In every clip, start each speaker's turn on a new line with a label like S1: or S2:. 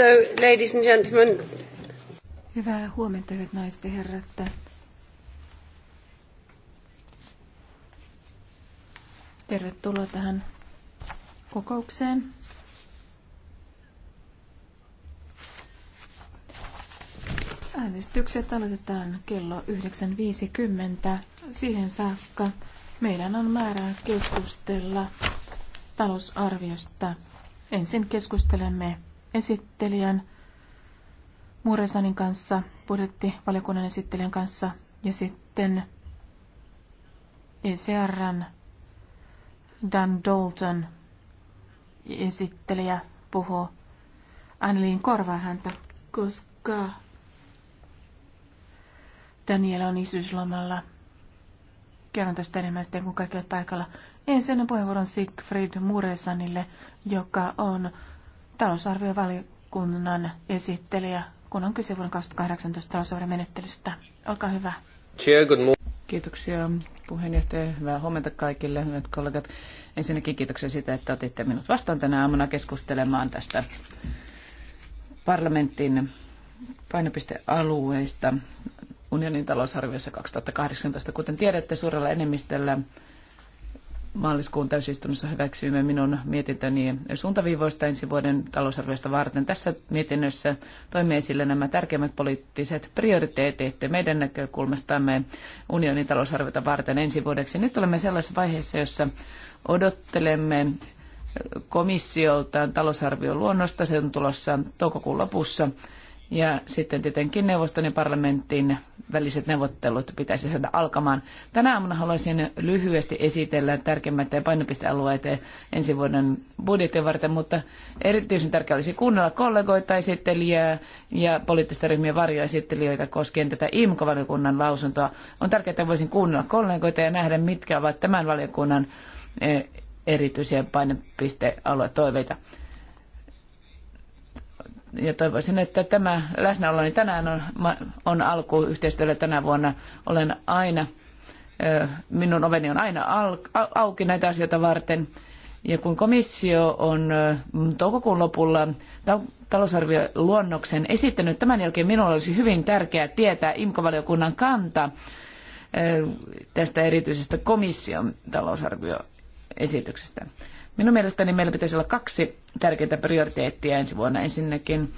S1: So, ladies and gentlemen. Hyvää huomenta, hyvät naiset ja herrat. Tervetuloa tähän kokoukseen. Äänestykset aloitetaan kello 9.50. Siihen saakka meidän on määrä keskustella talousarviosta. Ensin keskustelemme esittelijän Muresanin kanssa, budjettivaliokunnan esittelijän kanssa ja sitten ECRn Dan Dalton esittelijä puhuu. Annelin korvaa häntä, koska Daniel on isyyslomalla. Kerron tästä enemmän sitten, kun kaikki ovat paikalla. Ensin puheenvuoron Siegfried Muresanille, joka on talousarviovaliokunnan esittelijä, kun on kyse vuoden 2018 menettelystä. Olkaa hyvä.
S2: Kiitoksia puheenjohtaja. Hyvää huomenta kaikille, hyvät kollegat. Ensinnäkin kiitoksia sitä, että otitte minut vastaan tänä aamuna keskustelemaan tästä parlamentin painopistealueista unionin talousarviossa 2018. Kuten tiedätte, suurella enemmistöllä maaliskuun täysistunnossa hyväksyimme minun mietintöni suuntaviivoista ensi vuoden talousarviosta varten. Tässä mietinnössä toimme esille nämä tärkeimmät poliittiset prioriteetit meidän näkökulmastamme unionin talousarviota varten ensi vuodeksi. Nyt olemme sellaisessa vaiheessa, jossa odottelemme komissiolta talousarvion luonnosta. Se on tulossa toukokuun lopussa. Ja sitten tietenkin neuvoston ja parlamentin väliset neuvottelut pitäisi saada alkamaan. Tänä aamuna haluaisin lyhyesti esitellä tärkeimmät ja painopistealueet ensi vuoden budjetin varten, mutta erityisen tärkeää olisi kuunnella kollegoita, esittelijää ja poliittisten ryhmien varjoesittelijöitä koskien tätä IMKO-valiokunnan lausuntoa. On tärkeää, että voisin kuunnella kollegoita ja nähdä, mitkä ovat tämän valiokunnan eh, erityisiä painopistealuetoiveita ja toivoisin, että tämä läsnäoloni niin tänään on, on alku yhteistyölle tänä vuonna. Olen aina, minun oveni on aina auki näitä asioita varten. Ja kun komissio on toukokuun lopulla talousarvioluonnoksen esittänyt, tämän jälkeen minulla olisi hyvin tärkeää tietää IMKO-valiokunnan kanta tästä erityisestä komission talousarvioesityksestä. Minun mielestäni meillä pitäisi olla kaksi tärkeintä prioriteettia ensi vuonna. Ensinnäkin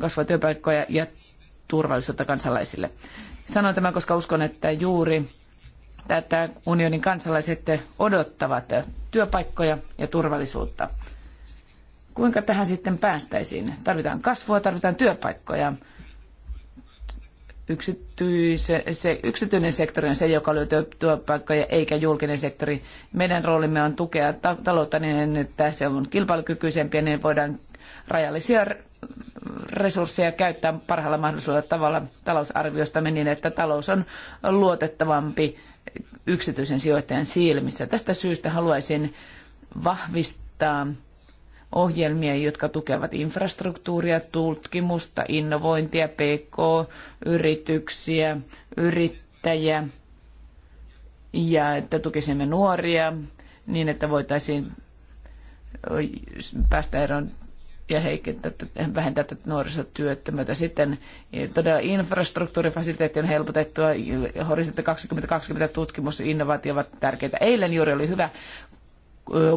S2: kasvaa työpaikkoja ja turvallisuutta kansalaisille. Sanon tämän, koska uskon, että juuri tätä unionin kansalaiset odottavat työpaikkoja ja turvallisuutta. Kuinka tähän sitten päästäisiin? Tarvitaan kasvua, tarvitaan työpaikkoja, yksityise, se, yksityinen sektori on se, joka luo työpaikkoja, eikä julkinen sektori. Meidän roolimme on tukea ta- taloutta niin, että se on kilpailukykyisempi ja niin voidaan rajallisia resursseja käyttää parhaalla mahdollisella tavalla talousarviostamme niin, että talous on luotettavampi yksityisen sijoittajan silmissä. Tästä syystä haluaisin vahvistaa ohjelmia, jotka tukevat infrastruktuuria, tutkimusta, innovointia, pk-yrityksiä, yrittäjiä ja että tukisimme nuoria niin, että voitaisiin päästä eroon ja heikentää, vähentää tätä nuorisotyöttömyyttä. Sitten e, todella infrastruktuurifasiliteetti on helpotettua. Horisontti 2020 tutkimus ja innovaatio ovat tärkeitä. Eilen juuri oli hyvä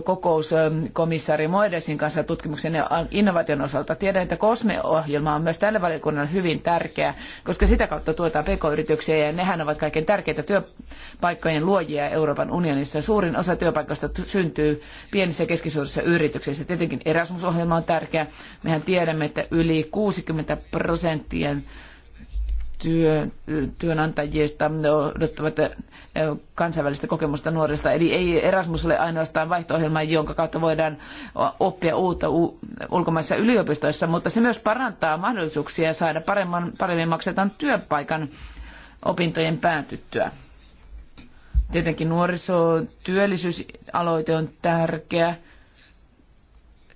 S2: kokous komissaari Moedesin kanssa tutkimuksen ja innovaation osalta. Tiedän, että COSME-ohjelma on myös tälle valiokunnalle hyvin tärkeä, koska sitä kautta tuetaan pk-yrityksiä ja nehän ovat kaikkein tärkeitä työpaikkojen luojia Euroopan unionissa. Suurin osa työpaikoista syntyy pienissä ja keskisuurissa yrityksissä. Tietenkin Erasmus-ohjelma on tärkeä. Mehän tiedämme, että yli 60 prosenttia työ, työnantajista odottavat kansainvälistä kokemusta nuorista. Eli ei Erasmus ole ainoastaan vaihto jonka kautta voidaan oppia uutta ulkomaissa yliopistoissa, mutta se myös parantaa mahdollisuuksia saada paremman, paremmin maksetaan työpaikan opintojen päätyttyä. Tietenkin nuorisotyöllisyysaloite on tärkeä.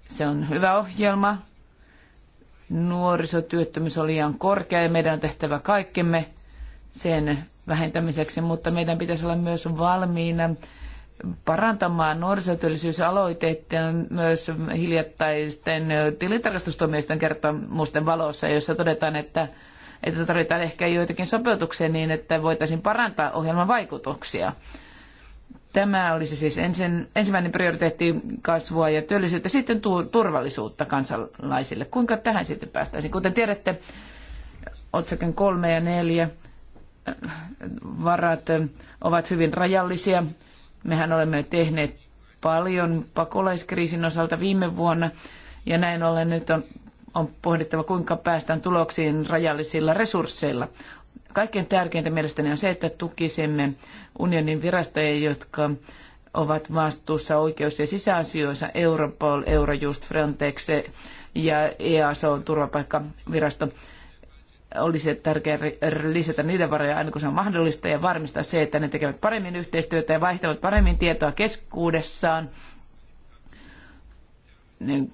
S2: Se on hyvä ohjelma, Nuorisotyöttömyys on liian korkea ja meidän on tehtävä kaikkemme sen vähentämiseksi, mutta meidän pitäisi olla myös valmiina parantamaan nuorisotyöllisyysaloitetta myös hiljattaisten tilintarkastustuomioisten kertomusten valossa, jossa todetaan, että, että tarvitaan ehkä joitakin sopeutuksia niin, että voitaisiin parantaa ohjelman vaikutuksia. Tämä olisi siis ensin, ensimmäinen prioriteetti kasvua ja työllisyyttä, sitten tu- turvallisuutta kansalaisille. Kuinka tähän sitten päästäisiin? Kuten tiedätte, otsaken kolme ja neljä äh, varat äh, ovat hyvin rajallisia. Mehän olemme tehneet paljon pakolaiskriisin osalta viime vuonna ja näin ollen nyt on, on pohdittava, kuinka päästään tuloksiin rajallisilla resursseilla. Kaikkein tärkeintä mielestäni on se, että tukisimme unionin virastoja, jotka ovat vastuussa oikeus- ja sisäasioissa Europol, Eurojust, Frontex ja EASO, turvapaikkavirasto. Olisi tärkeää lisätä niiden varoja aina kun se on mahdollista ja varmistaa se, että ne tekevät paremmin yhteistyötä ja vaihtavat paremmin tietoa keskuudessaan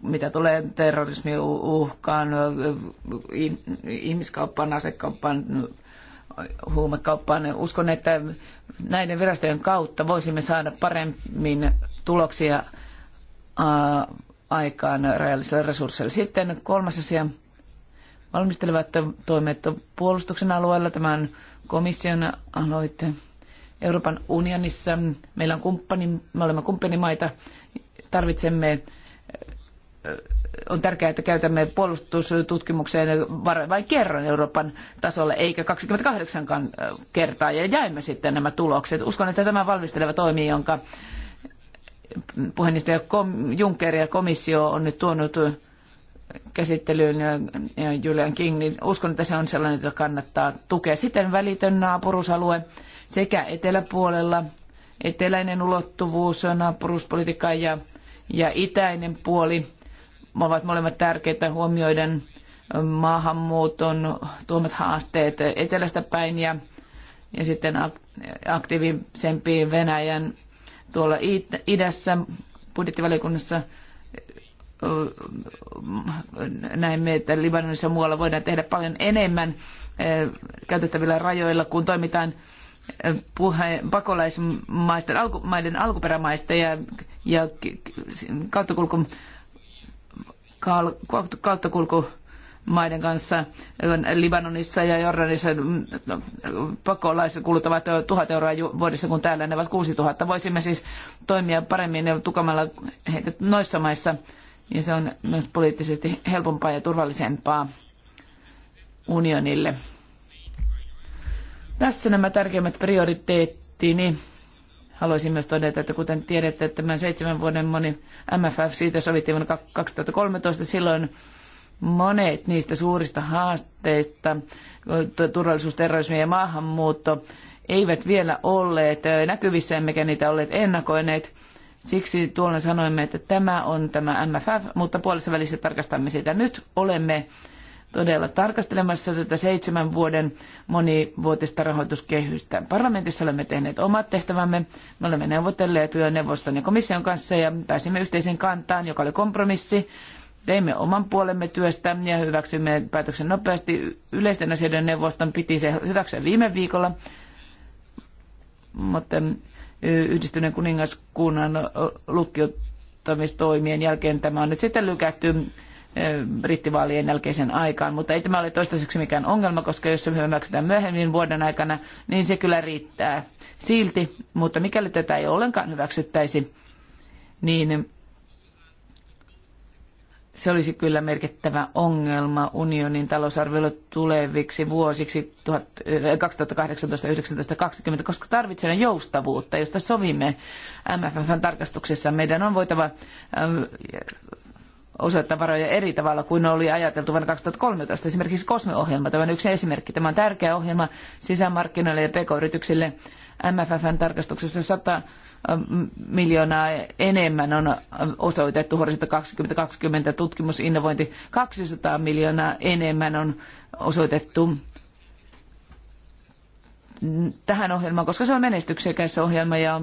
S2: mitä tulee terrorismiuhkaan, ihmiskauppaan, asekauppaan, huumekauppaan. Uskon, että näiden virastojen kautta voisimme saada paremmin tuloksia aikaan rajallisilla resursseilla. Sitten kolmas asia, valmistelevat toimet puolustuksen alueella. Tämä on komission aloite. Euroopan unionissa meillä on kumppani, me olemme kumppanimaita, tarvitsemme on tärkeää, että käytämme puolustustutkimukseen vain kerran Euroopan tasolla, eikä 28 kertaa, ja jaemme sitten nämä tulokset. Uskon, että tämä valmisteleva toimi, jonka puheenjohtaja Juncker ja komissio on nyt tuonut käsittelyyn Julian King, niin uskon, että se on sellainen, jota kannattaa tukea. Sitten välitön naapurusalue sekä eteläpuolella, eteläinen ulottuvuus, naapuruspolitiikka ja, ja itäinen puoli – ovat molemmat tärkeitä huomioiden maahanmuuton tuomat haasteet etelästä päin ja, ja sitten aktiivisempi Venäjän tuolla idässä budjettivaliokunnassa näemme, että Libanonissa ja muualla voidaan tehdä paljon enemmän käytettävillä rajoilla, kun toimitaan puhe, pakolaismaiden alku, maiden ja, ja kauttakulkumaiden kauttakulku maiden kanssa Libanonissa ja Jordanissa no, pakolaiset kuluttavat tuhat euroa vuodessa, kun täällä ne ovat kuusi tuhatta. Voisimme siis toimia paremmin ja tukamalla heitä noissa maissa, ja se on myös poliittisesti helpompaa ja turvallisempaa unionille. Tässä nämä tärkeimmät prioriteettini. Haluaisin myös todeta, että kuten tiedätte, että tämän seitsemän vuoden moni MFF siitä sovittiin vuonna 2013. Silloin monet niistä suurista haasteista, turvallisuus, terrorismi ja maahanmuutto, eivät vielä olleet näkyvissä, emmekä niitä olleet ennakoineet. Siksi tuolla sanoimme, että tämä on tämä MFF, mutta puolessa välissä tarkastamme sitä. Nyt olemme todella tarkastelemassa tätä seitsemän vuoden monivuotista rahoituskehystä. Parlamentissa olemme tehneet omat tehtävämme. Me olemme neuvotelleet neuvoston ja komission kanssa ja pääsimme yhteiseen kantaan, joka oli kompromissi. Teimme oman puolemme työstä ja hyväksymme päätöksen nopeasti. Yleisten asioiden neuvoston piti se hyväksyä viime viikolla, mutta mm, yhdistyneen kuningaskunnan lukkiuttamistoimien jälkeen tämä on nyt sitten lykätty brittivaalien jälkeisen aikaan, mutta ei tämä ole toistaiseksi mikään ongelma, koska jos se hyväksytään myöhemmin vuoden aikana, niin se kyllä riittää silti, mutta mikäli tätä ei ollenkaan hyväksyttäisi, niin se olisi kyllä merkittävä ongelma unionin talousarviolle tuleviksi vuosiksi 2018, 19, 20, koska tarvitsemme joustavuutta, josta sovimme MFFn tarkastuksessa. Meidän on voitava osoittaa varoja eri tavalla kuin oli ajateltu vuonna 2013. Esimerkiksi Kosme-ohjelma, tämä on yksi esimerkki. Tämä on tärkeä ohjelma sisämarkkinoille ja pk-yrityksille. MFFn tarkastuksessa 100 miljoonaa enemmän on osoitettu Horisontti 2020 tutkimusinnovointi. 200 miljoonaa enemmän on osoitettu tähän ohjelmaan, koska se on menestyksekäs ohjelma ja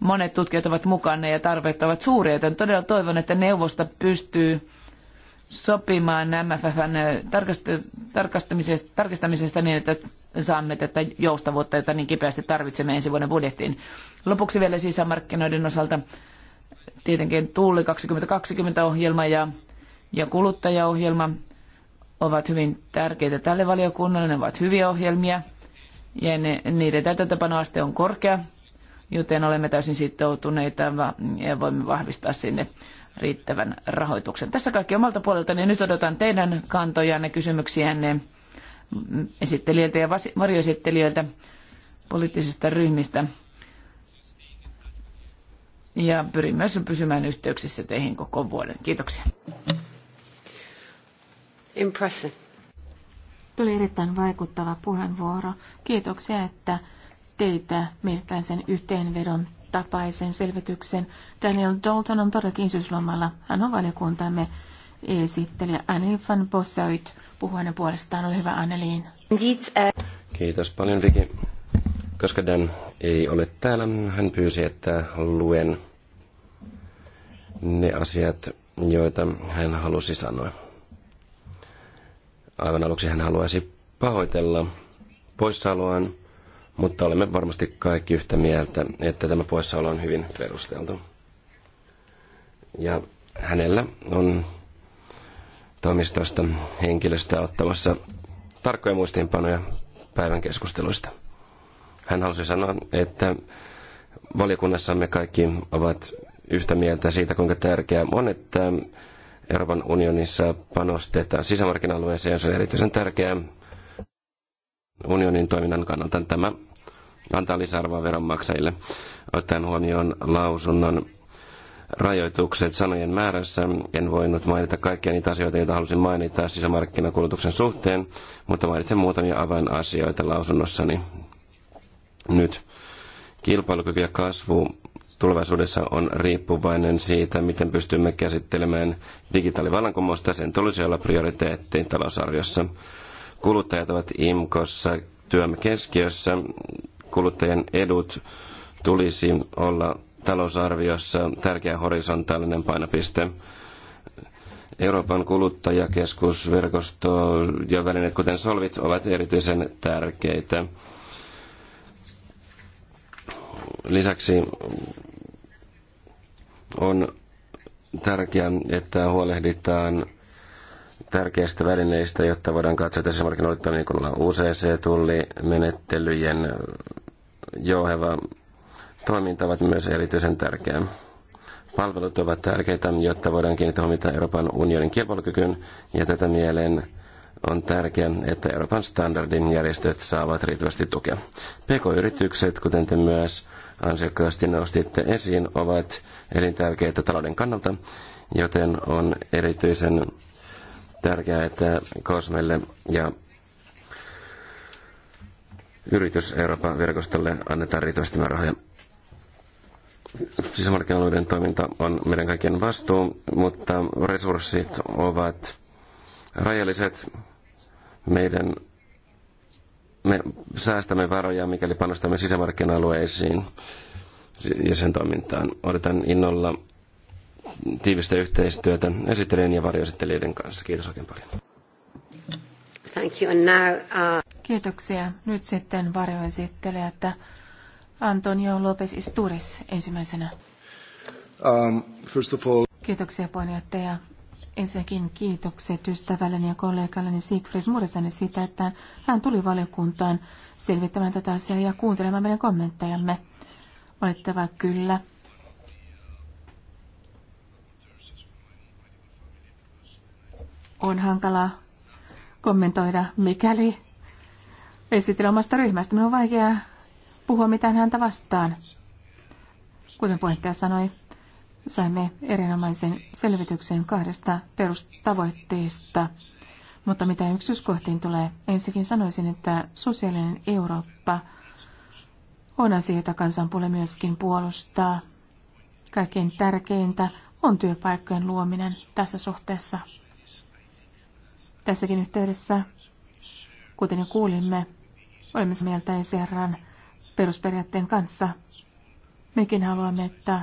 S2: monet tutkijat ovat mukana ja tarpeet ovat suuria, joten todella toivon, että neuvosto pystyy sopimaan MFFn äh, tarkastamisesta, tarkistamisesta niin, että saamme tätä joustavuutta, jota niin kipeästi tarvitsemme ensi vuoden budjettiin. Lopuksi vielä sisämarkkinoiden osalta tietenkin Tuuli 2020-ohjelma ja, ja kuluttajaohjelma ovat hyvin tärkeitä tälle valiokunnalle. Ne ovat hyviä ohjelmia ja ne, niiden täytäntöpanoaste on korkea joten olemme täysin sitoutuneita ja voimme vahvistaa sinne riittävän rahoituksen. Tässä kaikki omalta puoleltani. Niin nyt odotan teidän kantojanne, kysymyksiänne esittelijöiltä ja varjoesittelijöiltä poliittisista ryhmistä. Ja pyrin myös pysymään yhteyksissä teihin koko vuoden. Kiitoksia. Impressive.
S1: Tuli erittäin vaikuttava puheenvuoro. Kiitoksia, että teitä sen yhteenvedon tapaisen selvityksen. Daniel Dalton on todellakin isyyslomalla. Hän on valiokuntamme esittelijä. Anne van Bossauit puhuu hänen puolestaan. Ole hyvä Anneliin.
S3: Kiitos paljon Viki. Koska Dan ei ole täällä, hän pyysi, että luen ne asiat, joita hän halusi sanoa. Aivan aluksi hän haluaisi pahoitella poissaoloaan mutta olemme varmasti kaikki yhtä mieltä, että tämä poissaolo on hyvin perusteltu. Ja hänellä on toimistosta henkilöstä ottamassa tarkkoja muistiinpanoja päivän keskusteluista. Hän halusi sanoa, että valiokunnassamme kaikki ovat yhtä mieltä siitä, kuinka tärkeää on, että Euroopan unionissa panostetaan sisämarkkina-alueeseen. Se on erityisen tärkeää unionin toiminnan kannalta. Tämä antaa lisäarvoa veronmaksajille. Ottaen huomioon lausunnon rajoitukset sanojen määrässä. En voinut mainita kaikkia niitä asioita, joita halusin mainita sisämarkkinakulutuksen suhteen, mutta mainitsen muutamia avainasioita lausunnossani nyt. Kilpailukyky ja kasvu tulevaisuudessa on riippuvainen siitä, miten pystymme käsittelemään digitaalivallankumousta. Sen tulisi olla prioriteetti talousarviossa. Kuluttajat ovat IMKossa työmme keskiössä kuluttajien edut tulisi olla talousarviossa tärkeä horisontaalinen painopiste. Euroopan kuluttajakeskusverkosto ja välineet kuten Solvit ovat erityisen tärkeitä. Lisäksi on tärkeää, että huolehditaan tärkeistä välineistä, jotta voidaan katsoa tässä markkinoille niin toimikunnalla UCC-tulli, menettelyjen joheva toiminta ovat myös erityisen tärkeää. Palvelut ovat tärkeitä, jotta voidaan kiinnittää huomiota Euroopan unionin kilpailukykyyn, ja tätä mieleen on tärkeää, että Euroopan standardin järjestöt saavat riittävästi tukea. PK-yritykset, kuten te myös ansiokkaasti nostitte esiin, ovat elintärkeitä talouden kannalta, joten on erityisen tärkeää, että Kosmelle ja yritys Euroopan verkostolle annetaan riittävästi määrärahoja. Sisämarkkinoiden toiminta on meidän kaikkien vastuu, mutta resurssit ovat rajalliset. Meidän, me säästämme varoja, mikäli panostamme sisämarkkina-alueisiin ja sen toimintaan. Odotan innolla tiivistä yhteistyötä esittelijän ja varjoesittelijöiden kanssa. Kiitos oikein paljon.
S1: Thank you. And now, uh... Kiitoksia. Nyt sitten varjoesittelijä, että Antonio Lopez Isturis ensimmäisenä.
S2: Um, first of all...
S1: Kiitoksia puheenjohtaja. Ensinnäkin kiitokset ystävälleni ja kollegalleni Siegfried Muresanen siitä, että hän tuli valiokuntaan selvittämään tätä asiaa ja kuuntelemaan meidän kommenttejamme. Valittava kyllä. on hankalaa kommentoida, mikäli esitellä omasta ryhmästä. Minun on vaikea puhua mitään häntä vastaan. Kuten puheenjohtaja sanoi, saimme erinomaisen selvityksen kahdesta perustavoitteesta. Mutta mitä yksityiskohtiin tulee, ensikin sanoisin, että sosiaalinen Eurooppa on asia, jota kansanpuolue myöskin puolustaa. Kaikkein tärkeintä on työpaikkojen luominen tässä suhteessa. Tässäkin yhteydessä, kuten jo kuulimme, olemme mieltä ECRn perusperiaatteen kanssa. Mekin haluamme, että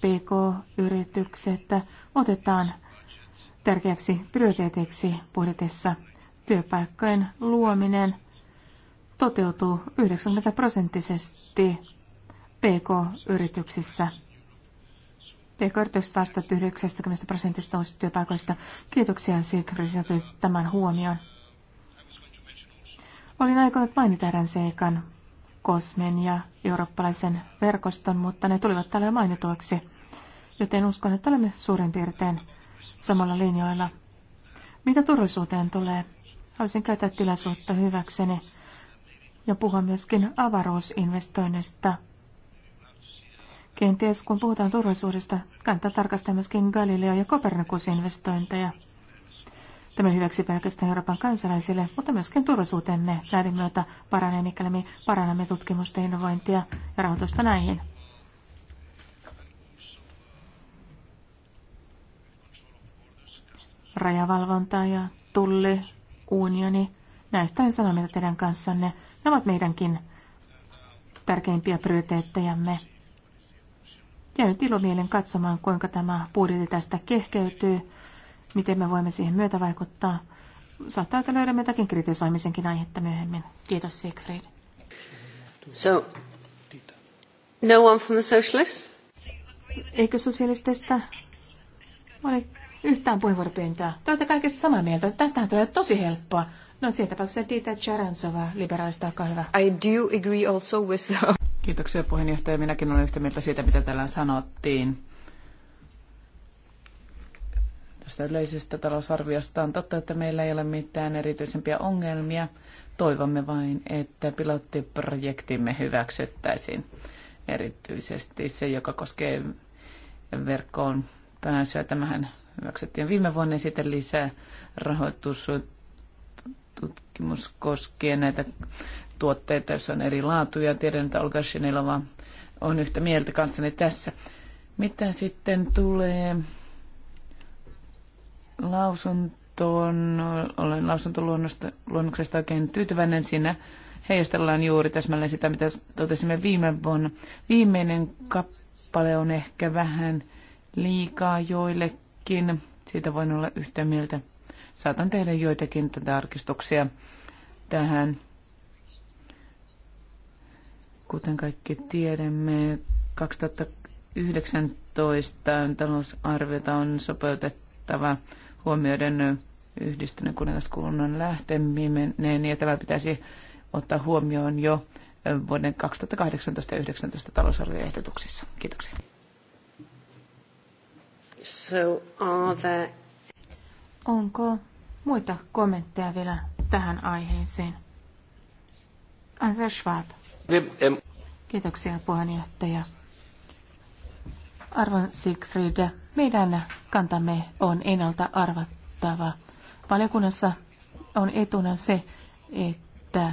S1: PK-yritykset otetaan tärkeäksi prioriteetiksi budjetissa. Työpaikkojen luominen toteutuu 90 prosenttisesti PK-yrityksissä. PK-yritykset vastaavat 90 prosentista uusista työpaikoista. Kiitoksia Sigrid tämän huomioon. Olin aikonut mainita erään seikan Kosmen ja eurooppalaisen verkoston, mutta ne tulivat täällä jo mainituiksi, joten uskon, että olemme suurin piirtein samalla linjoilla. Mitä turvallisuuteen tulee, haluaisin käyttää tilaisuutta hyväkseni ja puhua myöskin avaruusinvestoinnista – Kenties kun puhutaan turvallisuudesta, kannattaa tarkastaa myöskin Galileo- ja Copernicus-investointeja. Tämä hyväksi pelkästään Euroopan kansalaisille, mutta myöskin turvallisuutenne näiden myötä paranee, mikäli me parannamme tutkimusta, innovointia ja rahoitusta näihin. Rajavalvonta ja tulli, unioni, näistä en sano mitä teidän kanssanne. Ne ovat meidänkin tärkeimpiä prioriteettejamme tilo ilomielen katsomaan, kuinka tämä budjetti tästä kehkeytyy, miten me voimme siihen vaikuttaa. Saattaa, että löydämme jotakin kritisoimisenkin aihetta myöhemmin. Kiitos Sigrid. So, no one from the socialists? Eikö sosialisteista ole yhtään puheenvuoropyyntöä? Te olette kaikista samaa mieltä. Tästähän tulee tosi helppoa. No sieltäpä se Dita Charansova, liberaalista, olkaa hyvä. I do agree also with
S2: Kiitoksia puheenjohtaja. Minäkin olen yhtä mieltä siitä, mitä täällä sanottiin. Tästä yleisestä talousarviosta on totta, että meillä ei ole mitään erityisempiä ongelmia. Toivomme vain, että pilottiprojektimme hyväksyttäisiin. Erityisesti se, joka koskee verkkoon pääsyä. Tämähän hyväksyttiin viime vuonna ja sitten lisää rahoitus tutkimus koskien näitä tuotteita, joissa on eri laatuja. Tiedän, että Olga Shinilova on yhtä mieltä kanssani tässä. Mitä sitten tulee lausuntoon? Olen lausuntoluonnoksesta oikein tyytyväinen. Siinä heijastellaan juuri täsmälleen sitä, mitä totesimme viime vuonna. Viimeinen kappale on ehkä vähän liikaa joillekin. Siitä voin olla yhtä mieltä. Saatan tehdä joitakin tätä arkistuksia tähän. Kuten kaikki tiedämme, 2019 talousarviota on sopeutettava huomioiden yhdistyneen kuningaskunnan lähteminen, ja tämä pitäisi ottaa huomioon jo vuoden 2018 ja 2019 talousarvioehdotuksissa. Kiitoksia.
S4: So are there...
S1: Onko muita kommentteja vielä tähän aiheeseen? Andrea Schwab. Kiitoksia puheenjohtaja. Arvon Siegfried, meidän kantamme on ennalta arvattava. Valiokunnassa on etuna se, että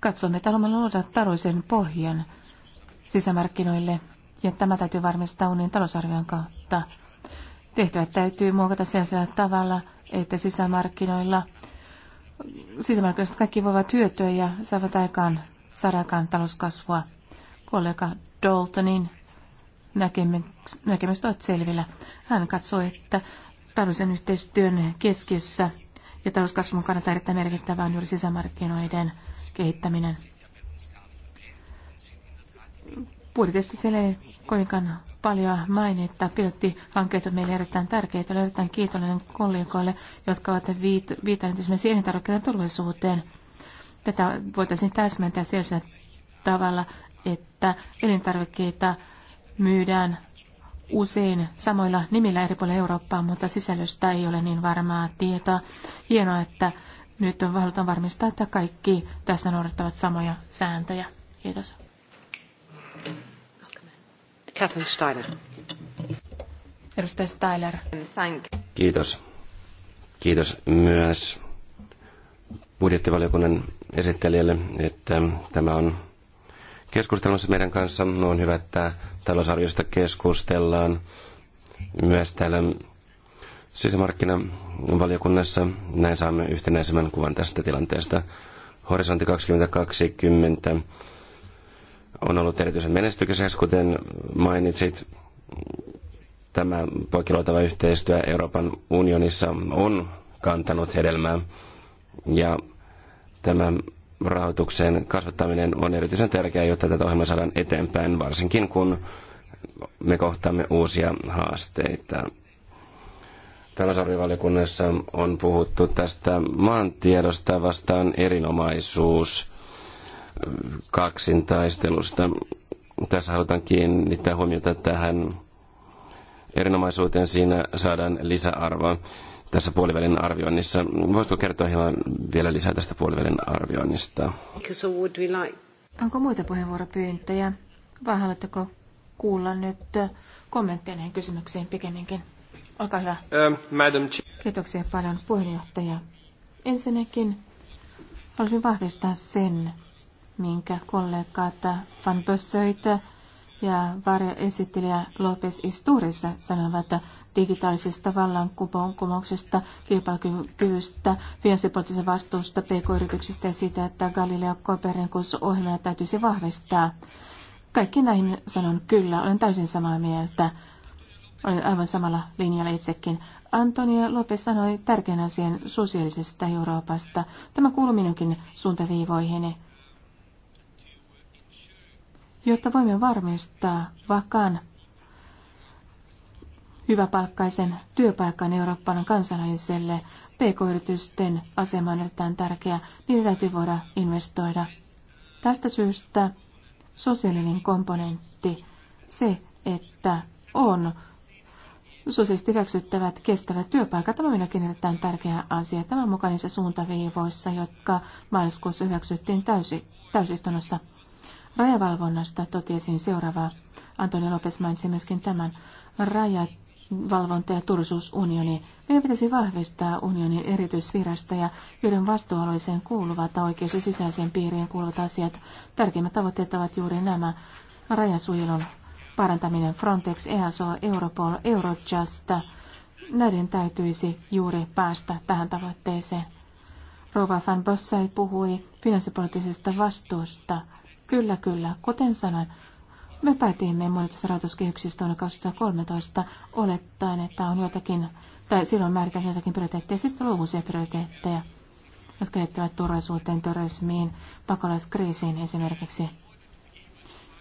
S1: katsomme, että haluamme luoda taloudellisen pohjan sisämarkkinoille, ja tämä täytyy varmistaa unionin talousarvion kautta. Tehtävät täytyy muokata sellaisella tavalla, että sisämarkkinoilla sisämarkkinoista kaikki voivat hyötyä ja saavat aikaan Sarakan talouskasvua. Kollega Daltonin näkemykset ovat selvillä. Hän katsoi, että taloudellisen yhteistyön keskiössä ja talouskasvun kannalta erittäin merkittävä on juuri sisämarkkinoiden kehittäminen. Budjetista siellä ei kovinkaan paljon mainita. Pilottihankkeet ovat meille erittäin tärkeitä. Olen erittäin kiitollinen kollegoille, jotka ovat viitanneet esimerkiksi elintarvikkeiden turvallisuuteen – Tätä voitaisiin täsmentää sellaisella tavalla, että elintarvikkeita myydään usein samoilla nimillä eri puolilla Eurooppaa, mutta sisällöstä ei ole niin varmaa tietoa. Hienoa, että nyt on halutaan varmistaa, että kaikki tässä noudattavat samoja sääntöjä. Kiitos. Catherine Steiner. Edustaja Steiner. Thank.
S3: Kiitos. Kiitos myös budjettivaliokunnan esittelijälle, että tämä on keskustelussa meidän kanssa. On hyvä, että talousarviosta keskustellaan myös täällä sisämarkkinavaliokunnassa. Näin saamme yhtenäisemmän kuvan tästä tilanteesta. Horisontti 2020 on ollut erityisen menestyksessä, kuten mainitsit. Tämä poikkiluotava yhteistyö Euroopan unionissa on kantanut hedelmää. Ja Tämän rahoituksen kasvattaminen on erityisen tärkeää, jotta tätä ohjelmaa saadaan eteenpäin, varsinkin kun me kohtaamme uusia haasteita. Talousarvivaliokunnassa on puhuttu tästä maantiedosta vastaan erinomaisuus kaksintaistelusta. Tässä halutaan kiinnittää huomiota tähän erinomaisuuteen. Siinä saadaan lisäarvoa tässä puolivälin arvioinnissa. Voisitko kertoa hieman vielä lisää tästä puolivälin arvioinnista?
S1: Onko muita puheenvuoropyyntöjä? Vai haluatteko kuulla nyt kommentteja näihin kysymyksiin pikemminkin? Olkaa hyvä. Madam Kiitoksia paljon puheenjohtaja. Ensinnäkin haluaisin vahvistaa sen, minkä kollegat Van Bössöitä ja varjoesittelijä Lopes Isturissa sanovat digitaalisesta vallankumouksesta, kilpailukyvystä, finanssipoliittisesta vastuusta, pk-yrityksistä ja siitä, että Galileo Copernicus ohjelmaa täytyisi vahvistaa. Kaikki näihin sanon kyllä, olen täysin samaa mieltä. Olen aivan samalla linjalla itsekin. Antonio Lopes sanoi tärkeän asian sosiaalisesta Euroopasta. Tämä kuuluu minunkin suuntaviivoihini jotta voimme varmistaa vakaan hyväpalkkaisen työpaikan Euroopan kansalaiselle. PK-yritysten asema on erittäin tärkeä, niitä täytyy voida investoida. Tästä syystä sosiaalinen komponentti, se, että on sosiaalisesti hyväksyttävät kestävät työpaikat, tämä on minäkin erittäin tärkeä asia. Tämän mukana niissä suuntaviivoissa, jotka maaliskuussa hyväksyttiin täysi, täysistunnossa. Rajavalvonnasta totesin seuraavaa. Antoni Lopes mainitsi myöskin tämän rajavalvonta- ja turvallisuusunioni. Meidän pitäisi vahvistaa unionin ja joiden vastuualueeseen kuuluvat oikeus- ja sisäiseen piiriin kuuluvat asiat. Tärkeimmät tavoitteet ovat juuri nämä rajasuojelun parantaminen Frontex, EASO, Europol, Eurojust. Näiden täytyisi juuri päästä tähän tavoitteeseen. Rova van Bossai puhui finanssipoliittisesta vastuusta Kyllä, kyllä. Kuten sanoin, me päätimme monitoista rahoituskehyksistä vuonna 2013 olettaen, että on jotakin, tai silloin määritään jotakin prioriteetteja, sitten on uusia prioriteetteja, jotka liittyvät turvallisuuteen, terrorismiin, pakolaiskriisiin esimerkiksi.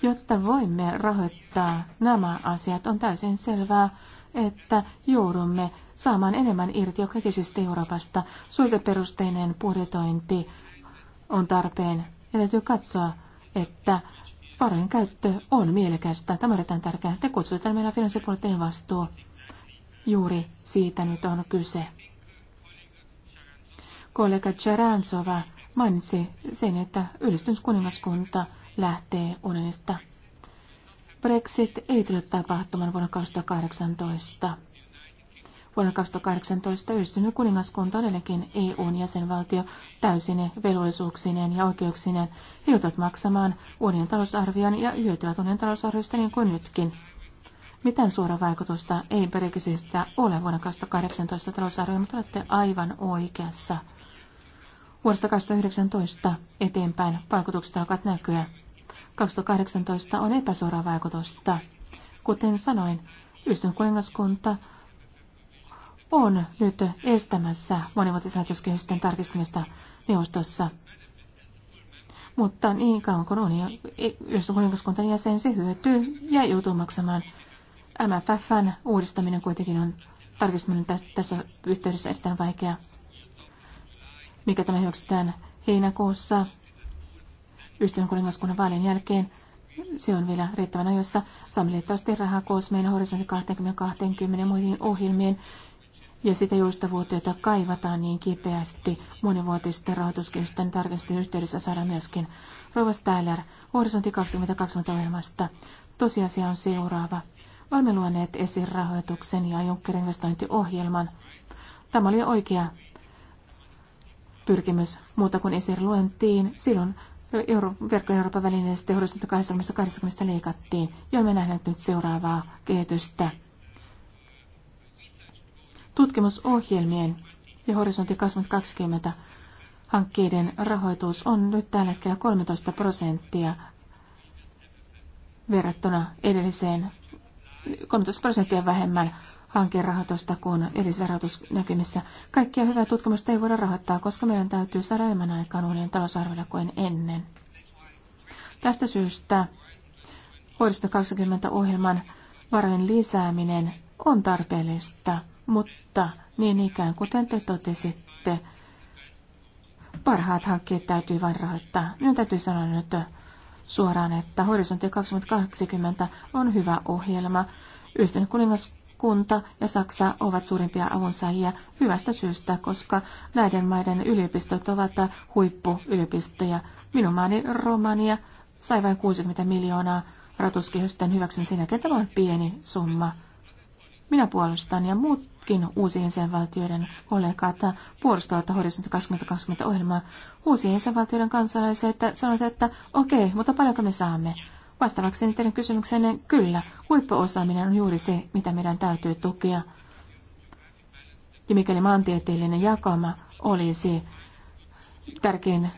S1: Jotta voimme rahoittaa nämä asiat, on täysin selvää, että joudumme saamaan enemmän irti jokaisesta Euroopasta. Suikaperusteinen budjetointi on tarpeen ja täytyy katsoa, että varojen käyttö on mielekästä. Tämä on erittäin tärkeää. Te kutsutte meidän finanssipoliittinen vastuu. Juuri siitä nyt on kyse. Kollega Charansova mainitsi sen, että yhdistyskuningaskunta lähtee unenista. Brexit ei tule tapahtumaan vuonna 2018. Vuonna 2018 yhdistynyt kuningaskunta on edelleenkin EUn jäsenvaltio täysin velvollisuuksineen ja oikeuksineen. He joutuvat maksamaan uuden talousarvion ja hyötyvät uuden talousarviosta niin kuin nytkin. Mitään suoraa vaikutusta ei perikisistä ole vuonna 2018 talousarvio, mutta olette aivan oikeassa. Vuodesta 2019 eteenpäin vaikutukset alkavat näkyä. 2018 on epäsuoraa vaikutusta. Kuten sanoin, yhdistynyt kuningaskunta on nyt estämässä monivuotisrahoituskehysten tarkistamista neuvostossa. Mutta niin kauan kuin on, jos kuningaskunnan jäsen se hyötyy ja joutuu maksamaan MFFn uudistaminen kuitenkin on tarkistaminen tässä, tässä yhteydessä erittäin vaikea. Mikä tämä hyväksytään heinäkuussa ystävän kuningaskunnan vaalien jälkeen, se on vielä riittävän ajoissa. Saamme liittävästi rahaa koos meidän horisontti 2020 muihin ohjelmiin, ja sitä joustavuutta, jota kaivataan niin kipeästi monivuotisten rahoituskehysten tarkastelun yhteydessä saada myöskin. Rova Steiler, Horisontti 2020 ohjelmasta. Tosiasia on seuraava. Olemme luoneet esiin rahoituksen ja Junckerin investointiohjelman. Tämä oli oikea pyrkimys muuta kuin esiin luentiin. Silloin Euro- verkko Euroopan välineestä horisontti 2020 leikattiin, ja olemme nähneet nyt seuraavaa kehitystä tutkimusohjelmien ja Horisontti 2020 hankkeiden rahoitus on nyt tällä hetkellä 13 prosenttia verrattuna edelliseen 13 prosenttia vähemmän hankerahoitusta kuin edellisessä rahoitusnäkymissä. Kaikkia hyvää tutkimusta ei voida rahoittaa, koska meidän täytyy saada enemmän aikaan uuden talousarviolla kuin ennen. Tästä syystä vuodesta 20 ohjelman varojen lisääminen on tarpeellista – mutta niin ikään kuten te totesitte, parhaat hankkeet täytyy vain rahoittaa. Minun täytyy sanoa nyt suoraan, että Horisontti 2020 on hyvä ohjelma. Yhdistynyt kuningaskunta ja Saksa ovat suurimpia avunsaajia hyvästä syystä, koska näiden maiden yliopistot ovat huippuyliopistoja. Minun maani Romania sai vain 60 miljoonaa ratuskehysten hyväksyn sinäkin. Tämä on pieni summa. Minä puolustan ja muut muutkin uusien jäsenvaltioiden kollegat puolustavat Horisontti 2020 ohjelmaa. Uusien jäsenvaltioiden että sanovat, että okei, mutta paljonko me saamme? Vastaavakseni teidän kysymykseenne, kyllä, huippuosaaminen on juuri se, mitä meidän täytyy tukea. Ja mikäli maantieteellinen jakama olisi tärkein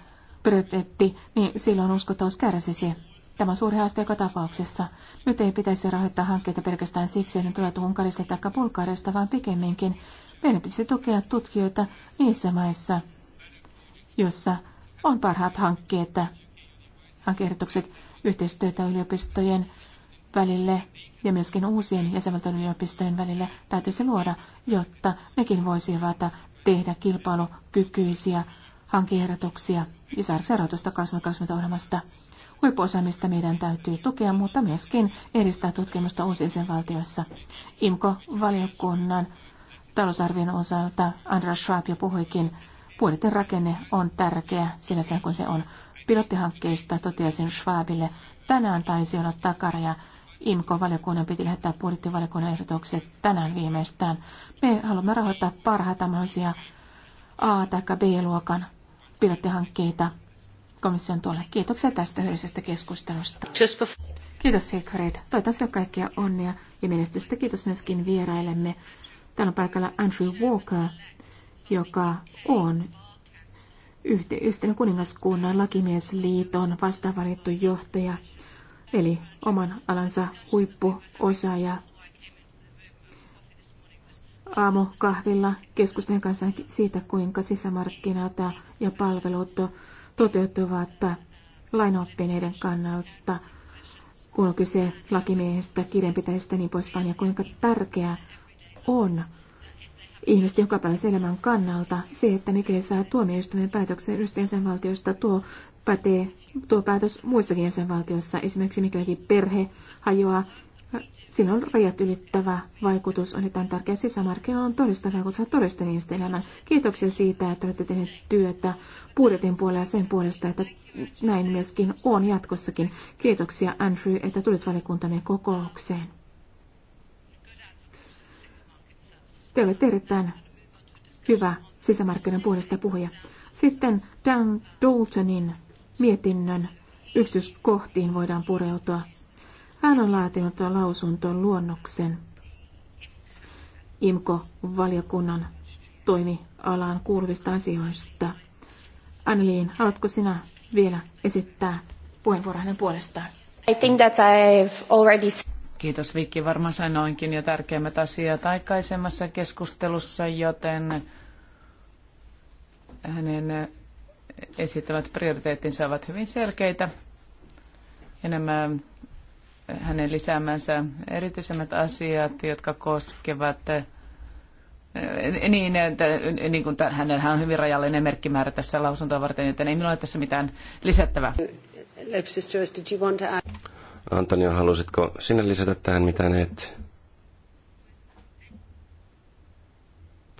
S1: prioriteetti, niin silloin uskottavuus kärsisi. Tämä on suuri haaste joka tapauksessa. Nyt ei pitäisi rahoittaa hankkeita pelkästään siksi, että ne tulevat Unkarista tai Bulgaarista, vaan pikemminkin meidän pitäisi tukea tutkijoita niissä maissa, jossa on parhaat hankkeet, hankeehdotukset, yhteistyötä yliopistojen välille ja myöskin uusien jäsenvaltojen yliopistojen välille täytyisi luoda, jotta nekin voisivat tehdä kilpailukykyisiä hankeehdotuksia ja saada rahoitusta 2020 ohjelmasta. Huippuosaamista meidän täytyy tukea, mutta myöskin edistää tutkimusta sen valtioissa. IMKO-valiokunnan talousarvion osalta Andra Schwab jo puhuikin, puolitin rakenne on tärkeä sillä sen kun se on. Pilottihankkeista totesin Schwabille, tänään taisi olla ja IMKO-valiokunnan piti lähettää budjettivaliokunnan ehdotukset tänään viimeistään. Me haluamme rahoittaa parhaita mahdollisia A- tai B-luokan pilottihankkeita komission tuolle. Kiitoksia tästä hyödyllisestä keskustelusta. Kiitos Sigrid. Toivotan sinulle kaikkia onnea ja menestystä. Kiitos myöskin vierailemme. Täällä on paikalla Andrew Walker, joka on yhteisten kuningaskunnan lakimiesliiton vastaavalittu johtaja, eli oman alansa huippuosaaja. Aamu kahvilla keskustelen kanssa siitä, kuinka sisämarkkinat ja palvelut toteutuvat lainoppineiden kannalta, kun on kyse lakimiehestä, kirjanpitäjistä niin poispäin, ja kuinka tärkeää on ihmisten jokapäiväisen elämän kannalta se, että mikäli saa tuomioistuimen päätöksen yhdestä jäsenvaltiosta, tuo pätee tuo päätös muissakin jäsenvaltioissa. Esimerkiksi mikäli perhe hajoaa Siinä on rajat ylittävä vaikutus, on tämän tärkeä sisämarkkina, on todista vaikutus todisten ihmisten elämään. Kiitoksia siitä, että olette tehneet työtä budjetin puolella sen puolesta, että näin myöskin on jatkossakin. Kiitoksia Andrew, että tulit valikuntamme kokoukseen. Te olette erittäin hyvä sisämarkkinan puolesta puhuja. Sitten Dan Daltonin mietinnön yksityiskohtiin voidaan pureutua hän on laatinut lausuntoon luonnoksen IMKO-valiokunnan toimialaan kuuluvista asioista. Anneliin, haluatko sinä vielä esittää puheenvuoron hänen puolestaan?
S2: I think that I've already... Kiitos Vikki, varmaan sanoinkin jo tärkeimmät asiat aikaisemmassa keskustelussa, joten hänen esittämät prioriteettinsa ovat hyvin selkeitä. Ja nämä hänen lisäämänsä erityisemmät asiat, jotka koskevat eh, niin, että, eh, niin kuin tämän, hänellä on hyvin rajallinen merkkimäärä tässä lausuntoa varten, joten ei minulla ole tässä mitään lisättävää.
S3: Antonio, halusitko sinä lisätä tähän mitään, et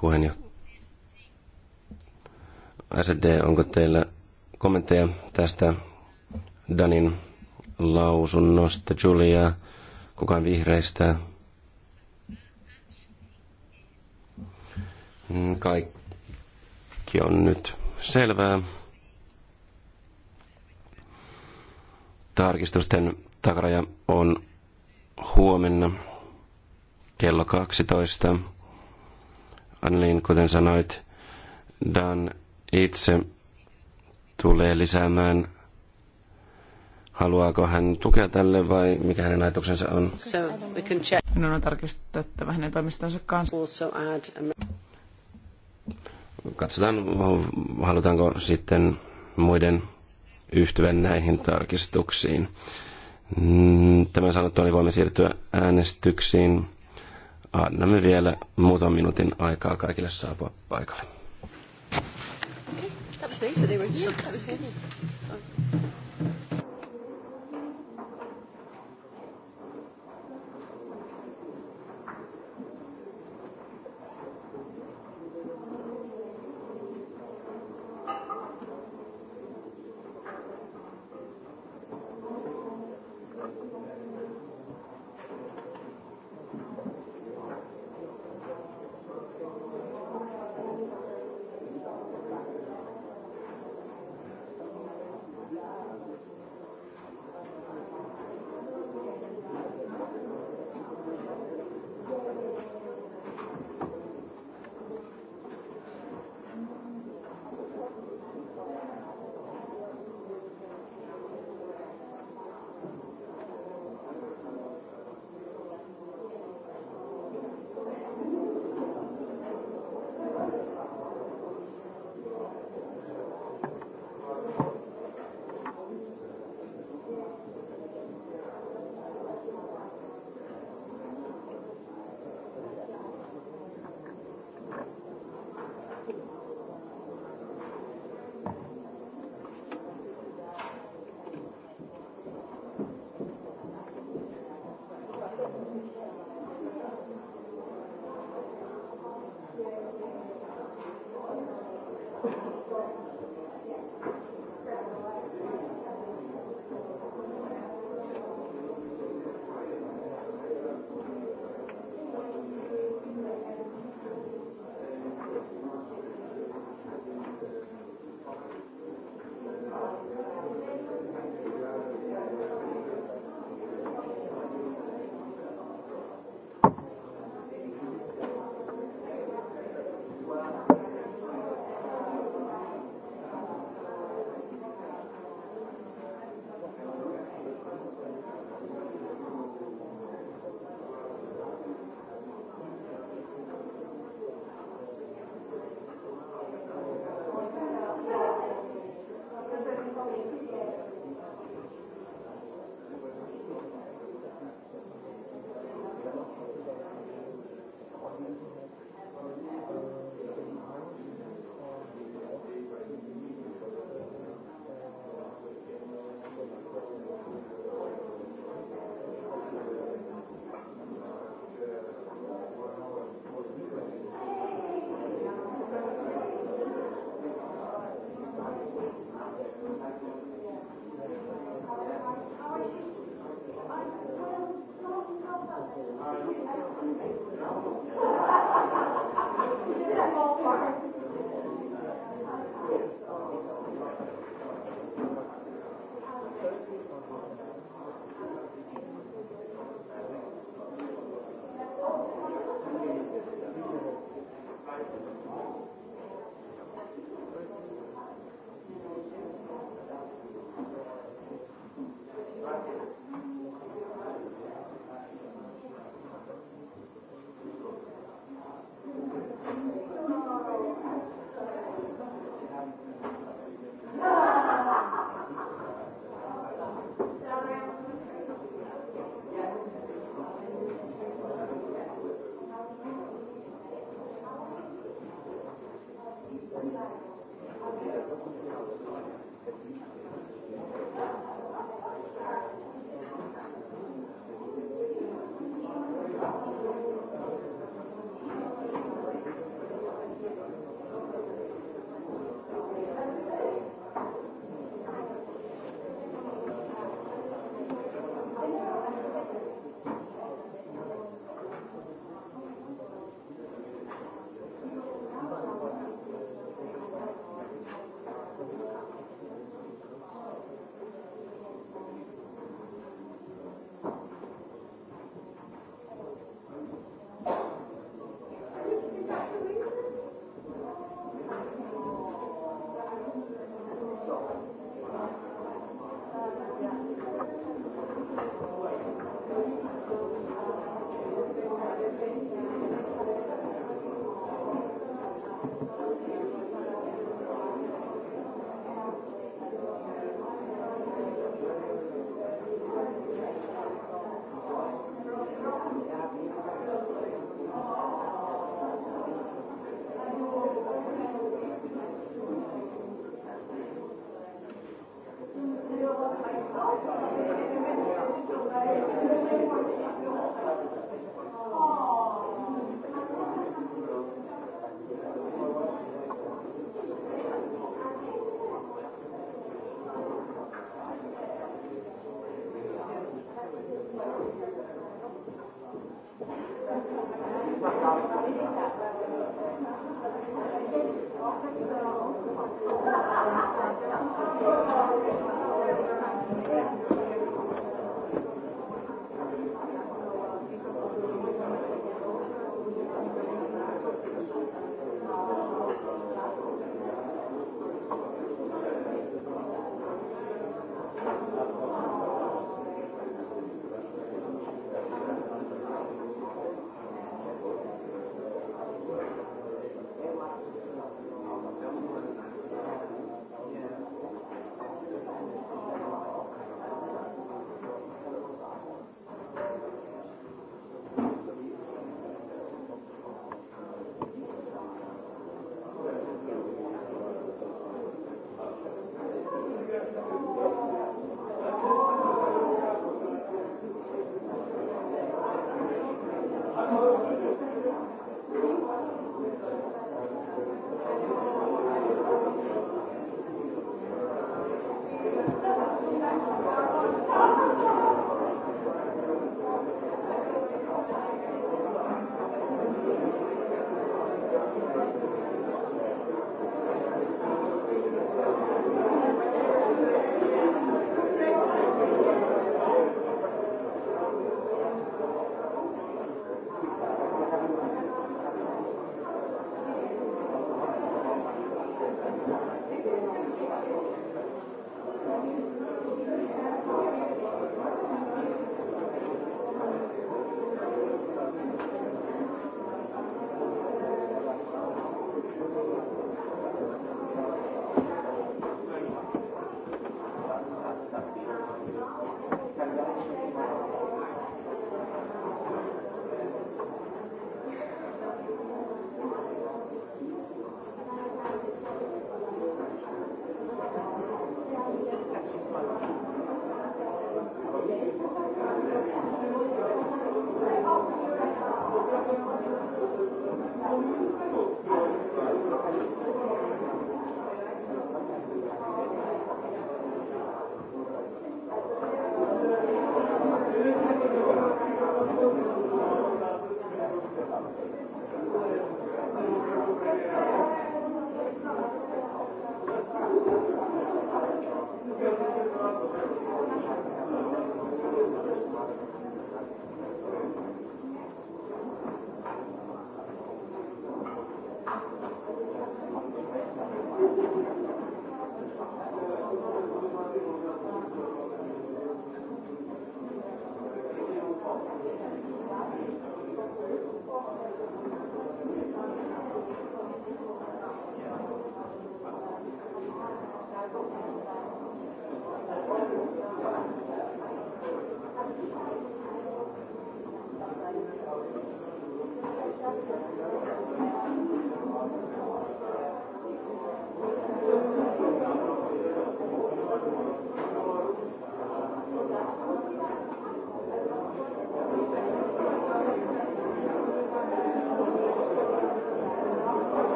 S3: puheenjohtaja? SD, onko teillä kommentteja tästä Danin lausunnosta. Julia, kukaan vihreistä? Mm, kaikki on nyt selvää. Tarkistusten takaraja on huomenna kello 12. Annelin, kuten sanoit, Dan itse tulee lisäämään Haluaako hän tukea tälle vai mikä hänen ajatuksensa on? So
S2: we can check. Minun on tarkistettava hänen toimistonsa
S4: kanssa. Also add a...
S3: Katsotaan, halutaanko sitten muiden yhtyvän näihin tarkistuksiin. Mm, tämän sanottua niin voimme siirtyä äänestyksiin. Annamme vielä muutaman minuutin aikaa kaikille saapua paikalle.
S5: Okay. That was nice they were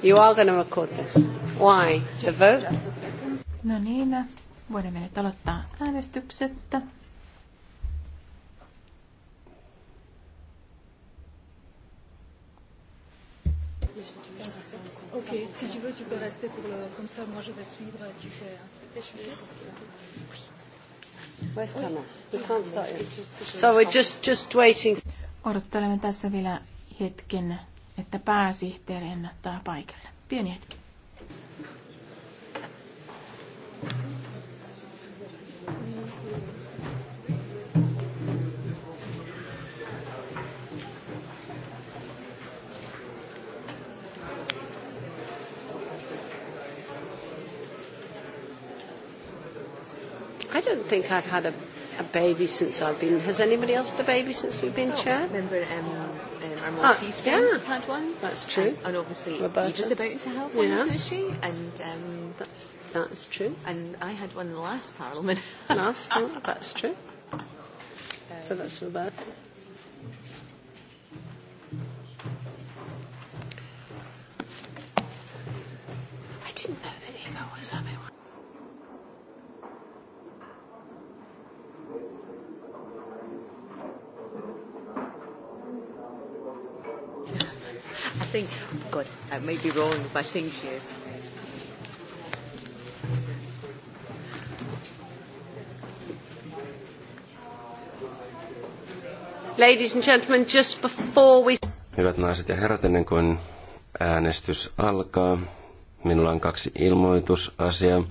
S4: You are
S1: going to record this. Why? To vote? No niin, voimme nyt aloittaa äänestykset.
S4: Ok, si tu veux, tu peux rester pour le... Comme ça, moi, je vais suivre et tu fais...
S5: So we're just,
S1: just waiting. Odottelemme tässä vielä hetken että pääsihteeri ennättää paikalle. Pieni hetki.
S4: I don't think I've had a, a baby since I've been. Has anybody else had a baby since we've been oh, chair? Member, um, Our Maltese uh, friend yeah. has
S5: had
S1: one.
S4: That's true. And, and obviously, Roberta. Eva's about to
S1: have one, yeah. isn't she? And um, that,
S4: that's true. And I had one in the last Parliament. last Parliament, that's true. Um, so that's Roberta.
S1: may be wrong, but I think she is.
S4: Ladies and gentlemen, just before we...
S3: Hyvät naiset ja herrat, ennen kuin äänestys alkaa, minulla on kaksi ilmoitusasiaa.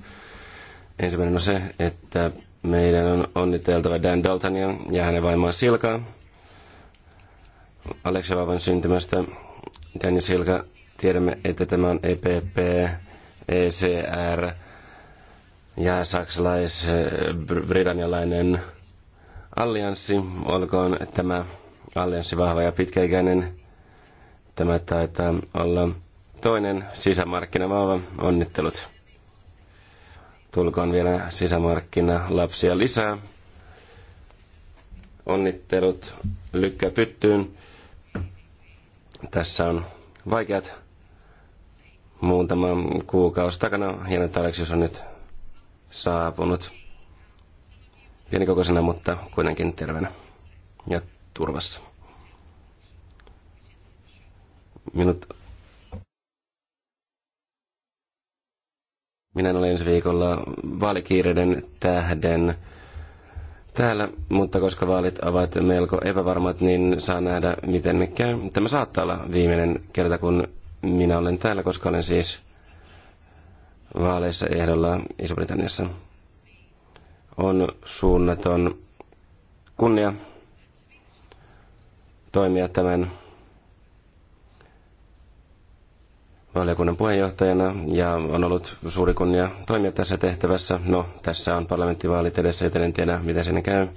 S3: Ensimmäinen on se, että meidän on onniteltava Dan Daltonia ja hänen vaimoaan Silkaa. Aleksi Vavan syntymästä. Dan ja Silka Tiedämme, että tämä on EPP, ECR ja saksalais-britannialainen allianssi. Olkoon tämä allianssi vahva ja pitkäikäinen. Tämä taitaa olla toinen sisämarkkinavauva. Onnittelut. Tulkoon vielä sisämarkkina lapsia lisää. Onnittelut lykkä pyttyyn. Tässä on vaikeat muutama kuukausi takana. Hieno, että Aleksius on nyt saapunut pienikokoisena, mutta kuitenkin terveenä ja turvassa. Minut Minä olen ensi viikolla vaalikiireiden tähden täällä, mutta koska vaalit ovat melko epävarmat, niin saa nähdä, miten käy. Tämä saattaa olla viimeinen kerta, kun minä olen täällä, koska olen siis vaaleissa ehdolla Iso-Britanniassa. On suunnaton kunnia toimia tämän valiokunnan puheenjohtajana ja on ollut suuri kunnia toimia tässä tehtävässä. No, tässä on parlamenttivaalit edessä, joten en tiedä, miten sinne käy.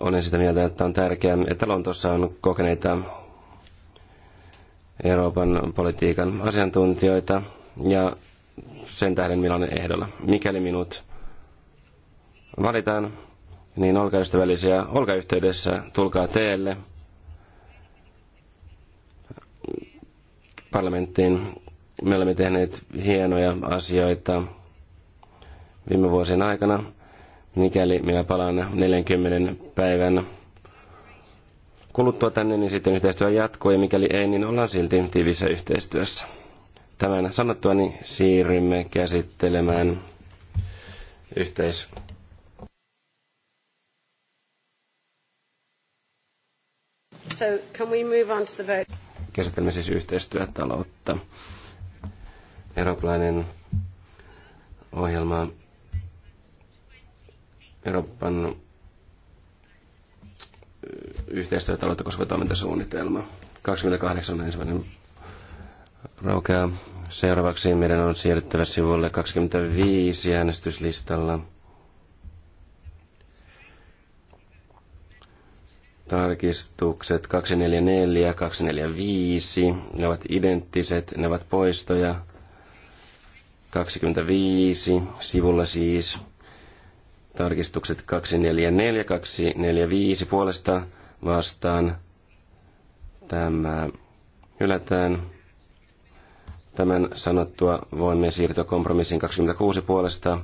S3: Olen sitä mieltä, että on tärkeää, että Lontossa on kokeneita Euroopan politiikan asiantuntijoita ja sen tähden minä olen ehdolla. Mikäli minut valitaan, niin olkaa ystävällisiä, olkaa yhteydessä, tulkaa teelle parlamenttiin. Me olemme tehneet hienoja asioita viime vuosien aikana. Mikäli minä palaan 40 päivän kuluttua tänne, niin sitten yhteistyö jatkuu, ja mikäli ei, niin ollaan silti tiivissä yhteistyössä. Tämän sanottua, niin siirrymme käsittelemään yhteis
S4: So can we move
S3: on to the vote? Käsittelemme siis yhteistyötaloutta. Eurooppalainen ohjelma Euroopan yhteistyötaloutta koskeva toimintasuunnitelma. 28 on ensimmäinen raukea. Seuraavaksi meidän on siirryttävä sivulle 25 äänestyslistalla. Tarkistukset 244 ja 245, ne ovat identtiset, ne ovat poistoja. 25 sivulla siis Tarkistukset 244, 245 puolesta vastaan. Tämä hylätään. Tämän sanottua voimme siirtyä kompromissin 26 puolesta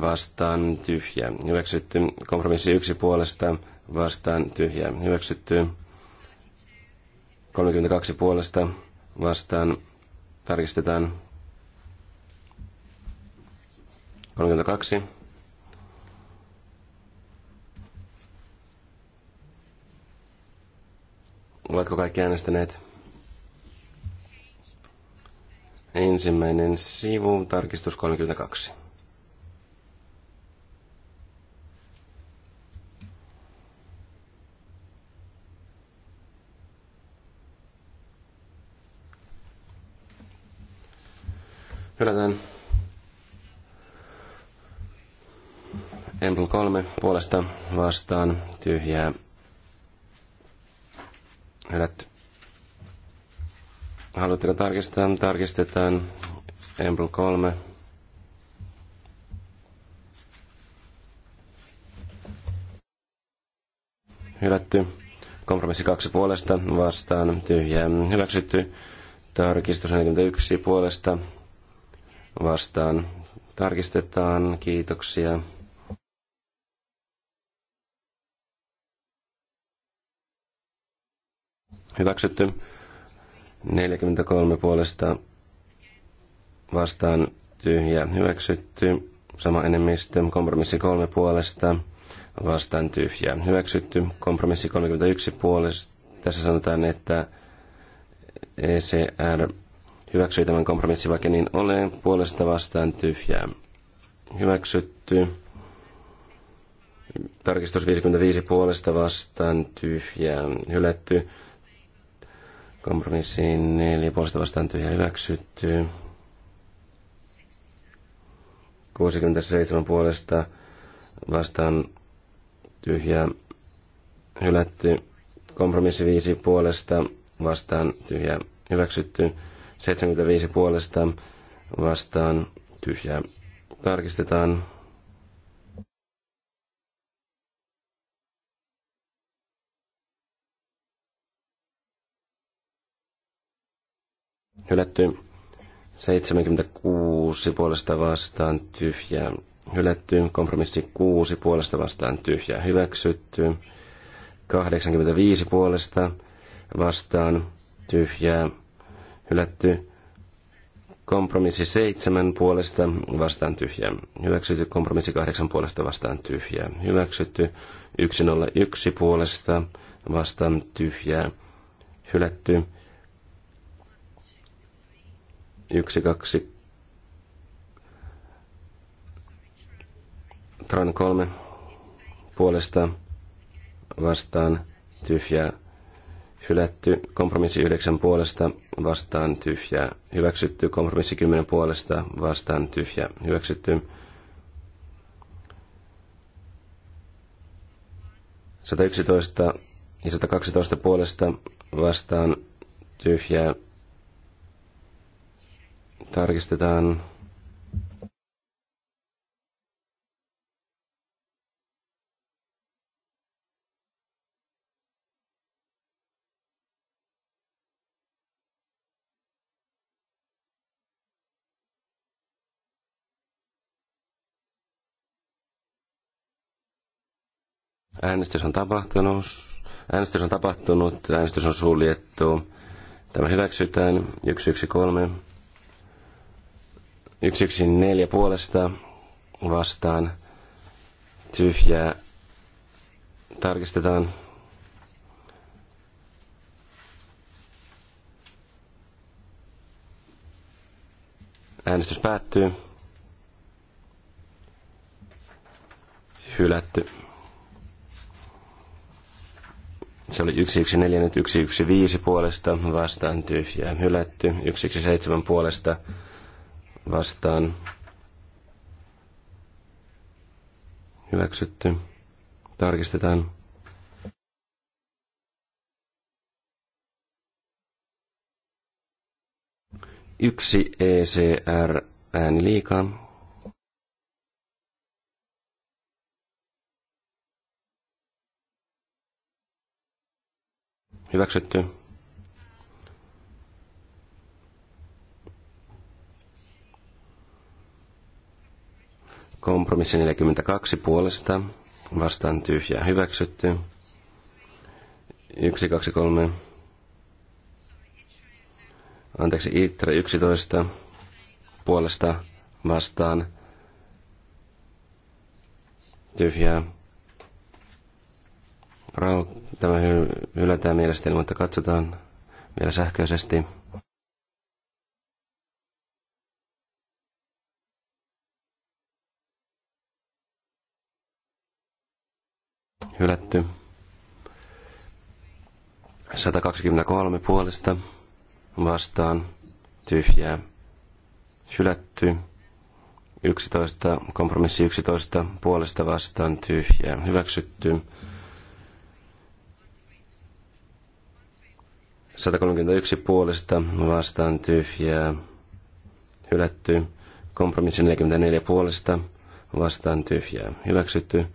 S3: vastaan tyhjä. Hyväksytty kompromissi 1 puolesta vastaan tyhjä. Hyväksytty 32 puolesta vastaan tarkistetaan 32. Oletko kaikki äänestäneet? Ensimmäinen sivu, tarkistus 32. Hylätään. Empl 3 puolesta vastaan tyhjää hylätty. Haluatteko tarkistaa? Tarkistetaan Embl 3. Hylätty. Kompromissi kaksi puolesta vastaan tyhjää. Hyväksytty. Tarkistus 41 puolesta vastaan. Tarkistetaan. Kiitoksia. Hyväksytty. 43 puolesta vastaan tyhjä hyväksytty. Sama enemmistö. Kompromissi 3 puolesta vastaan tyhjä hyväksytty. Kompromissi 31 puolesta. Tässä sanotaan, että ECR hyväksyi tämän kompromissin, vaikka niin ole puolesta vastaan tyhjää. Hyväksytty. Tarkistus 55 puolesta vastaan tyhjää. Hylätty. Kompromissiin neljä puolesta vastaan tyhjä hyväksytty. 67 puolesta vastaan tyhjä hylätty. Kompromissi 5 puolesta vastaan tyhjä hyväksytty. 75 puolesta vastaan tyhjä tarkistetaan. hylätty. 76 puolesta vastaan tyhjää hylätty. Kompromissi 6 puolesta vastaan tyhjää hyväksytty. 85 puolesta vastaan tyhjää hylätty. Kompromissi 7 puolesta vastaan tyhjää. Hyväksytty. Kompromissi 8 puolesta vastaan tyhjää. Hyväksytty. 101 puolesta vastaan tyhjää. Hylätty yksi, kaksi, Tran kolme puolesta vastaan tyhjää hylätty, kompromissi yhdeksän puolesta vastaan tyhjää hyväksytty, kompromissi kymmenen puolesta vastaan tyhjää hyväksytty. 111 ja 112 puolesta vastaan tyhjää Tarkistetaan. Äänestys on tapahtunut. Äänestys on tapahtunut. Äänestys on suljettu. Tämä hyväksytään. 113. 114 puolesta vastaan tyhjää tarkistetaan. Äänestys päättyy. Hylätty. Se oli 114, nyt 115 puolesta vastaan tyhjää hylätty. 117 puolesta vastaan hyväksytty. Tarkistetaan. Yksi ECR ääni liikaa. Hyväksytty. Kompromissi 42 puolesta. Vastaan tyhjää hyväksytty. 1, 2, 3. Anteeksi, Itre 11 puolesta vastaan tyhjää. Rau, tämä hylätään mielestäni, mutta katsotaan vielä sähköisesti. hylätty. 123 puolesta vastaan tyhjää hylätty. 11, kompromissi 11 puolesta vastaan tyhjää hyväksytty. 131 puolesta vastaan tyhjää hylätty. Kompromissi 44 puolesta vastaan tyhjää hyväksytty.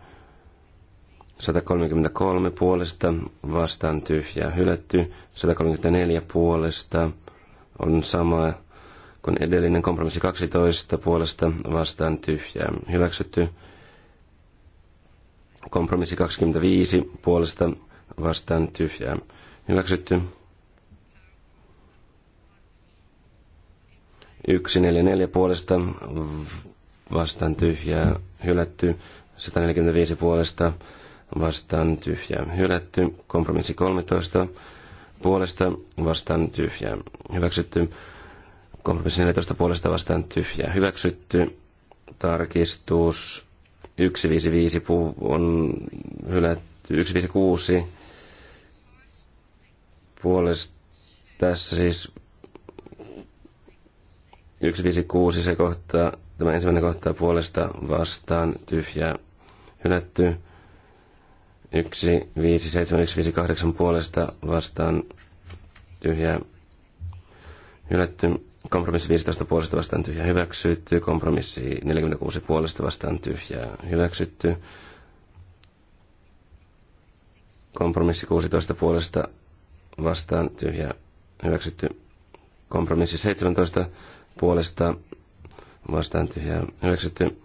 S3: 133 puolesta vastaan tyhjää hylätty. 134 puolesta on sama kuin edellinen kompromissi 12 puolesta vastaan tyhjää hyväksytty. Kompromissi 25 puolesta vastaan tyhjää hyväksytty. 144 puolesta vastaan tyhjää hylätty. 145 puolesta vastaan tyhjä, Hylätty. Kompromissi 13 puolesta vastaan tyhjä, Hyväksytty. Kompromissi 14 puolesta vastaan tyhjä, Hyväksytty. Tarkistus 155 on hylätty. 156 puolesta tässä siis 156 se kohta, tämä ensimmäinen kohta puolesta vastaan tyhjää hylätty. 1, 5, 7, 1, 5, 8 puolesta vastaan tyhjää hylätty. Kompromissi 15 puolesta vastaan tyhjää hyväksytty. Kompromissi 46 puolesta vastaan tyhjää hyväksytty. Kompromissi 16 puolesta vastaan tyhjää hyväksytty. Kompromissi 17 puolesta vastaan tyhjää hyväksytty.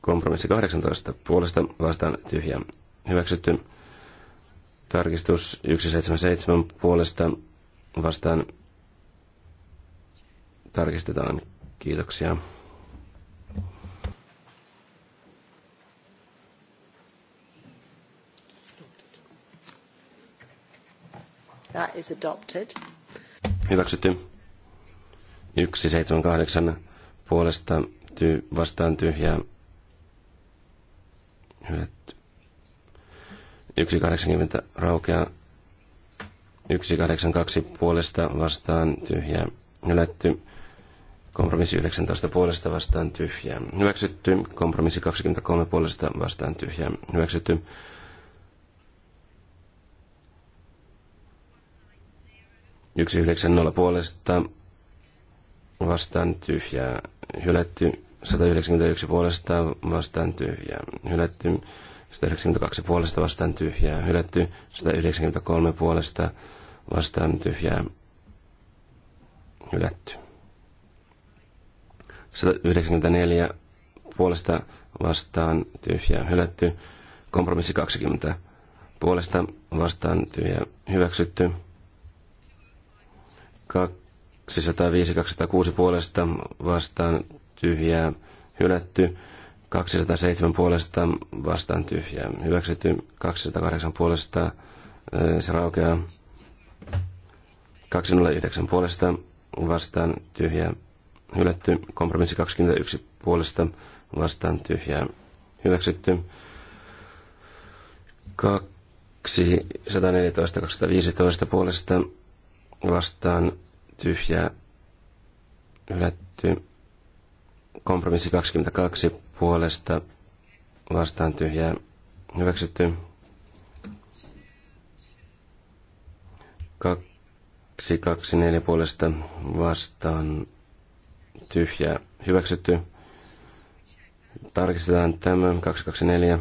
S3: Kompromissi 18 puolesta vastaan tyhjää hyväksytty. Tarkistus 177 puolesta vastaan tarkistetaan. Kiitoksia.
S5: That
S4: is adopted.
S3: Hyväksytty. 178 puolesta ty- vastaan tyhjää. Hylätty. 1.80 raukeaa. 1.82 puolesta vastaan tyhjä. Hylätty. Kompromissi 19 puolesta vastaan tyhjä. Hyväksytty. Kompromissi 23 puolesta vastaan tyhjä. Hyväksytty. nolla puolesta vastaan tyhjää. Hylätty. 191 puolesta vastaan tyhjää. Hylätty. 192 puolesta vastaan tyhjää hylätty, 193 puolesta vastaan tyhjää hylätty. 194 puolesta vastaan tyhjää hylätty, kompromissi 20 puolesta vastaan tyhjää hyväksytty, 205-206 puolesta vastaan tyhjää hylätty, 207 puolesta vastaan tyhjää. Hyväksytty 208 puolesta se raukeaa. 209 puolesta vastaan tyhjää. Hylätty kompromissi 21 puolesta vastaan tyhjää. Hyväksytty 214 215 puolesta vastaan tyhjää. Hylätty kompromissi 22 puolesta vastaan tyhjää hyväksytty. neljä puolesta vastaan tyhjää hyväksytty. Tarkistetaan tämä 224.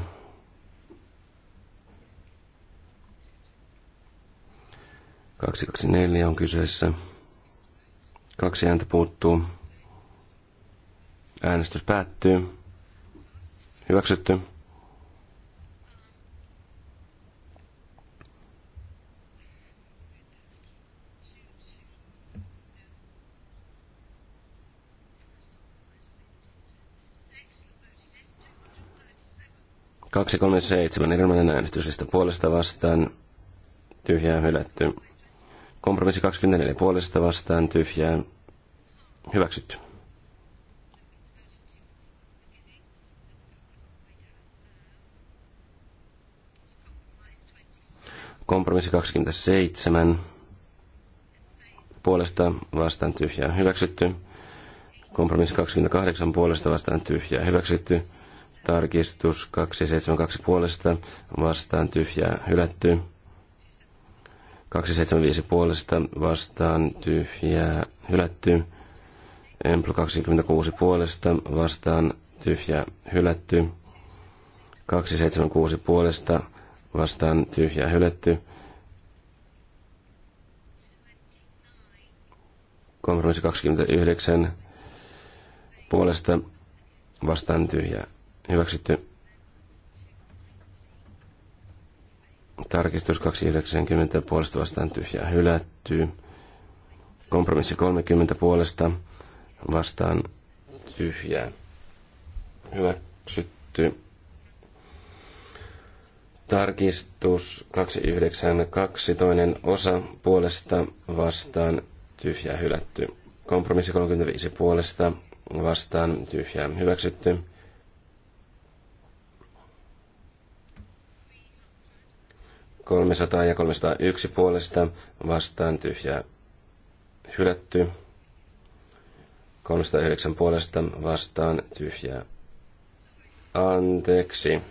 S3: Kaksi kaksi neljä on kyseessä. Kaksi ääntä puuttuu. Äänestys päättyy. Hyväksytty. Kaksi, kolme, seitsemän. Erilainen äänestyslista puolesta vastaan. Tyhjää hylätty. Kompromissi 24 puolesta vastaan. Tyhjää hyväksytty. Kompromissi 27. Puolesta vastaan tyhjää hyväksytty. Kompromissi 28. Puolesta vastaan tyhjää hyväksytty. Tarkistus 272 puolesta vastaan tyhjää hylätty. 275 puolesta vastaan tyhjää hylätty. Emplu 26 puolesta vastaan tyhjää hylätty. 276 puolesta vastaan tyhjä hylätty. Kompromissi 29 puolesta vastaan tyhjä hyväksytty. Tarkistus 290 puolesta vastaan tyhjä hylätty. Kompromissi 30 puolesta vastaan tyhjä hyväksytty. Tarkistus 292, toinen osa puolesta vastaan tyhjää hylätty. Kompromissi 35 puolesta vastaan tyhjää hyväksytty. 300 ja 301 puolesta vastaan tyhjää hylätty. 309 puolesta vastaan tyhjää. Anteeksi.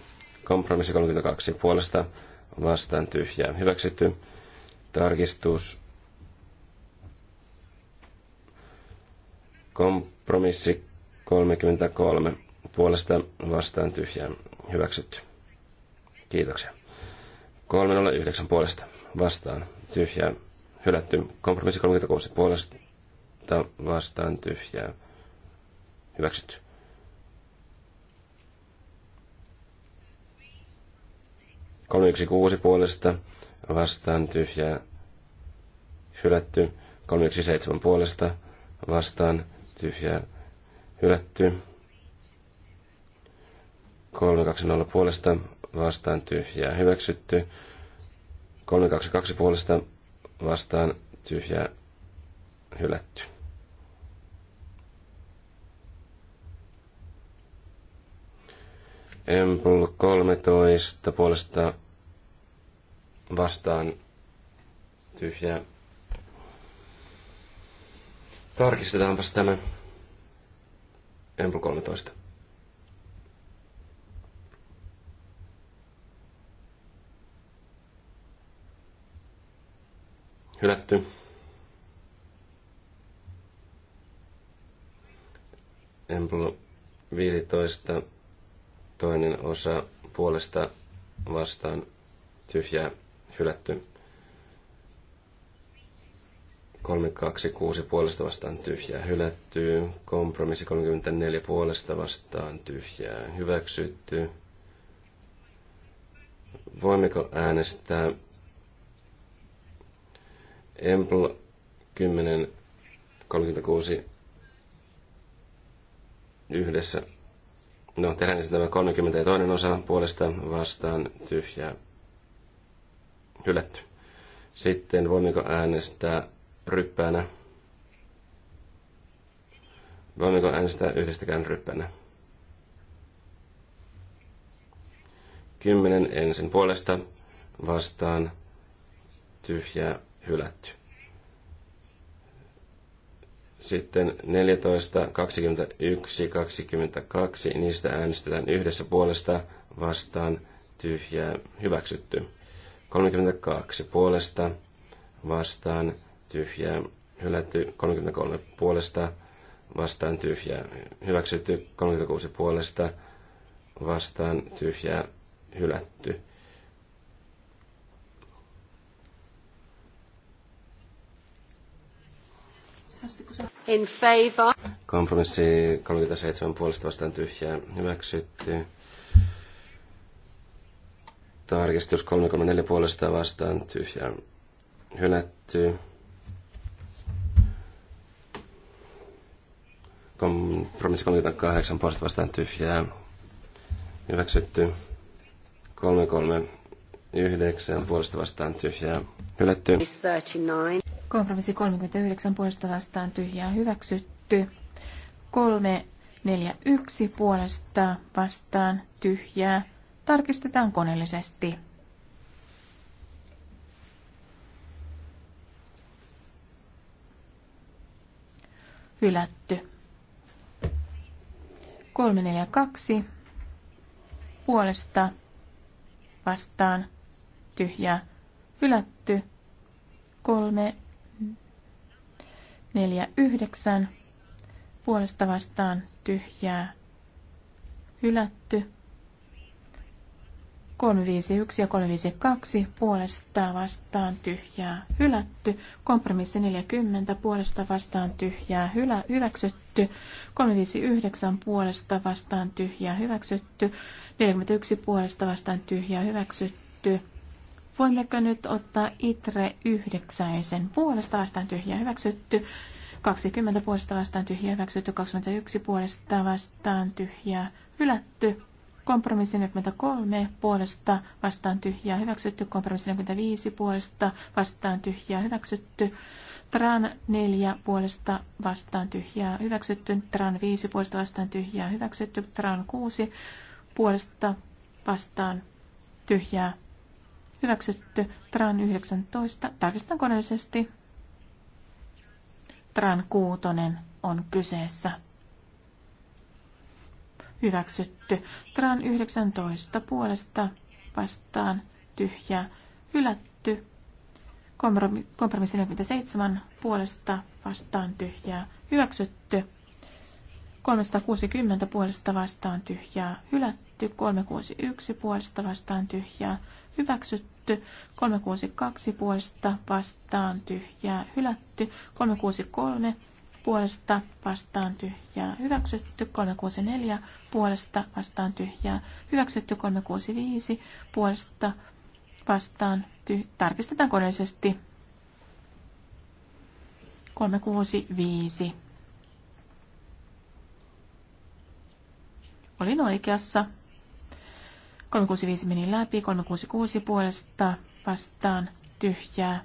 S3: Kompromissi 32 puolesta vastaan tyhjää hyväksytty. Tarkistus. Kompromissi 33 puolesta vastaan tyhjää hyväksytty. Kiitoksia. 309 puolesta vastaan tyhjää hylätty. Kompromissi 36 puolesta vastaan tyhjää hyväksytty. 316 puolesta vastaan tyhjä hylätty. 317 puolesta vastaan tyhjä hylätty. 320 puolesta vastaan tyhjää hyväksytty. 322 puolesta vastaan tyhjää hylätty. Empul 13 puolesta vastaan tyhjää. Tarkistetaanpas tämä. Emplu 13. Hylätty. Emplu 15. Toinen osa puolesta vastaan tyhjää hylätty. 326 puolesta vastaan tyhjää hylätty. Kompromissi 34 puolesta vastaan tyhjää hyväksytty. Voimmeko äänestää Empl 10 36 yhdessä. No, tehdään sitten siis tämä 30 ja toinen osa puolesta vastaan tyhjää hylätty. Sitten voimmeko äänestää ryppäänä? Voimmeko äänestää yhdestäkään ryppänä? Kymmenen ensin puolesta vastaan tyhjää hylätty. Sitten 14, 21, 22, niistä äänestetään yhdessä puolesta vastaan tyhjää hyväksytty. 32 puolesta vastaan tyhjää hylätty 33 puolesta vastaan tyhjää hyväksytty 36 puolesta vastaan tyhjää hylätty.
S4: In favor.
S3: Kompromissi 37 puolesta vastaan tyhjää hyväksytty. Tarkistus 334 puolesta vastaan tyhjää hylätty. Kompromissi 38 puolesta vastaan tyhjää hyväksytty. 339 puolesta vastaan tyhjää hylätty.
S1: Kompromissi 39 puolesta vastaan tyhjää hyväksytty. 341 puolesta vastaan tyhjää Tarkistetaan koneellisesti. Hylätty. 342 puolesta vastaan tyhjä hylätty. 3. 4, 9. puolesta vastaan tyhjää hylätty. 351 ja 352 puolesta vastaan tyhjää hylätty. Kompromissi 40 puolesta vastaan tyhjää hylä, hyväksytty. 359 puolesta vastaan tyhjää hyväksytty. 41 puolesta vastaan tyhjää hyväksytty. Voimmeko nyt ottaa ITRE 9 puolesta vastaan tyhjää hyväksytty. 20 puolesta vastaan tyhjää hyväksytty. 21 puolesta vastaan tyhjää hylätty. Kompromissi 43 puolesta vastaan tyhjää hyväksytty. Kompromissi 45 puolesta vastaan tyhjää hyväksytty. Tran 4 puolesta vastaan tyhjää hyväksytty. Tran 5 puolesta vastaan tyhjää hyväksytty. Tran 6 puolesta vastaan tyhjää hyväksytty. Tran 19 tarkistan koneellisesti. Tran 6 on kyseessä hyväksytty. Tran 19 puolesta vastaan tyhjää hylätty. Kompromissi 47 puolesta vastaan tyhjää hyväksytty. 360 puolesta vastaan tyhjää hylätty. 361 puolesta vastaan tyhjää hyväksytty. 362 puolesta vastaan tyhjää hylätty. 363 puolesta vastaan tyhjää
S5: hyväksytty,
S1: 364 puolesta vastaan tyhjää hyväksytty, 365 puolesta vastaan tyhjää. tarkistetaan koneisesti 365. Olin oikeassa. 365 meni läpi, 366 puolesta vastaan tyhjää.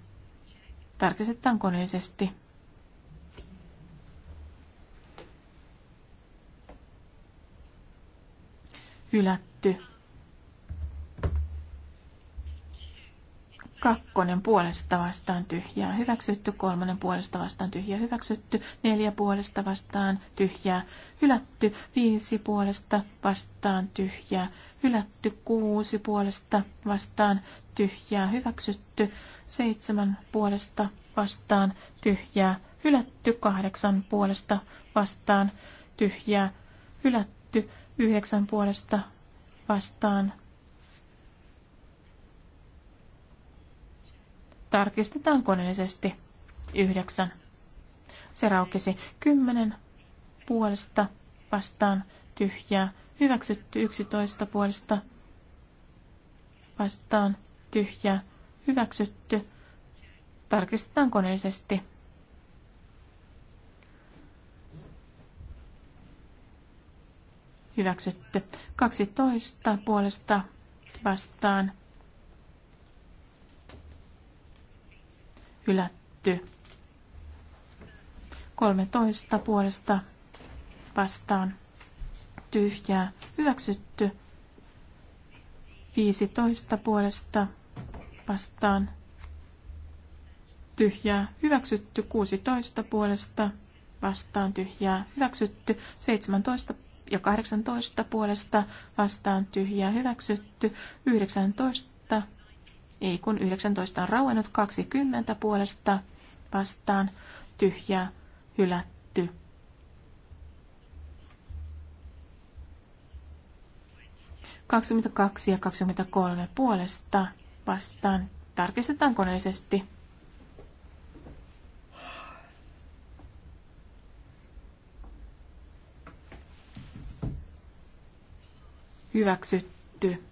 S1: Tarkistetaan koneellisesti hylätty. Kakkonen puolesta vastaan tyhjää hyväksytty, kolmonen puolesta vastaan tyhjää hyväksytty, neljä puolesta vastaan tyhjää hylätty, viisi puolesta vastaan tyhjää hylätty, kuusi puolesta vastaan tyhjää hyväksytty, seitsemän puolesta vastaan tyhjää hylätty, kahdeksan puolesta vastaan tyhjää hylätty, Yhdeksän puolesta vastaan. Tarkistetaan koneellisesti. Yhdeksän. Se raukesi. Kymmenen puolesta vastaan tyhjää. Hyväksytty yksitoista puolesta vastaan tyhjää. Hyväksytty. Tarkistetaan koneellisesti. hyväksytty. 12 puolesta vastaan hylätty. 13 puolesta vastaan tyhjää hyväksytty. 15 puolesta vastaan tyhjää hyväksytty. 16 puolesta vastaan tyhjää hyväksytty. 17 ja 18 puolesta vastaan tyhjää hyväksytty, 19, ei kun 19 on rauennut, 20 puolesta vastaan tyhjää hylätty. Kaksikymmentäkaksi ja 23 puolesta vastaan tarkistetaan koneellisesti. hyväksytty.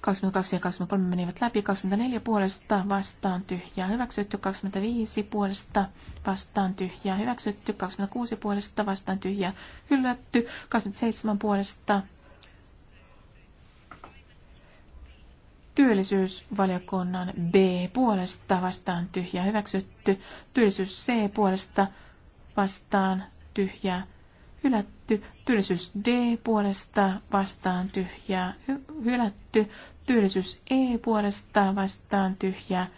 S1: 22 ja 23 menivät läpi, 24 puolesta vastaan tyhjää hyväksytty, 25 puolesta vastaan tyhjää hyväksytty, 26 puolesta vastaan tyhjää hylätty, 27 puolesta työllisyysvaliokunnan B puolesta vastaan tyhjää hyväksytty, työllisyys C puolesta vastaan tyhjää hylätty, tyylisyys D puolesta vastaan tyhjää, hylätty, tyylisyys E puolesta vastaan tyhjää,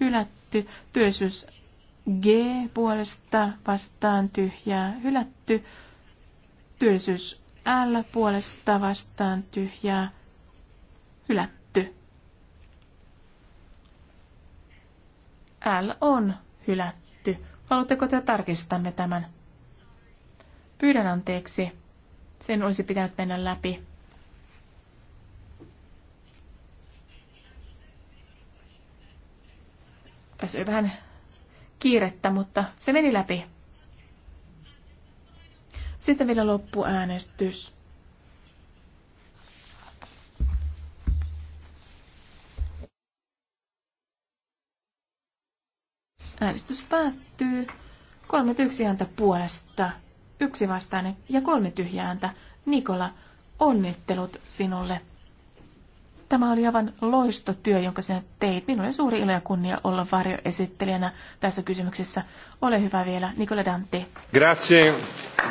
S1: hylätty, tyylisyys G puolesta vastaan tyhjää, hylätty, tyylisyys L puolesta vastaan tyhjää, hylätty. L on hylätty. Haluatteko te tarkistamme tämän? Pyydän anteeksi. Sen olisi pitänyt mennä läpi. Tässä oli vähän kiirettä, mutta se meni läpi. Sitten vielä loppuäänestys. Äänestys päättyy. 31 ääntä puolesta, yksi vastainen ja kolme tyhjääntä. Nikola, onnittelut sinulle. Tämä oli aivan loistotyö, jonka sinä teit. Minulle oli suuri ilo ja kunnia olla varjoesittelijänä tässä kysymyksessä. Ole hyvä vielä, Nikola Dante.
S5: Grazie.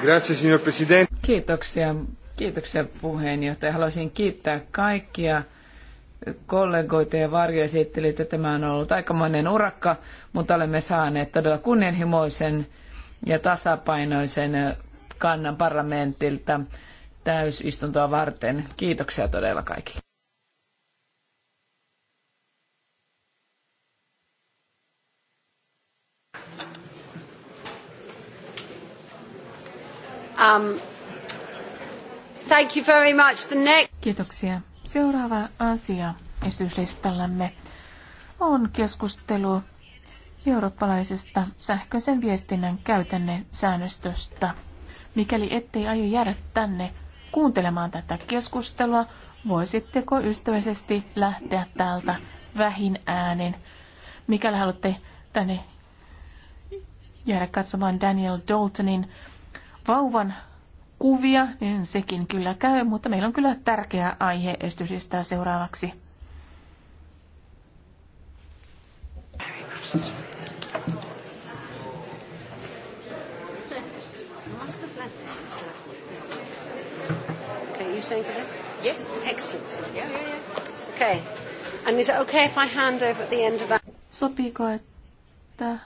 S5: Grazie, signor Presidente.
S1: Kiitoksia. Kiitoksia puheenjohtaja. Haluaisin
S2: kiittää kaikkia kollegoita ja varjoesittelijöitä. Tämä on ollut aikamoinen urakka, mutta olemme saaneet todella kunnianhimoisen ja tasapainoisen kannan parlamentilta täysistuntoa varten. Kiitoksia todella kaikille.
S4: Um, thank you very
S1: much. The next... Kiitoksia. Seuraava asia esityslistallamme on keskustelu eurooppalaisesta sähköisen viestinnän käytännön säännöstöstä. Mikäli ettei aio jäädä tänne kuuntelemaan tätä keskustelua, voisitteko ystävällisesti lähteä täältä vähin äänen. Mikäli haluatte tänne jäädä katsomaan Daniel Daltonin vauvan kuvia, niin sekin kyllä käy, mutta meillä on kyllä tärkeä aihe estysistä seuraavaksi.
S5: Very
S4: staying for this? Yes. Excellent. Yeah, yeah, yeah. Okay. And is it okay if I hand over at the end of that?
S1: Sopiiko, että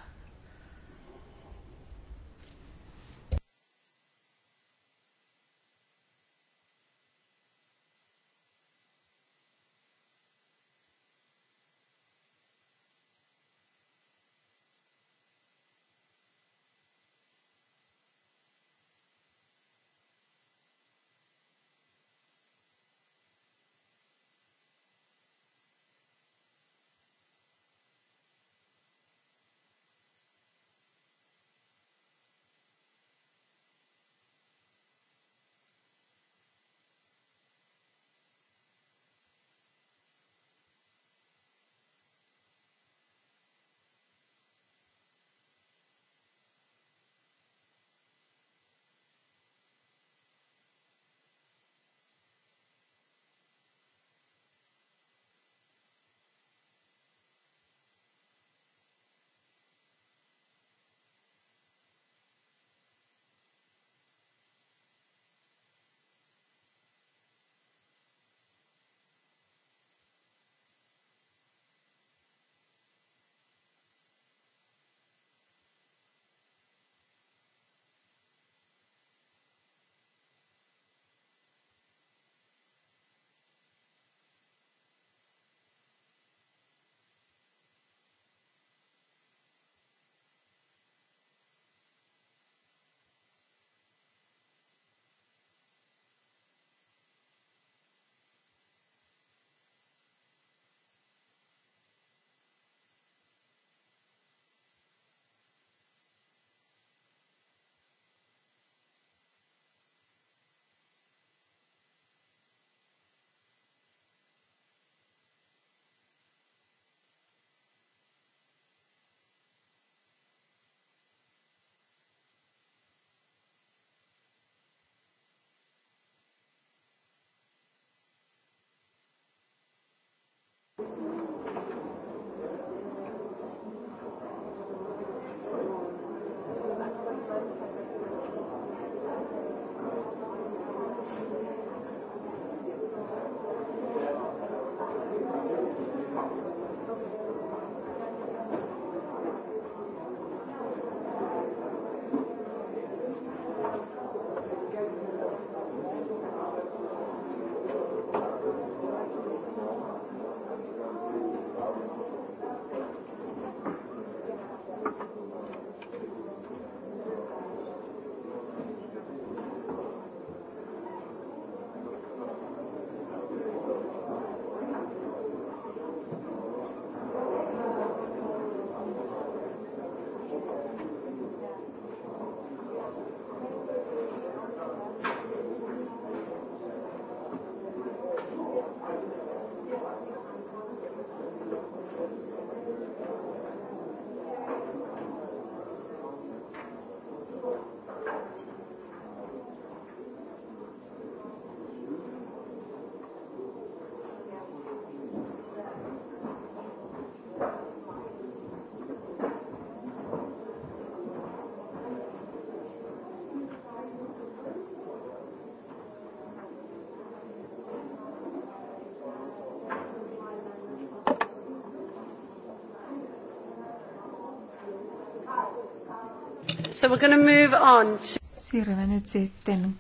S1: So we're move on to... Siirrymme nyt sitten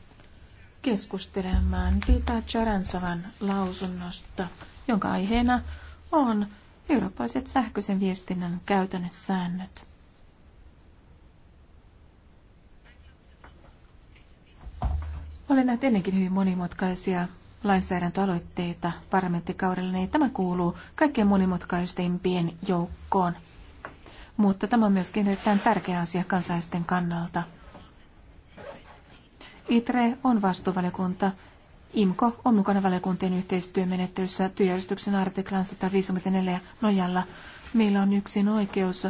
S1: keskustelemaan Dita Charansavan lausunnosta, jonka aiheena on eurooppalaiset sähköisen viestinnän säännöt. Olen nähnyt ennenkin hyvin monimutkaisia lainsäädäntöaloitteita parlamenttikaudella, niin tämä kuuluu kaikkein monimutkaisimpien joukkoon mutta tämä on myöskin erittäin tärkeä asia kansalaisten kannalta. ITRE on vastuuvaliokunta. IMKO on mukana valiokuntien yhteistyömenettelyssä työjärjestyksen artiklan 154 nojalla. Meillä on yksin oikeus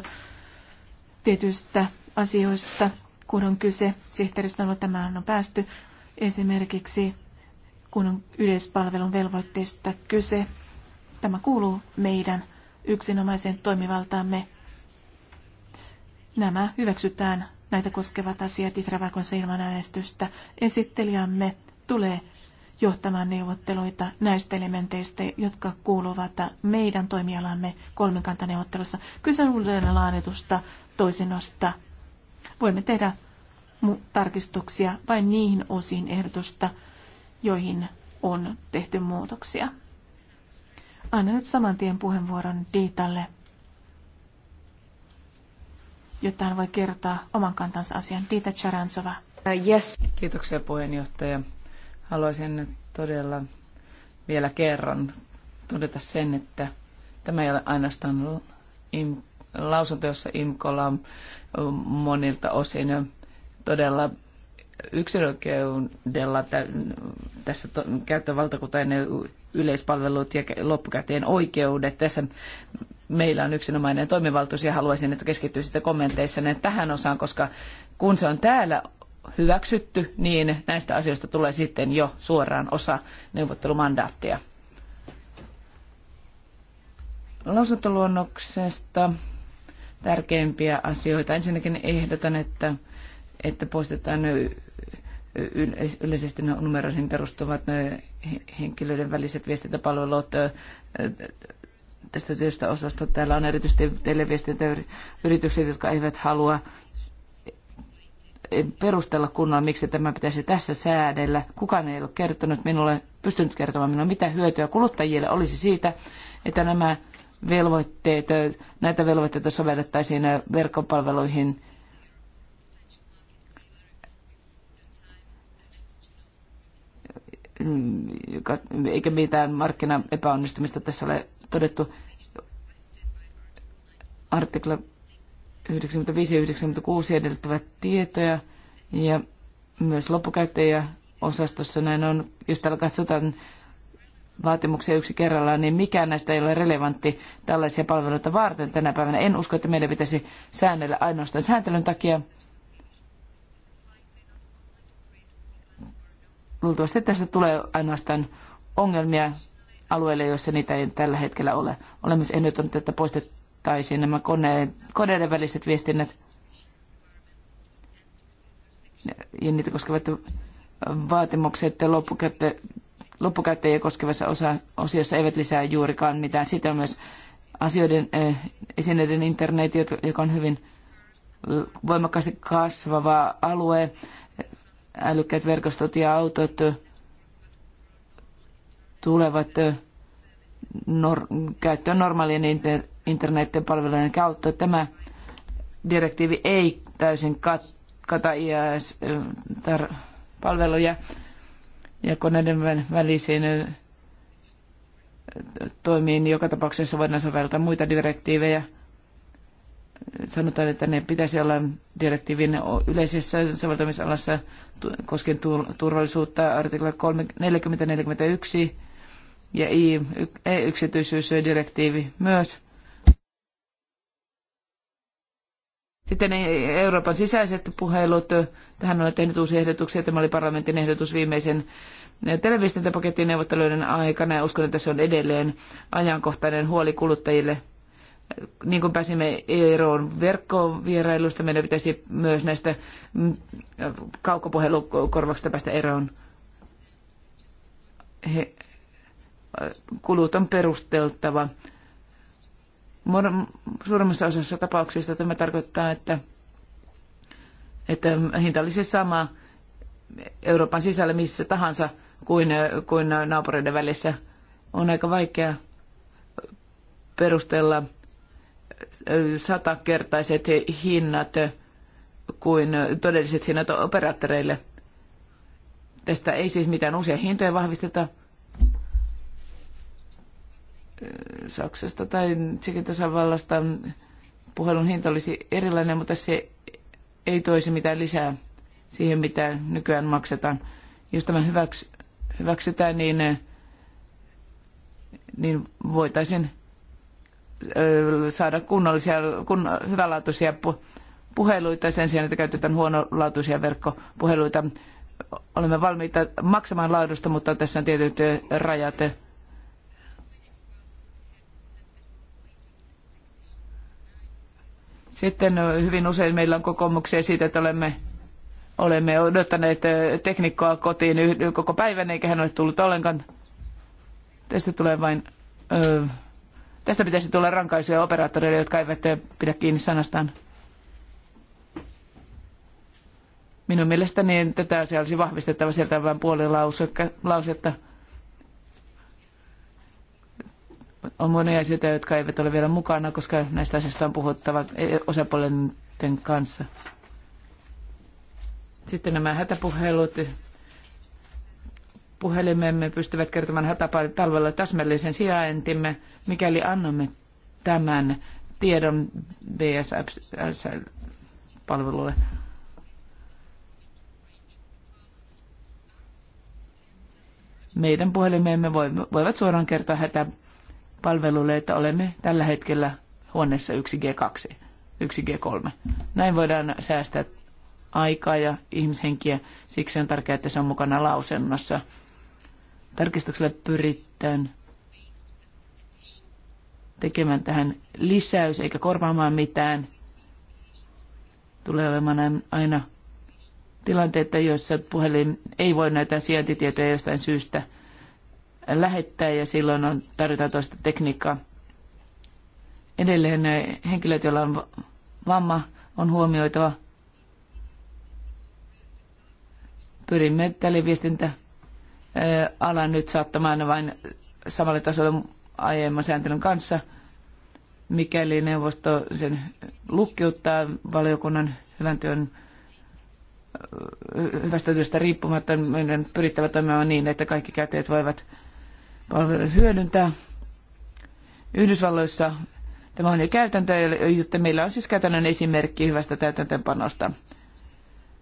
S1: tietyistä asioista, kun on kyse sihteeristöllä Tämähän on päästy. Esimerkiksi kun on yleispalvelun velvoitteista kyse, tämä kuuluu meidän yksinomaiseen toimivaltaamme Nämä hyväksytään näitä koskevat asiat Itravalkonsa ilman äänestystä. Esittelijämme tulee johtamaan neuvotteluita näistä elementeistä, jotka kuuluvat meidän toimialamme kolmikantaneuvottelussa. Kyse on uudelleen laaditusta toisinnosta. Voimme tehdä tarkistuksia vain niihin osiin ehdotusta, joihin on tehty muutoksia. Annan nyt saman tien puheenvuoron Diitalle jotta hän voi kertoa oman kantansa asian. Tiita Charansova.
S2: Uh, yes. Kiitoksia puheenjohtaja. Haluaisin nyt todella vielä kerran todeta sen, että tämä ei ole ainoastaan im- lausunto, jossa Imkola on monilta osin todella yksilöoikeudella tässä käyttövaltakuntainen yleispalvelut ja loppukäteen oikeudet. Tässä meillä on yksinomainen toimivaltuus ja haluaisin, että keskittyisitte kommenteissanne tähän osaan, koska kun se on täällä hyväksytty, niin näistä asioista tulee sitten jo suoraan osa neuvottelumandaattia. Lausuntoluonnoksesta tärkeimpiä asioita. Ensinnäkin ehdotan, että, että poistetaan yleisesti numeroihin perustuvat henkilöiden väliset viestintäpalvelut tästä työstä osasta. Täällä on erityisesti televiestintäyritykset, jotka eivät halua perustella kunnolla, miksi tämä pitäisi tässä säädellä. Kukaan ei ole kertonut minulle, pystynyt kertomaan minulle, mitä hyötyä kuluttajille olisi siitä, että nämä velvoitteet, näitä velvoitteita sovellettaisiin verkkopalveluihin eikä mitään markkinaepäonnistumista tässä ole todettu. Artikla 95 ja 96 edellyttävät tietoja ja myös osastossa näin on. Jos täällä katsotaan vaatimuksia yksi kerrallaan, niin mikään näistä ei ole relevantti tällaisia palveluita varten tänä päivänä. En usko, että meidän pitäisi säännellä ainoastaan sääntelyn takia, Luultavasti tästä tulee ainoastaan ongelmia alueille, joissa niitä ei tällä hetkellä ole. Olen myös ehdottanut, että poistettaisiin nämä koneiden, koneiden väliset viestinnät ja niitä koskevat vaatimukset loppukäyttä, loppukäyttäjiä koskevassa osa, osiossa eivät lisää juurikaan mitään. Sitä myös asioiden eh, esineiden internet, joka on hyvin voimakkaasti kasvava alue älykkäät verkostot ja autot tulevat nor- käyttöön normaalien inter- internetpalvelujen kautta. Tämä direktiivi ei täysin kat- kata IAS-palveluja ja koneiden välisiin toimiin. Joka tapauksessa voidaan soveltaa muita direktiivejä – sanotaan, että ne pitäisi olla direktiivin yleisessä soveltamisalassa koskien turvallisuutta, artikla 4041 ja e-yksityisyysdirektiivi myös. Sitten Euroopan sisäiset puhelut. Tähän olen tehnyt uusia ehdotuksia. Tämä oli parlamentin ehdotus viimeisen televisiointipaketin neuvotteluiden aikana ja uskon, että se on edelleen ajankohtainen huoli kuluttajille – niin kuin pääsimme eroon verkkovierailusta, meidän pitäisi myös näistä mm, kaukopuhelukorvauksista päästä eroon. He, kulut on perusteltava. Suurimmassa osassa tapauksista tämä tarkoittaa, että, että hinta olisi sama Euroopan sisällä missä tahansa kuin, kuin naapureiden välissä. On aika vaikea perustella satakertaiset hinnat kuin todelliset hinnat operaattoreille. Tästä ei siis mitään uusia hintoja vahvisteta Saksasta tai Tsekin tasavallasta. Puhelun hinta olisi erilainen, mutta se ei toisi mitään lisää siihen, mitä nykyään maksetaan. Jos tämä hyväks, hyväksytään, niin, niin voitaisiin saada kunnollisia, kun, hyvänlaatuisia pu, puheluita sen sijaan, että käytetään huonolaatuisia verkkopuheluita. Olemme valmiita maksamaan laadusta, mutta tässä on tietyt rajat. Sitten hyvin usein meillä on kokoomuksia siitä, että olemme, olemme odottaneet teknikkoa kotiin koko päivän, eikä hän ole tullut ollenkaan. Tästä tulee vain Tästä pitäisi tulla rankaisuja operaattoreille, jotka eivät pidä kiinni sanastaan. Minun mielestäni tätä asiaa olisi vahvistettava sieltä vain puoli lausetta. On monia asioita, jotka eivät ole vielä mukana, koska näistä asioista on puhuttava osapuolten kanssa. Sitten nämä hätäpuhelut, puhelimemme pystyvät kertomaan hätäpalvelulle täsmällisen sijaintimme, mikäli annamme tämän tiedon BSS-palvelulle. Meidän puhelimeemme voivat suoraan kertoa hätäpalvelulle, että olemme tällä hetkellä huoneessa 1G2, 1G3. Näin voidaan säästää aikaa ja ihmishenkiä. Siksi on tärkeää, että se on mukana lausennossa. Tarkistuksella pyritään tekemään tähän lisäys eikä korvaamaan mitään. Tulee olemaan aina tilanteita, joissa puhelin ei voi näitä sijaintitietoja jostain syystä lähettää ja silloin on, tarvitaan toista tekniikkaa. Edelleen eh, henkilöt, joilla on vamma, on huomioitava. Pyrimme tälle viestintä alan nyt saattamaan vain samalle tasolle aiemman sääntelyn kanssa, mikäli neuvosto sen lukkiuttaa valiokunnan hyvän työn hyvästä työstä riippumatta. Meidän pyrittävä toimimaan niin, että kaikki käteet voivat palvelut hyödyntää. Yhdysvalloissa tämä on jo käytäntö, joten meillä on siis käytännön esimerkki hyvästä täytäntöönpanosta.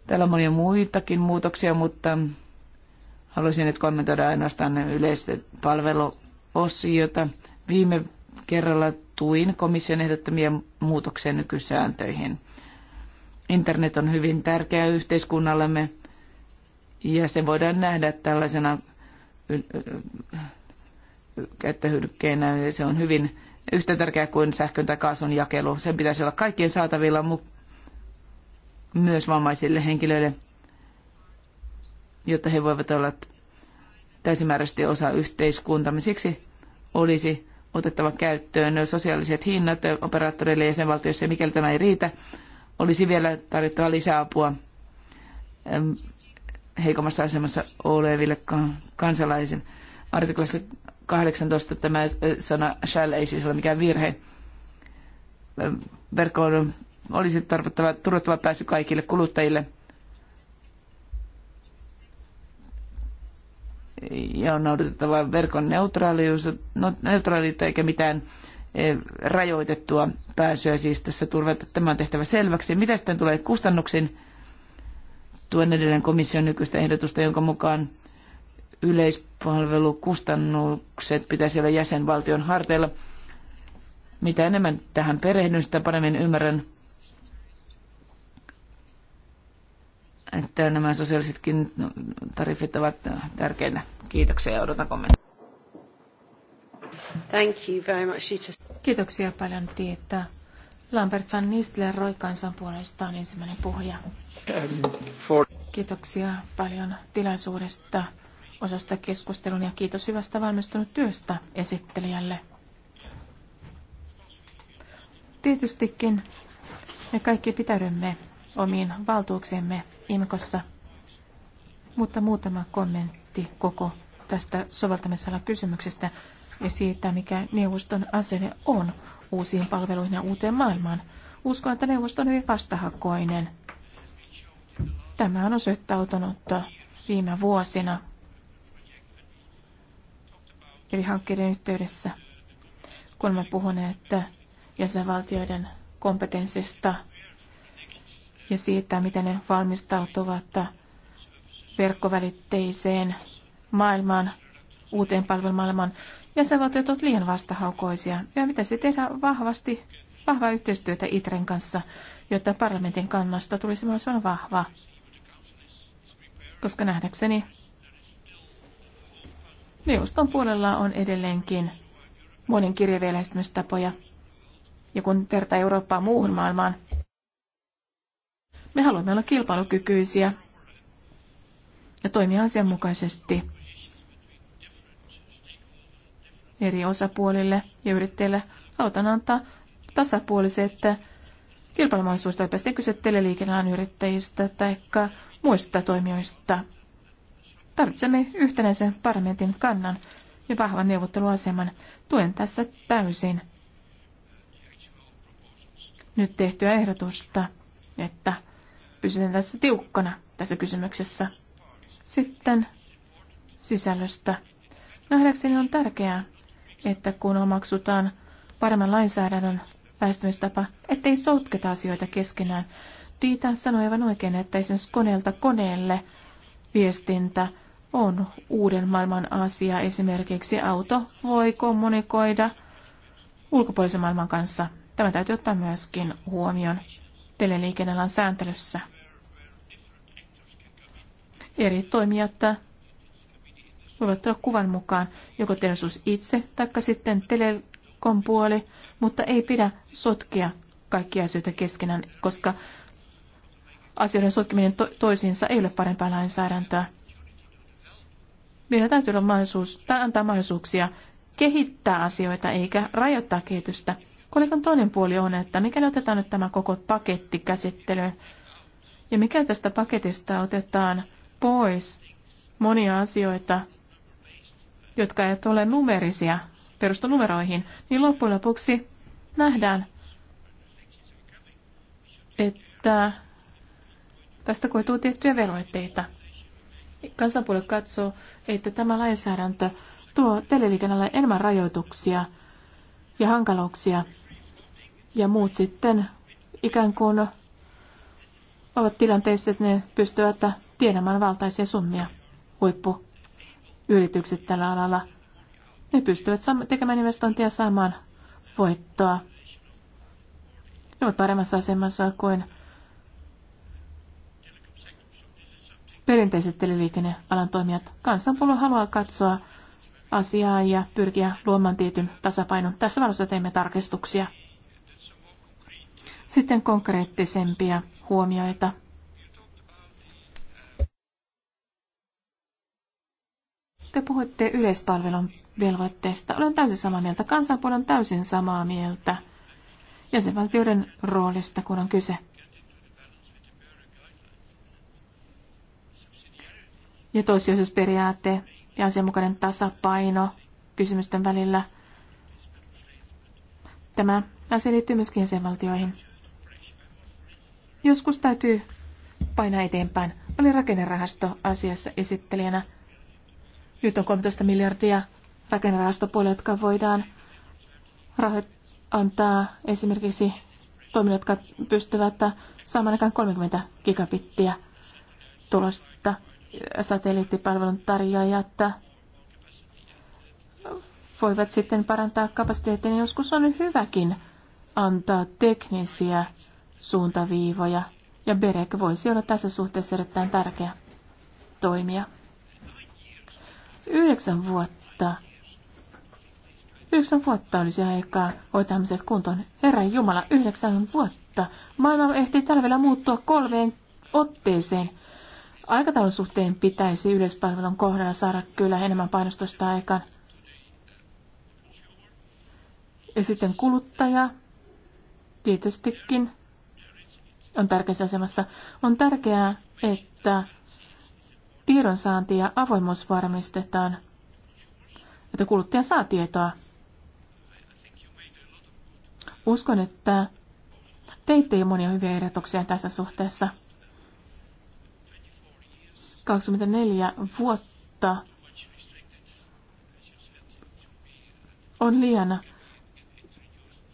S2: Täällä on monia muitakin muutoksia, mutta Haluaisin nyt kommentoida ainoastaan yleistä palveluosiota. Viime kerralla tuin komission ehdottamia muutoksia nykysääntöihin. Internet on hyvin tärkeä yhteiskunnallemme ja se voidaan nähdä tällaisena käyttöhyödykkeenä. Se on hyvin yhtä tärkeä kuin sähkön tai kaasun jakelu. Sen pitäisi olla kaikkien saatavilla, myös vammaisille henkilöille jotta he voivat olla täysimääräisesti osa yhteiskuntamme. Siksi olisi otettava käyttöön sosiaaliset hinnat operaattoreille jäsenvaltioissa, ja mikäli tämä ei riitä, olisi vielä tarjottava lisäapua ähm, heikommassa asemassa oleville kansalaisille. Artiklassa 18 tämä äh, sana shall ei siis ole mikään virhe. Ähm, verkkoon olisi tarvittava, turvattava pääsy kaikille kuluttajille – ja on noudatettava verkon neutraalius, no, neutraaliutta eikä mitään eh, rajoitettua pääsyä siis tässä turvata. Tämä on tehtävä selväksi. Mitä sitten tulee kustannuksiin? Tuen edelleen komission nykyistä ehdotusta, jonka mukaan yleispalvelukustannukset pitäisi olla jäsenvaltion harteilla. Mitä enemmän tähän perehdyn, sitä paremmin ymmärrän että nämä sosiaalisetkin tarifit ovat tärkeitä. Kiitoksia ja odotan kommentteja.
S1: Thank you very much. Kiitoksia paljon tietä. Lambert van Roy kansan puolesta on ensimmäinen puhuja. Kiitoksia paljon tilaisuudesta osasta keskustelun ja kiitos hyvästä valmistunut työstä esittelijälle. Tietystikin me kaikki pitäydymme omiin valtuuksiemme IMKossa. Mutta muutama kommentti koko tästä soveltamisella kysymyksestä ja siitä, mikä neuvoston asenne on uusiin palveluihin ja uuteen maailmaan. Uskon, että neuvosto on hyvin vastahakoinen. Tämä on osoittautunut viime vuosina eri hankkeiden yhteydessä, kun me puhuneet jäsenvaltioiden kompetenssista – ja siitä, miten ne valmistautuvat verkkovälitteiseen maailmaan, uuteen palvelumaailmaan. Jäsenvaltiot ovat liian vastahaukoisia. Ja mitä se tehdä vahvasti, vahvaa yhteistyötä ITREn kanssa, jotta parlamentin kannasta tulisi olla vahva. Koska nähdäkseni neuvoston puolella on edelleenkin monen kirjeveläistymistapoja. Ja kun vertaa Eurooppaa muuhun maailmaan, me haluamme olla kilpailukykyisiä ja toimia asianmukaisesti eri osapuolille ja yrittäjille. Halutaan antaa tasapuoliset kilpailumahdollisuudet, olipa sitten kyse teleliikennealan yrittäjistä tai muista toimijoista. Tarvitsemme yhtenäisen parlamentin kannan ja vahvan neuvotteluaseman. Tuen tässä täysin nyt tehtyä ehdotusta, että pysytään tässä tiukkana tässä kysymyksessä. Sitten sisällöstä. Nähdäkseni on tärkeää, että kun omaksutaan paremman lainsäädännön lähestymistapa, ettei sotketa asioita keskenään. Tiitä sanoi aivan oikein, että esimerkiksi koneelta koneelle viestintä on uuden maailman asia. Esimerkiksi auto voi kommunikoida ulkopuolisen maailman kanssa. Tämä täytyy ottaa myöskin huomioon teleliikennelän sääntelyssä. Eri toimijat voivat tulla kuvan mukaan joko teollisuus itse tai sitten telekom puoli, mutta ei pidä sotkea kaikkia asioita keskenään, koska asioiden sotkeminen to- toisiinsa ei ole parempaa lainsäädäntöä. Meillä täytyy olla mahdollisuus, tai antaa mahdollisuuksia kehittää asioita eikä rajoittaa kehitystä. Kolikon toinen puoli on, että mikäli otetaan nyt tämä koko paketti käsittelyyn, ja mikä tästä paketista otetaan pois monia asioita, jotka eivät ole numerisia, perustu numeroihin, niin loppujen lopuksi nähdään, että tästä koituu tiettyjä velvoitteita. Kansanpuolue katsoo, että tämä lainsäädäntö tuo teleliikennälle enemmän rajoituksia ja hankaluuksia, ja muut sitten ikään kuin ovat tilanteessa, että ne pystyvät tienamaan valtaisia summia Yritykset tällä alalla. Ne pystyvät tekemään investointia saamaan voittoa. Ne ovat paremmassa asemassa kuin perinteiset teleliikennealan toimijat. Kansanpuolue haluaa katsoa asiaa ja pyrkiä luomaan tietyn tasapainon. Tässä valossa teemme tarkistuksia. Sitten konkreettisempia huomioita Te puhuitte yleispalvelun velvoitteesta. Olen täysin samaa mieltä. Kansanpuoli on täysin samaa mieltä jäsenvaltioiden roolista, kun on kyse. Ja toissijaisuusperiaate ja asianmukainen tasapaino kysymysten välillä. Tämä asia liittyy myöskin jäsenvaltioihin. Joskus täytyy painaa eteenpäin. Oli rakennerahasto asiassa esittelijänä nyt on 13 miljardia rakennerahastopuolella, jotka voidaan antaa esimerkiksi toimille, jotka pystyvät saamaan aikaan 30 gigabittiä tulosta satelliittipalvelun tarjoajat voivat sitten parantaa kapasiteettia, niin joskus on hyväkin antaa teknisiä suuntaviivoja, ja BEREC voisi olla tässä suhteessa erittäin tärkeä toimija. Yhdeksän vuotta. Yhdeksän vuotta olisi aikaa hoitaa ihmiset kuntoon. Herran Jumala, yhdeksän vuotta. Maailma ehti talvella muuttua kolmeen otteeseen. Aikataulun suhteen pitäisi yleispalvelun kohdalla saada kyllä enemmän painostusta aikaan. Ja sitten kuluttaja, tietystikin, on tärkeässä asemassa. On tärkeää, että tiedonsaanti ja avoimuus varmistetaan, että kuluttaja saa tietoa. Uskon, että teitte jo monia hyviä erotuksia tässä suhteessa. 24 vuotta on liian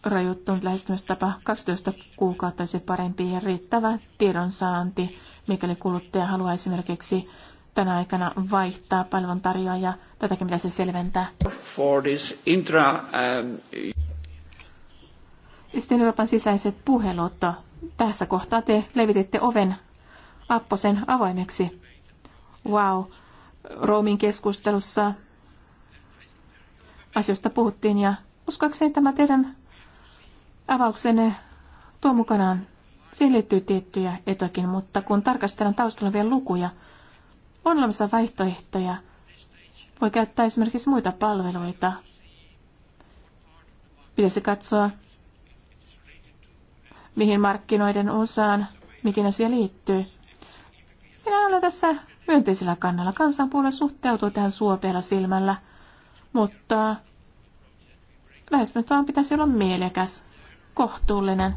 S1: rajoittunut lähestymistapa 12 kuukautta se parempi ja riittävä tiedonsaanti, mikäli kuluttaja haluaa esimerkiksi tänä aikana vaihtaa palveluntarjoajaa. Tätäkin pitäisi selventää.
S3: For this intra, um...
S1: Sitten Euroopan sisäiset puhelut. Tässä kohtaa te levititte oven apposen avoimeksi. Wow. Roomin keskustelussa asioista puhuttiin ja uskoakseni tämä teidän avauksenne tuo mukanaan. Siihen liittyy tiettyjä etokin, mutta kun tarkastellaan taustalla vielä lukuja, on olemassa vaihtoehtoja. Voi käyttää esimerkiksi muita palveluita. Pitäisi katsoa, mihin markkinoiden osaan mikin asia liittyy. Minä olen tässä myönteisellä kannalla. Kansanpuolue suhteutuu tähän suopealla silmällä, mutta lähestymistavan pitäisi olla mielekäs, kohtuullinen.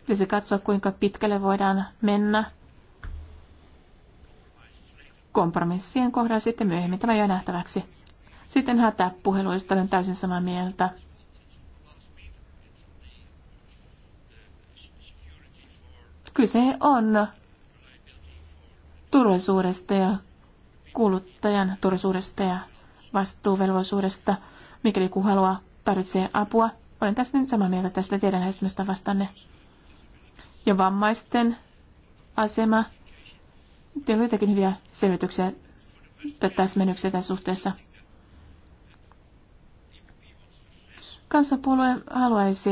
S1: Pitäisi katsoa, kuinka pitkälle voidaan mennä kompromissien kohdalla sitten myöhemmin. Tämä jää nähtäväksi. Sitten hätäpuheluista olen täysin samaa mieltä. Kyse on turvallisuudesta ja kuluttajan turvallisuudesta ja vastuuvelvollisuudesta. Mikäli joku haluaa, tarvitsee apua. Olen tässä nyt samaa mieltä tästä teidän lähestymistä vastanne. Ja vammaisten asema Teillä on jotakin hyviä selvityksiä tai täsmennyksiä tässä suhteessa. Kansapuolue haluaisi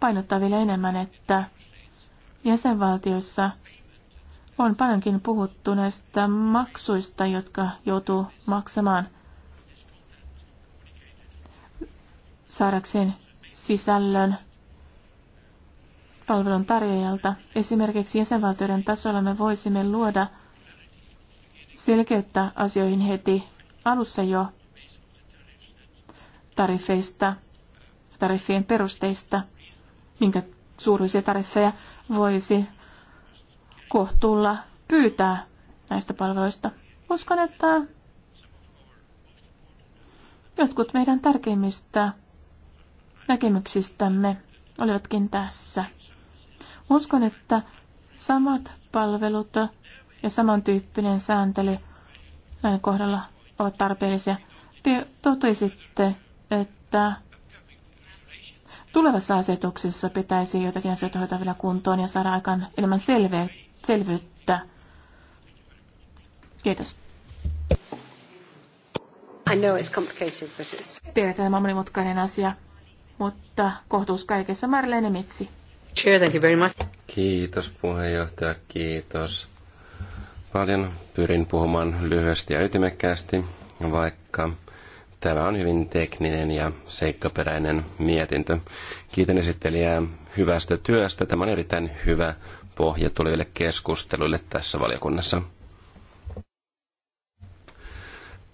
S1: painottaa vielä enemmän, että jäsenvaltiossa on paljonkin puhuttu näistä maksuista, jotka joutuu maksamaan saadakseen sisällön palvelun tarjoajalta. Esimerkiksi jäsenvaltioiden tasolla me voisimme luoda selkeyttä asioihin heti alussa jo tarifeista, tariffien perusteista, minkä suuruisia tariffeja voisi kohtuulla pyytää näistä palveluista. Uskon, että jotkut meidän tärkeimmistä näkemyksistämme olivatkin tässä. Uskon, että samat palvelut ja samantyyppinen sääntely näiden kohdalla ovat tarpeellisia. Te totesitte, että tulevassa asetuksessa pitäisi jotakin asioita hoitaa vielä kuntoon ja saada aikaan enemmän selve- selvyyttä. Kiitos. I know it's complicated, but it's... Tiedän, tämä on monimutkainen asia, mutta kohtuus kaikessa Marlene Mitsi. Chair, thank you very much.
S3: Kiitos puheenjohtaja, kiitos paljon. Pyrin puhumaan lyhyesti ja ytimekkäästi, vaikka tämä on hyvin tekninen ja seikkaperäinen mietintö. Kiitän esittelijää hyvästä työstä. Tämä on erittäin hyvä pohja tuleville keskusteluille tässä valiokunnassa.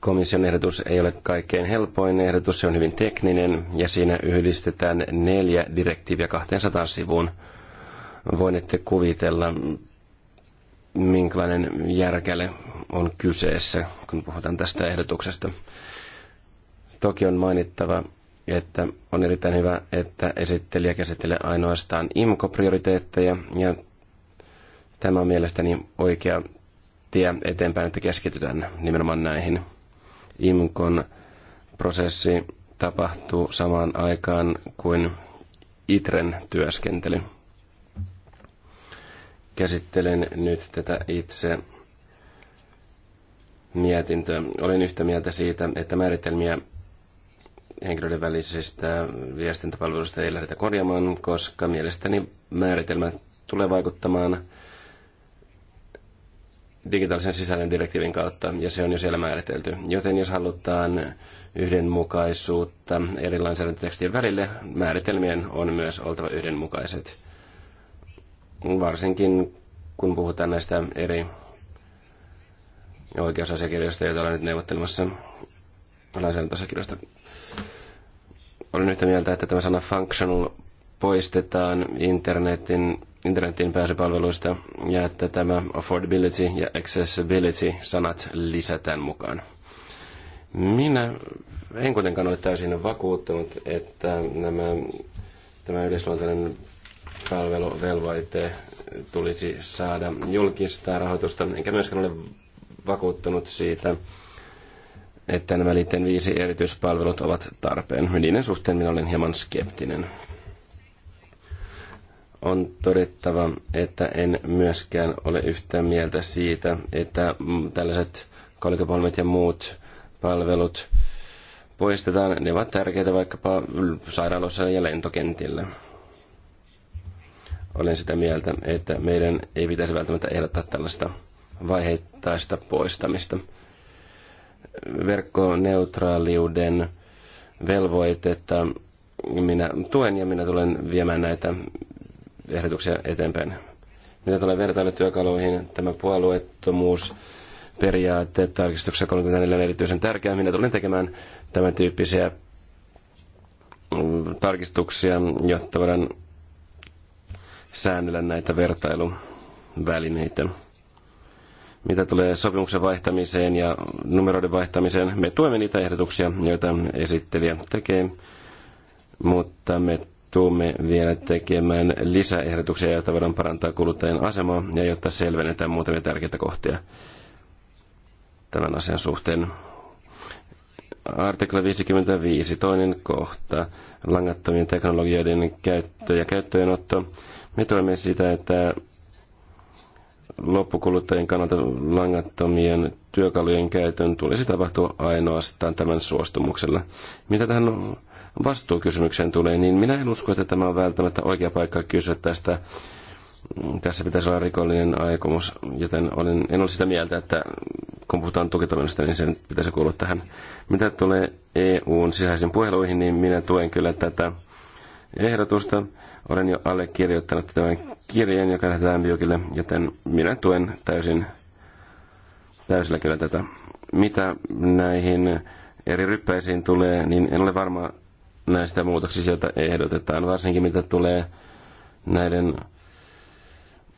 S3: Komission ehdotus ei ole kaikkein helpoin ehdotus, se on hyvin tekninen ja siinä yhdistetään neljä direktiiviä 200 sivuun. Voinette kuvitella, minkälainen järkäle on kyseessä, kun puhutaan tästä ehdotuksesta. Toki on mainittava, että on erittäin hyvä, että esittelijä käsittelee ainoastaan IMCO-prioriteetteja ja tämä on mielestäni oikea tie eteenpäin, että keskitytään nimenomaan näihin – IMKON prosessi tapahtuu samaan aikaan kuin ITREN työskentely. Käsittelen nyt tätä itse mietintöä. Olen yhtä mieltä siitä, että määritelmiä henkilöiden välisistä viestintäpalveluista ei lähdetä korjaamaan, koska mielestäni määritelmä tulee vaikuttamaan digitaalisen sisällön direktiivin kautta, ja se on jo siellä määritelty. Joten jos halutaan yhdenmukaisuutta eri lainsäädäntötekstien välille, määritelmien on myös oltava yhdenmukaiset. Varsinkin kun puhutaan näistä eri oikeusasiakirjoista, joita olen nyt neuvottelemassa lainsäädäntöasiakirjoista. Olen yhtä mieltä, että tämä sana functional poistetaan internetin internetin pääsypalveluista ja että tämä affordability ja accessibility-sanat lisätään mukaan. Minä en kuitenkaan ole täysin vakuuttunut, että nämä, tämä yleisluontainen palveluvelvoite tulisi saada julkista rahoitusta, enkä myöskään ole vakuuttunut siitä, että nämä liitteen viisi erityispalvelut ovat tarpeen. Niiden suhteen minä olen hieman skeptinen on todettava, että en myöskään ole yhtä mieltä siitä, että tällaiset kolikopalmet ja muut palvelut poistetaan. Ne ovat tärkeitä vaikkapa sairaaloissa ja lentokentillä. Olen sitä mieltä, että meidän ei pitäisi välttämättä ehdottaa tällaista vaiheittaista poistamista. Verkkoneutraaliuden velvoitetta minä tuen ja minä tulen viemään näitä ehdotuksia eteenpäin. Mitä tulee vertailutyökaluihin, tämä puolueettomuus periaatteet tarkistuksessa 34 on erityisen tärkeää. Minä tulen tekemään tämän tyyppisiä mm, tarkistuksia, jotta voidaan säännellä näitä vertailuvälineitä. Mitä tulee sopimuksen vaihtamiseen ja numeroiden vaihtamiseen, me tuemme niitä ehdotuksia, joita esittelijä tekee, mutta me tulemme vielä tekemään lisäehdotuksia, joita voidaan parantaa kuluttajien asemaa ja jotta selvennetään muutamia tärkeitä kohtia tämän asian suhteen. Artikla 55, toinen kohta, langattomien teknologioiden käyttö ja käyttöönotto. Me toimme sitä, että loppukuluttajien kannalta langattomien työkalujen käytön tulisi tapahtua ainoastaan tämän suostumuksella. Mitä tähän on? vastuukysymykseen tulee, niin minä en usko, että tämä on välttämättä oikea paikka kysyä tästä. Mm, tässä pitäisi olla rikollinen aikomus, joten olen, en ole sitä mieltä, että kun puhutaan tukitoiminnasta, niin sen pitäisi kuulua tähän. Mitä tulee EUn sisäisiin puheluihin, niin minä tuen kyllä tätä ehdotusta. Olen jo allekirjoittanut tämän kirjeen, joka lähetetään Biokille, joten minä tuen täysin, täysillä kyllä tätä. Mitä näihin eri ryppäisiin tulee, niin en ole varma, näistä muutoksista, joita ehdotetaan, varsinkin mitä tulee näiden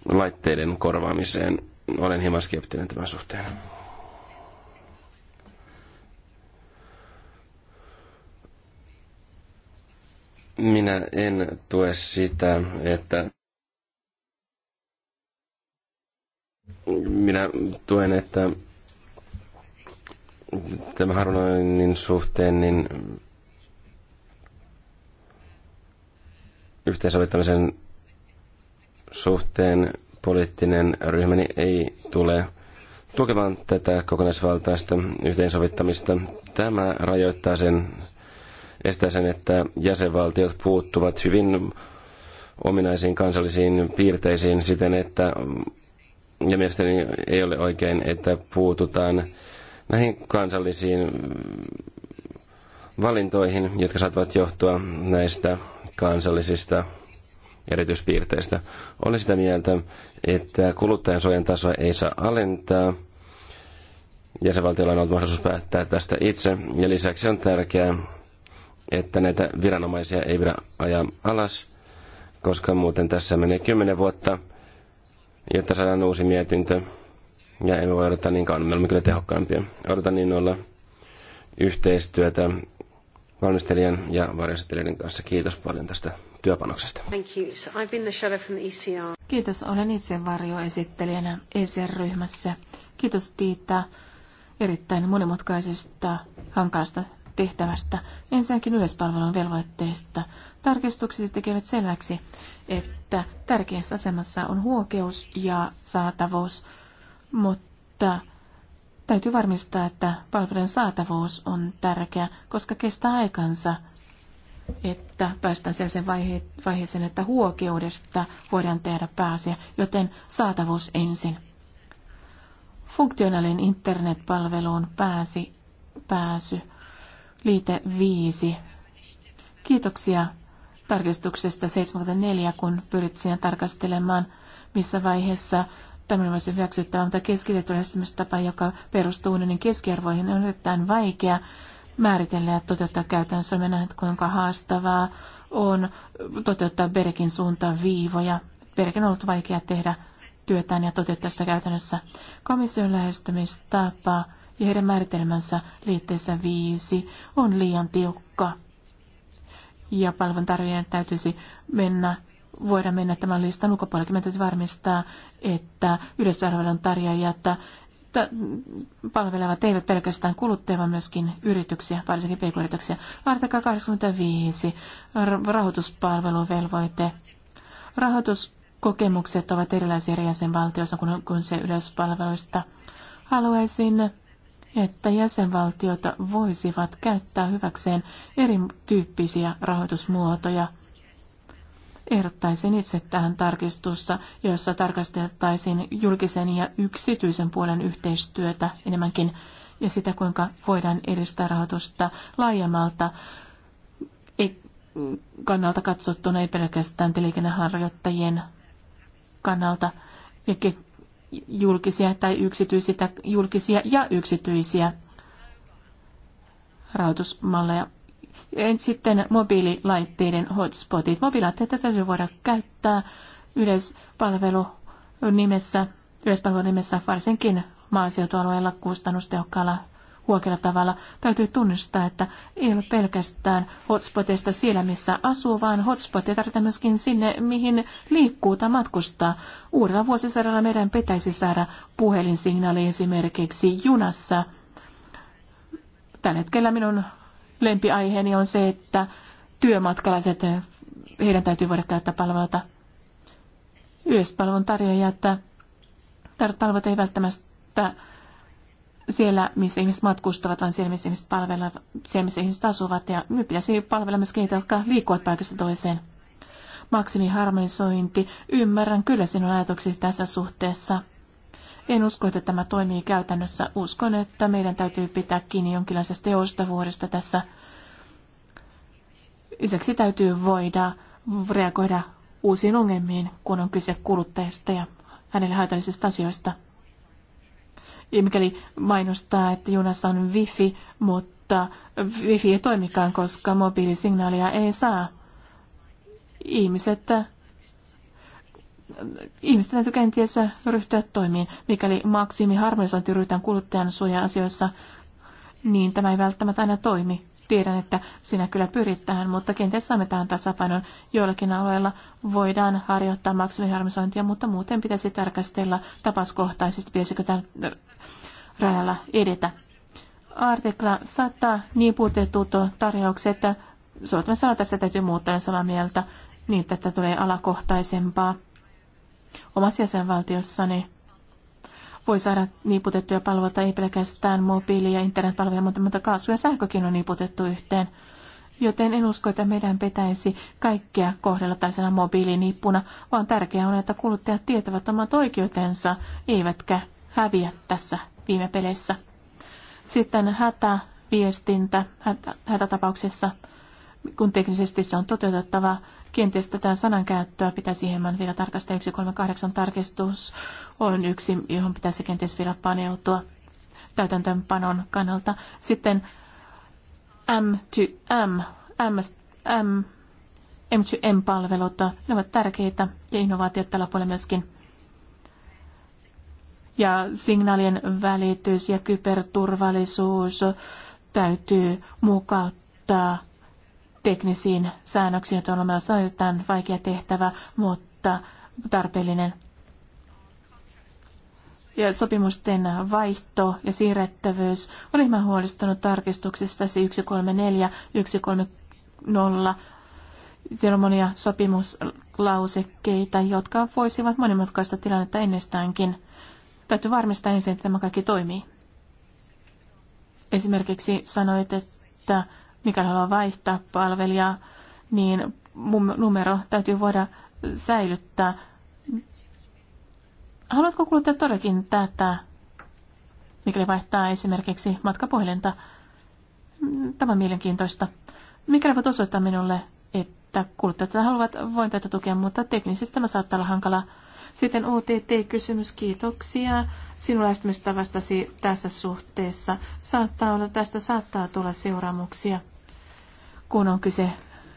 S3: laitteiden korvaamiseen. Olen hieman skeptinen tämän suhteen. Minä en tue sitä, että minä tuen, että tämä harmonoinnin suhteen, niin yhteensovittamisen suhteen poliittinen ryhmäni ei tule tukemaan tätä kokonaisvaltaista yhteensovittamista. Tämä rajoittaa sen, estää sen, että jäsenvaltiot puuttuvat hyvin ominaisiin kansallisiin piirteisiin siten, että ja mielestäni ei ole oikein, että puututaan näihin kansallisiin valintoihin, jotka saattavat johtua näistä kansallisista erityispiirteistä. Olen sitä mieltä, että kuluttajansuojan taso ei saa alentaa. Jäsenvaltiolla on ollut mahdollisuus päättää tästä itse. Ja lisäksi on tärkeää, että näitä viranomaisia ei pidä ajaa alas, koska muuten tässä menee kymmenen vuotta, jotta saadaan uusi mietintö. Ja emme voi odottaa niin kauan, me olemme kyllä tehokkaampia. Odotan niin olla yhteistyötä valmistelijan ja varjoesittelijöiden kanssa. Kiitos paljon tästä työpanoksesta.
S1: Thank you. So I've been the shadow from the ECR. Kiitos, olen itse varjoesittelijänä ECR-ryhmässä. Kiitos Tiita erittäin monimutkaisesta, hankalasta tehtävästä, ensinnäkin yleispalvelun velvoitteista. Tarkistukset tekevät selväksi, että tärkeässä asemassa on huokeus ja saatavuus, mutta Täytyy varmistaa, että palvelujen saatavuus on tärkeä, koska kestää aikansa, että päästään sen vaihe- vaiheeseen, että huokeudesta voidaan tehdä pääsiä, joten saatavuus ensin. Funktionaalinen internetpalveluun pääsi, pääsy, liite 5. Kiitoksia tarkistuksesta 74, kun pyrit siinä tarkastelemaan, missä vaiheessa Tämä on myös hyväksyttävä, mutta keskitetty lähestymistapa, joka perustuu unionin keskiarvoihin, on erittäin vaikea määritellä ja toteuttaa käytännössä. Me nähdään, kuinka haastavaa on toteuttaa Berkin suuntaan viivoja. Berkin on ollut vaikea tehdä työtään ja toteuttaa sitä käytännössä. Komission lähestymistapa ja heidän määritelmänsä liitteessä viisi on liian tiukka. Ja palveluntarjoajien täytyisi mennä voida mennä tämän listan ulkopuolelle. Meidän täytyy varmistaa, että yleispalvelun tarjoajat palvelevat eivät pelkästään kuluttajia, vaan myöskin yrityksiä, varsinkin pk-yrityksiä. Artikla 85, rahoituspalveluvelvoite. Rahoituskokemukset ovat erilaisia eri jäsenvaltioissa kuin, kuin se yleispalveluista. Haluaisin, että jäsenvaltiot voisivat käyttää hyväkseen erityyppisiä rahoitusmuotoja – Ehdottaisin itse tähän tarkistusta, jossa tarkastettaisiin julkisen ja yksityisen puolen yhteistyötä enemmänkin ja sitä, kuinka voidaan edistää rahoitusta laajemmalta e- kannalta katsottuna, ei pelkästään liikenneharjoittajien kannalta ja julkisia tai yksityisiä, julkisia ja yksityisiä rahoitusmalleja sitten mobiililaitteiden hotspotit. Mobiililaitteet täytyy voida käyttää yleispalvelu nimessä, yleispalvelun nimessä varsinkin maaseutualueella kustannustehokkaalla huokella tavalla. Täytyy tunnistaa, että ei ole pelkästään hotspoteista siellä, missä asuu, vaan hotspotia tarvitaan myöskin sinne, mihin liikkuu tai matkustaa. Uudella vuosisadalla meidän pitäisi saada puhelinsignaali esimerkiksi junassa. Tällä hetkellä minun lempiaiheeni on se, että työmatkalaiset, heidän täytyy voida käyttää palveluita. Yleispalvelun tarjoajat, palvelut ei välttämättä siellä, missä ihmiset matkustavat, vaan siellä, missä ihmiset, palvella, siellä, missä ihmiset asuvat. Ja nyt pitäisi palvella myös niitä, jotka liikkuvat paikasta toiseen. Maksimiharmonisointi. Ymmärrän kyllä sinun ajatuksesi tässä suhteessa. En usko, että tämä toimii käytännössä. Uskon, että meidän täytyy pitää kiinni jonkinlaisesta joustavuudesta tässä. Lisäksi täytyy voida reagoida uusiin ongelmiin, kun on kyse kuluttajasta ja hänelle haitallisista asioista. Ja mikäli mainostaa, että junassa on wifi, mutta wifi ei toimikaan, koska mobiilisignaalia ei saa. Ihmiset ihmisten täytyy kenties ryhtyä toimiin. Mikäli maksimi harmonisointi ryhdytään kuluttajan suoja-asioissa, niin tämä ei välttämättä aina toimi. Tiedän, että sinä kyllä pyrit tähän, mutta kenties saamme tähän tasapainon. Joillakin alueilla voidaan harjoittaa maksimiharmonisointia, mutta muuten pitäisi tarkastella tapauskohtaisesti, pitäisikö tämän rajalla edetä. Artikla 100, niin puutetut tarjoukset, että soitamassa tässä täytyy muuttaa samaa mieltä, niin että tulee alakohtaisempaa omassa jäsenvaltiossani voi saada niputettuja palveluita, ei pelkästään mobiili- ja internetpalveluja, mutta, mutta kaasu ja sähkökin on niputettu yhteen. Joten en usko, että meidän pitäisi kaikkia kohdella tällaisena mobiilinippuna, vaan tärkeää on, että kuluttajat tietävät omat oikeutensa, eivätkä häviä tässä viime peleissä. Sitten hätäviestintä hätä, hätätapauksessa, kun teknisesti se on toteutettava Kenties tätä sanankäyttöä pitäisi hieman vielä tarkastella. 138 tarkistus on yksi, johon pitäisi kenties vielä paneutua täytäntöönpanon kannalta. Sitten M to M, M, M, M2M-palvelut, ne ovat tärkeitä ja innovaatiot tällä puolella myöskin. Ja signaalien välitys ja kyberturvallisuus täytyy mukauttaa teknisiin säännöksiin, joita on olemassa erittäin vaikea tehtävä, mutta tarpeellinen. Ja sopimusten vaihto ja siirrettävyys. Olin mä huolestunut tarkistuksista 134, 130. Siellä on monia sopimuslausekkeita, jotka voisivat monimutkaista tilannetta ennestäänkin. Täytyy varmistaa ensin, että tämä kaikki toimii. Esimerkiksi sanoit, että mikäli haluaa vaihtaa palvelijaa, niin numero täytyy voida säilyttää. Haluatko kuluttaa todellakin tätä, mikäli vaihtaa esimerkiksi matkapuhelinta? Tämä on mielenkiintoista. Mikäli voit osoittaa minulle, että kuluttajat tätä haluavat, voin tätä tukea, mutta teknisesti tämä saattaa olla hankala. Sitten OTT-kysymys, kiitoksia sinun vastasi tässä suhteessa. Saattaa olla, tästä saattaa tulla seuraamuksia kun on kyse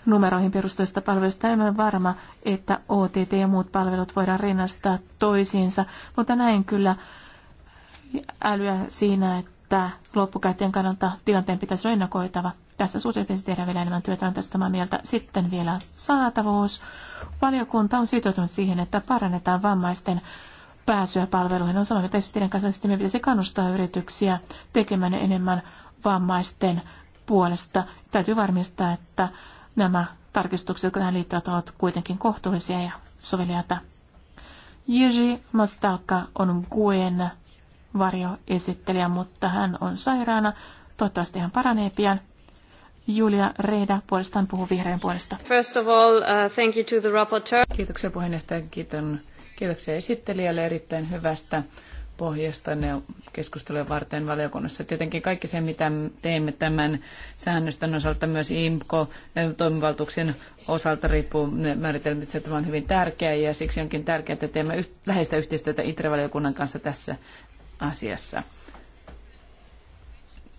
S1: numeroihin perustuvista palveluista. En ole varma, että OTT ja muut palvelut voidaan rinnastaa toisiinsa, mutta näin kyllä älyä siinä, että loppukäyttäjän kannalta tilanteen pitäisi olla ennakoitava. Tässä suhteessa pitäisi tehdä vielä enemmän työtä, on tästä samaa mieltä. Sitten vielä saatavuus. Valiokunta on sitoutunut siihen, että parannetaan vammaisten pääsyä palveluihin. On samaa mieltä esitteiden kanssa, että meidän pitäisi kannustaa yrityksiä tekemään enemmän vammaisten puolesta. Täytyy varmistaa, että nämä tarkistukset, jotka tähän liittyvät, ovat kuitenkin kohtuullisia ja soveliaita. Jiji Mastalka on Guen varjoesittelijä, mutta hän on sairaana. Toivottavasti hän paranee pian. Julia Reida puolestaan puhuu vihreän puolesta. First of all, uh, thank you to the
S2: rapporteur. Kiitoksia puheenjohtaja. Kiitän, kiitoksia esittelijälle erittäin hyvästä pohjasta ne keskustelujen varten valiokunnassa. Tietenkin kaikki se, mitä teemme tämän säännöstön osalta, myös IMCO-toimivaltuuksien eh, osalta riippuu määritelmistä, että tämä on hyvin tärkeää ja siksi onkin tärkeää, että teemme läheistä yhteistyötä ITRE-valiokunnan kanssa tässä asiassa.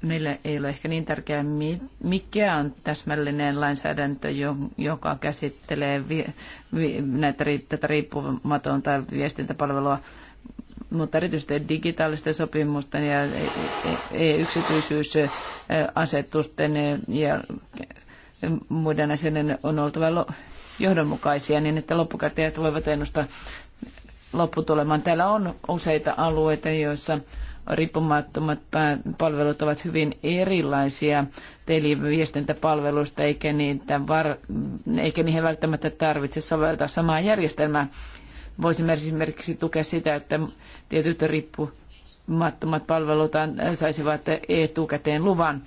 S2: Meille ei ole ehkä niin tärkeää, mikä on täsmällinen lainsäädäntö, joka käsittelee vi, vi, näitä, tätä riippumatonta viestintäpalvelua mutta erityisesti digitaalisten sopimusten ja e- e- yksityisyysasetusten ja muiden asioiden on oltava johdonmukaisia niin, että loppukäteen voivat ennusta lopputulemaan. Täällä on useita alueita, joissa riippumattomat palvelut ovat hyvin erilaisia teliviestintäpalveluista, eikä, niitä var- eikä niihin välttämättä tarvitse soveltaa samaa järjestelmää. Voisimme esimerkiksi tukea sitä, että tietyt riippumattomat palvelut saisivat etukäteen luvan.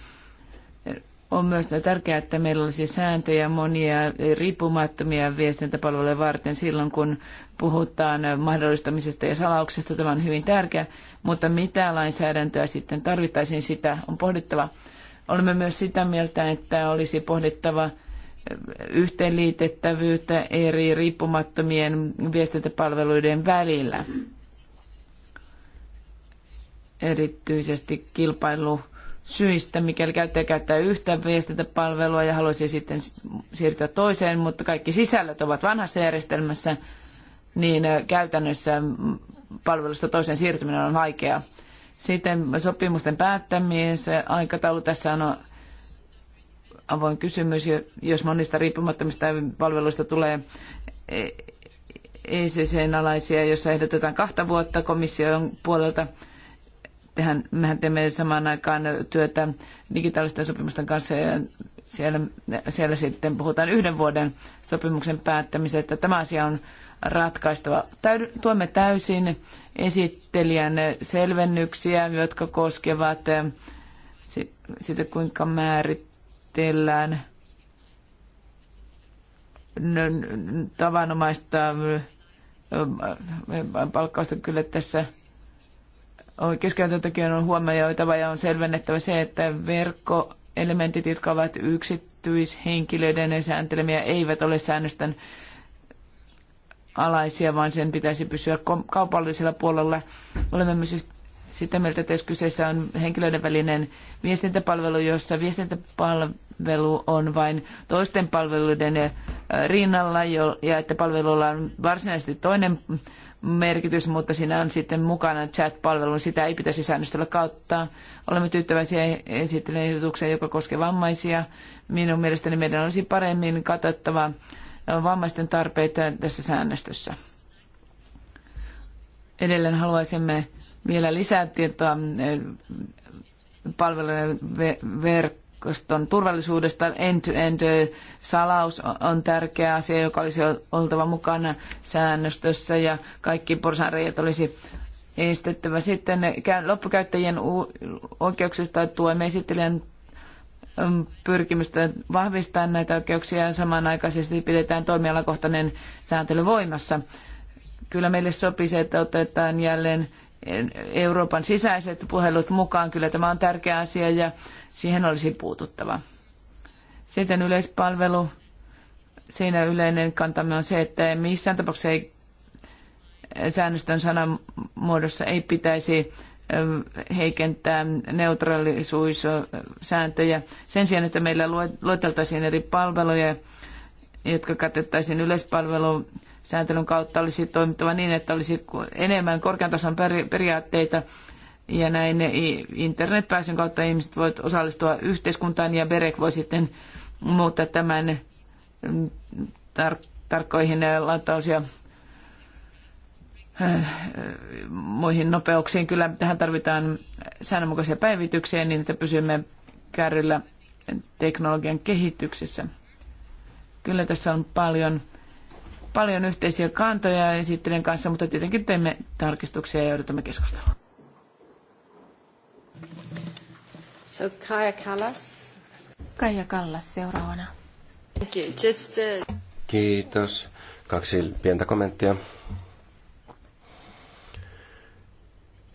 S2: On myös tärkeää, että meillä olisi sääntöjä monia riippumattomia viestintäpalveluja varten silloin, kun puhutaan mahdollistamisesta ja salauksesta. Tämä on hyvin tärkeä, mutta mitä lainsäädäntöä sitten tarvittaisiin, sitä on pohdittava. Olemme myös sitä mieltä, että olisi pohdittava yhteenliitettävyyttä eri riippumattomien viestintäpalveluiden välillä. Erityisesti kilpailu syistä, mikäli käyttäjä käyttää yhtä viestintäpalvelua ja haluaisi sitten siirtyä toiseen, mutta kaikki sisällöt ovat vanhassa järjestelmässä, niin äh, käytännössä palvelusta toiseen siirtyminen on vaikeaa. Sitten sopimusten päättämisen aikataulu tässä on avoin kysymys. Jos monista riippumattomista palveluista tulee ECCn alaisia, jossa ehdotetaan kahta vuotta komission puolelta, tehän, mehän teemme samaan aikaan työtä digitaalisten sopimusten kanssa ja siellä, siellä sitten puhutaan yhden vuoden sopimuksen päättämisestä. Tämä asia on ratkaistava. Tuemme tuomme täysin esittelijän selvennyksiä, jotka koskevat sitä, kuinka määrit, käsitellään tavanomaista palkkausta kyllä tässä oikeuskäytäntökin on huomioitava ja on selvennettävä se, että verkkoelementit, jotka ovat yksityishenkilöiden sääntelemiä, eivät ole säännösten alaisia, vaan sen pitäisi pysyä kaupallisella puolella. Olemme myös sitä mieltä, että jos kyseessä on henkilöiden välinen viestintäpalvelu, jossa viestintäpalvelu on vain toisten palveluiden äh, rinnalla ja että palvelulla on varsinaisesti toinen merkitys, mutta siinä on sitten mukana chat-palvelu, sitä ei pitäisi säännöstellä kautta. Olemme tyytyväisiä esittelen ehdotukseen, joka koskee vammaisia. Minun mielestäni meidän olisi paremmin katsottava vammaisten tarpeita tässä säännöstössä. Edelleen haluaisimme vielä lisää tietoa eh, palvelujen verkoston turvallisuudesta. End-to-end -end eh, salaus on tärkeä asia, joka olisi oltava mukana säännöstössä ja kaikki porsanreijat olisi estettävä. Sitten eh, loppukäyttäjien oikeuksista tuemme esittelijän mm, pyrkimystä vahvistaa näitä oikeuksia ja samanaikaisesti pidetään toimialakohtainen sääntely voimassa. Kyllä meille sopii se, että otetaan jälleen Euroopan sisäiset puhelut mukaan. Kyllä tämä on tärkeä asia ja siihen olisi puututtava. Sitten yleispalvelu. Siinä yleinen kantamme on se, että missään tapauksessa ei säännöstön sanan muodossa ei pitäisi heikentää neutraalisuussääntöjä. Sen sijaan, että meillä lueteltaisiin eri palveluja, jotka katettaisiin yleispalvelun sääntelyn kautta olisi toimittava niin, että olisi enemmän korkean tason periaatteita ja näin internetpääsyn kautta ihmiset voivat osallistua yhteiskuntaan ja BEREK voi sitten muuttaa tämän mm, tar- tarkkoihin äh, lataus- ja äh, muihin nopeuksiin. Kyllä tähän tarvitaan säännönmukaisia päivityksiä niin, että pysymme kärryllä teknologian kehityksessä. Kyllä tässä on paljon paljon yhteisiä kantoja esittelijän kanssa, mutta tietenkin teemme tarkistuksia ja joudutamme keskustelua.
S1: So Kaja Kallas. Kaija Kallas seuraavana. just, uh...
S3: Kiitos. Kaksi pientä kommenttia.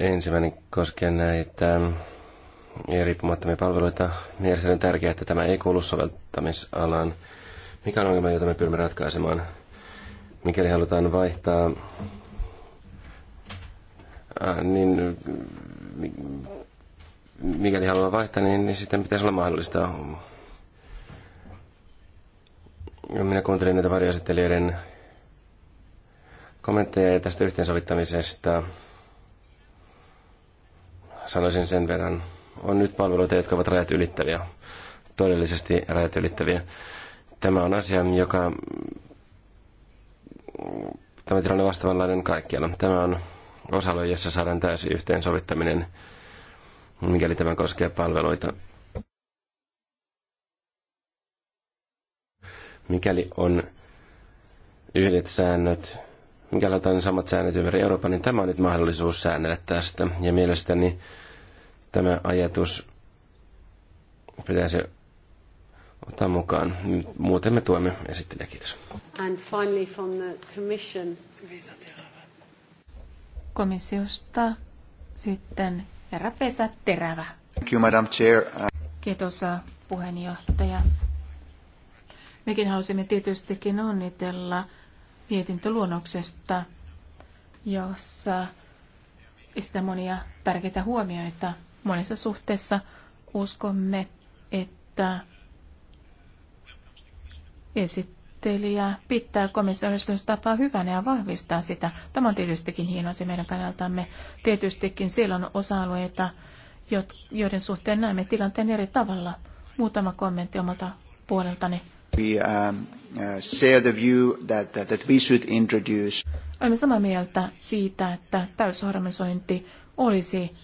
S3: Ensimmäinen koskee näitä riippumattomia palveluita. Mielestäni on tärkeää, että tämä ei kuulu soveltamisalaan. Mikä on ongelma, jota me pyrimme ratkaisemaan? mikäli halutaan vaihtaa, niin mikäli haluaa vaihtaa, niin, niin sitten pitäisi olla mahdollista. Minä kuuntelin näitä varjoesittelijöiden kommentteja tästä yhteensovittamisesta. Sanoisin sen verran. On nyt palveluita, jotka ovat rajat ylittäviä. Todellisesti rajat ylittäviä. Tämä on asia, joka tämä tilanne vastaavanlainen kaikkialla. Tämä on osa-alue, jossa saadaan täysi yhteensovittaminen, mikäli tämä koskee palveluita. Mikäli on yhdet säännöt, mikäli on samat säännöt ympäri Euroopan, niin tämä on nyt mahdollisuus säännellä tästä. Ja mielestäni tämä ajatus pitäisi ottaa mukaan. Muuten me tuemme esittelijä. Kiitos.
S4: And finally from
S1: the commission. Komissiosta sitten herra Pesä Terävä. Thank you, Madam Chair. Kiitos äh, puheenjohtaja. Mekin halusimme tietystikin onnitella mietintöluonnoksesta, jossa esitetään monia tärkeitä huomioita. Monessa suhteessa uskomme, että esittelijä pitää komission tapaa hyvänä ja vahvistaa sitä. Tämä on tietystikin hieno asia meidän kannaltamme. Tietystikin siellä on osa-alueita, joiden suhteen näemme tilanteen eri tavalla. Muutama kommentti omalta puoleltani.
S3: Um, uh,
S1: Olemme samaa mieltä siitä, että täysharmonisointi olisi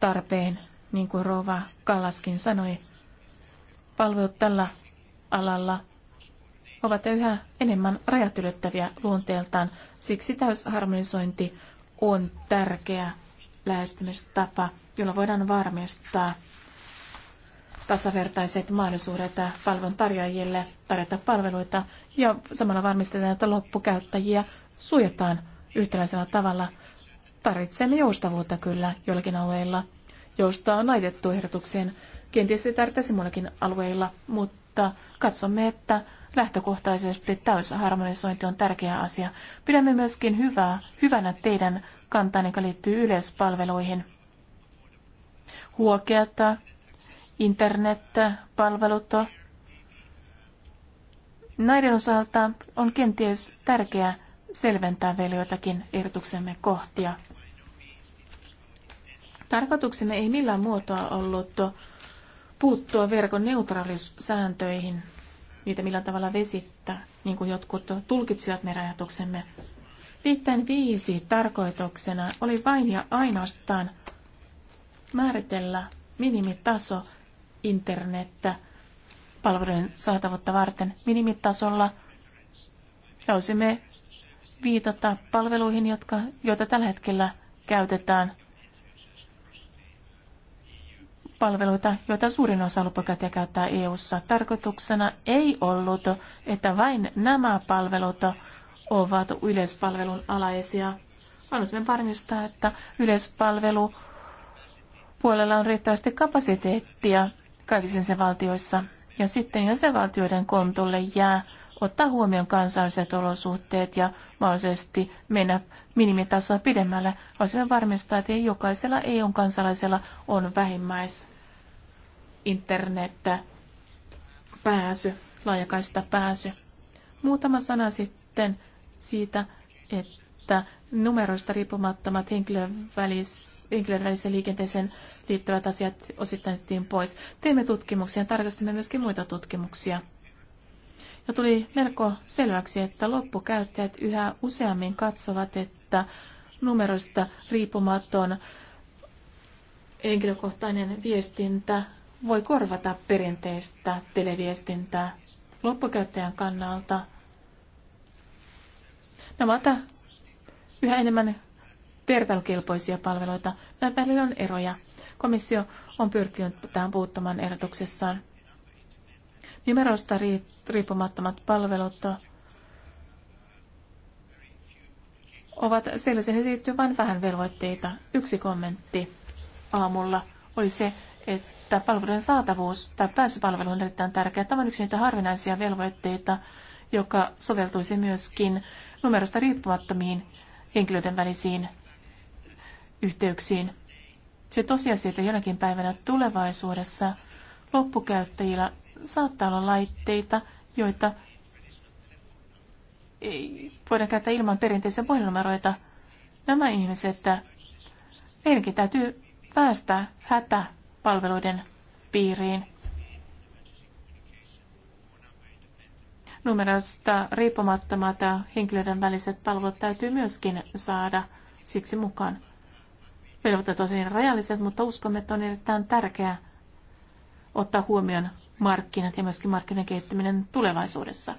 S1: tarpeen, niin kuin Rova Kallaskin sanoi. Palvelut tällä alalla ovat yhä enemmän rajat ylittäviä luonteeltaan. Siksi täysharmonisointi on tärkeä lähestymistapa, jolla voidaan varmistaa tasavertaiset mahdollisuudet palveluntarjoajille tarjota palveluita ja samalla varmistetaan, että loppukäyttäjiä suojataan yhtäläisellä tavalla. Tarvitsemme joustavuutta kyllä joillakin alueilla, joista on laitettu ehdotukseen. Kenties se tarvitsisi muillakin alueilla, mutta katsomme, että Lähtökohtaisesti täysharmonisointi on tärkeä asia. Pidämme myöskin hyvää, hyvänä teidän kantaa, joka liittyy yleispalveluihin. Huokeata, internetpalvelut, näiden osalta on kenties tärkeää selventää vielä jotakin ehdotuksemme kohtia. Tarkoituksemme ei millään muotoa ollut puuttua verkon neutraalisääntöihin niitä millä tavalla vesittää, niin kuin jotkut tulkitsivat meidän ajatuksemme. Liitteen viisi tarkoituksena oli vain ja ainoastaan määritellä minimitaso internettä palvelujen saatavuutta varten minimitasolla. Halusimme viitata palveluihin, jotka, joita tällä hetkellä käytetään palveluita, joita suurin osa loppukäteen käyttää EU-ssa. Tarkoituksena ei ollut, että vain nämä palvelut ovat yleispalvelun alaisia. Haluaisimme varmistaa, että yleispalvelu puolella on riittävästi kapasiteettia kaikissa sen valtioissa. Ja sitten jäsenvaltioiden kontolle jää ottaa huomioon kansalliset olosuhteet ja mahdollisesti mennä minimitasoa pidemmälle. Haluaisimme varmistaa, että jokaisella eu kansalaisella on vähimmäis internettä pääsy, laajakaista pääsy. Muutama sana sitten siitä, että numeroista riippumattomat henkilöiden välis, liikenteeseen liittyvät asiat osittain pois. teemme tutkimuksia ja tarkastimme myöskin muita tutkimuksia. Ja tuli melko selväksi, että loppukäyttäjät yhä useammin katsovat, että numeroista riippumaton henkilökohtainen viestintä voi korvata perinteistä televiestintää loppukäyttäjän kannalta. Nämä ovat yhä enemmän vertailukelpoisia palveluita. Näin välillä on eroja. Komissio on pyrkinyt tähän puuttumaan ehdotuksessaan. Numeroista riippumattomat palvelut ovat sellaisen niihin vain vähän velvoitteita. Yksi kommentti aamulla oli se, että että palvelujen saatavuus tai pääsypalvelu on erittäin tärkeää. Tämä on yksi niitä harvinaisia velvoitteita, joka soveltuisi myöskin numerosta riippumattomiin henkilöiden välisiin yhteyksiin. Se tosiasia, että jonakin päivänä tulevaisuudessa loppukäyttäjillä saattaa olla laitteita, joita ei voida käyttää ilman perinteisiä puhelinnumeroita. Nämä ihmiset, heidänkin täytyy päästä hätä palveluiden piiriin. Numerosta riippumattomat henkilöiden väliset palvelut täytyy myöskin saada siksi mukaan. Velvoitteet ovat tosin rajalliset, mutta uskomme, että on erittäin tärkeää ottaa huomioon markkinat ja myöskin markkinoiden kehittäminen tulevaisuudessa.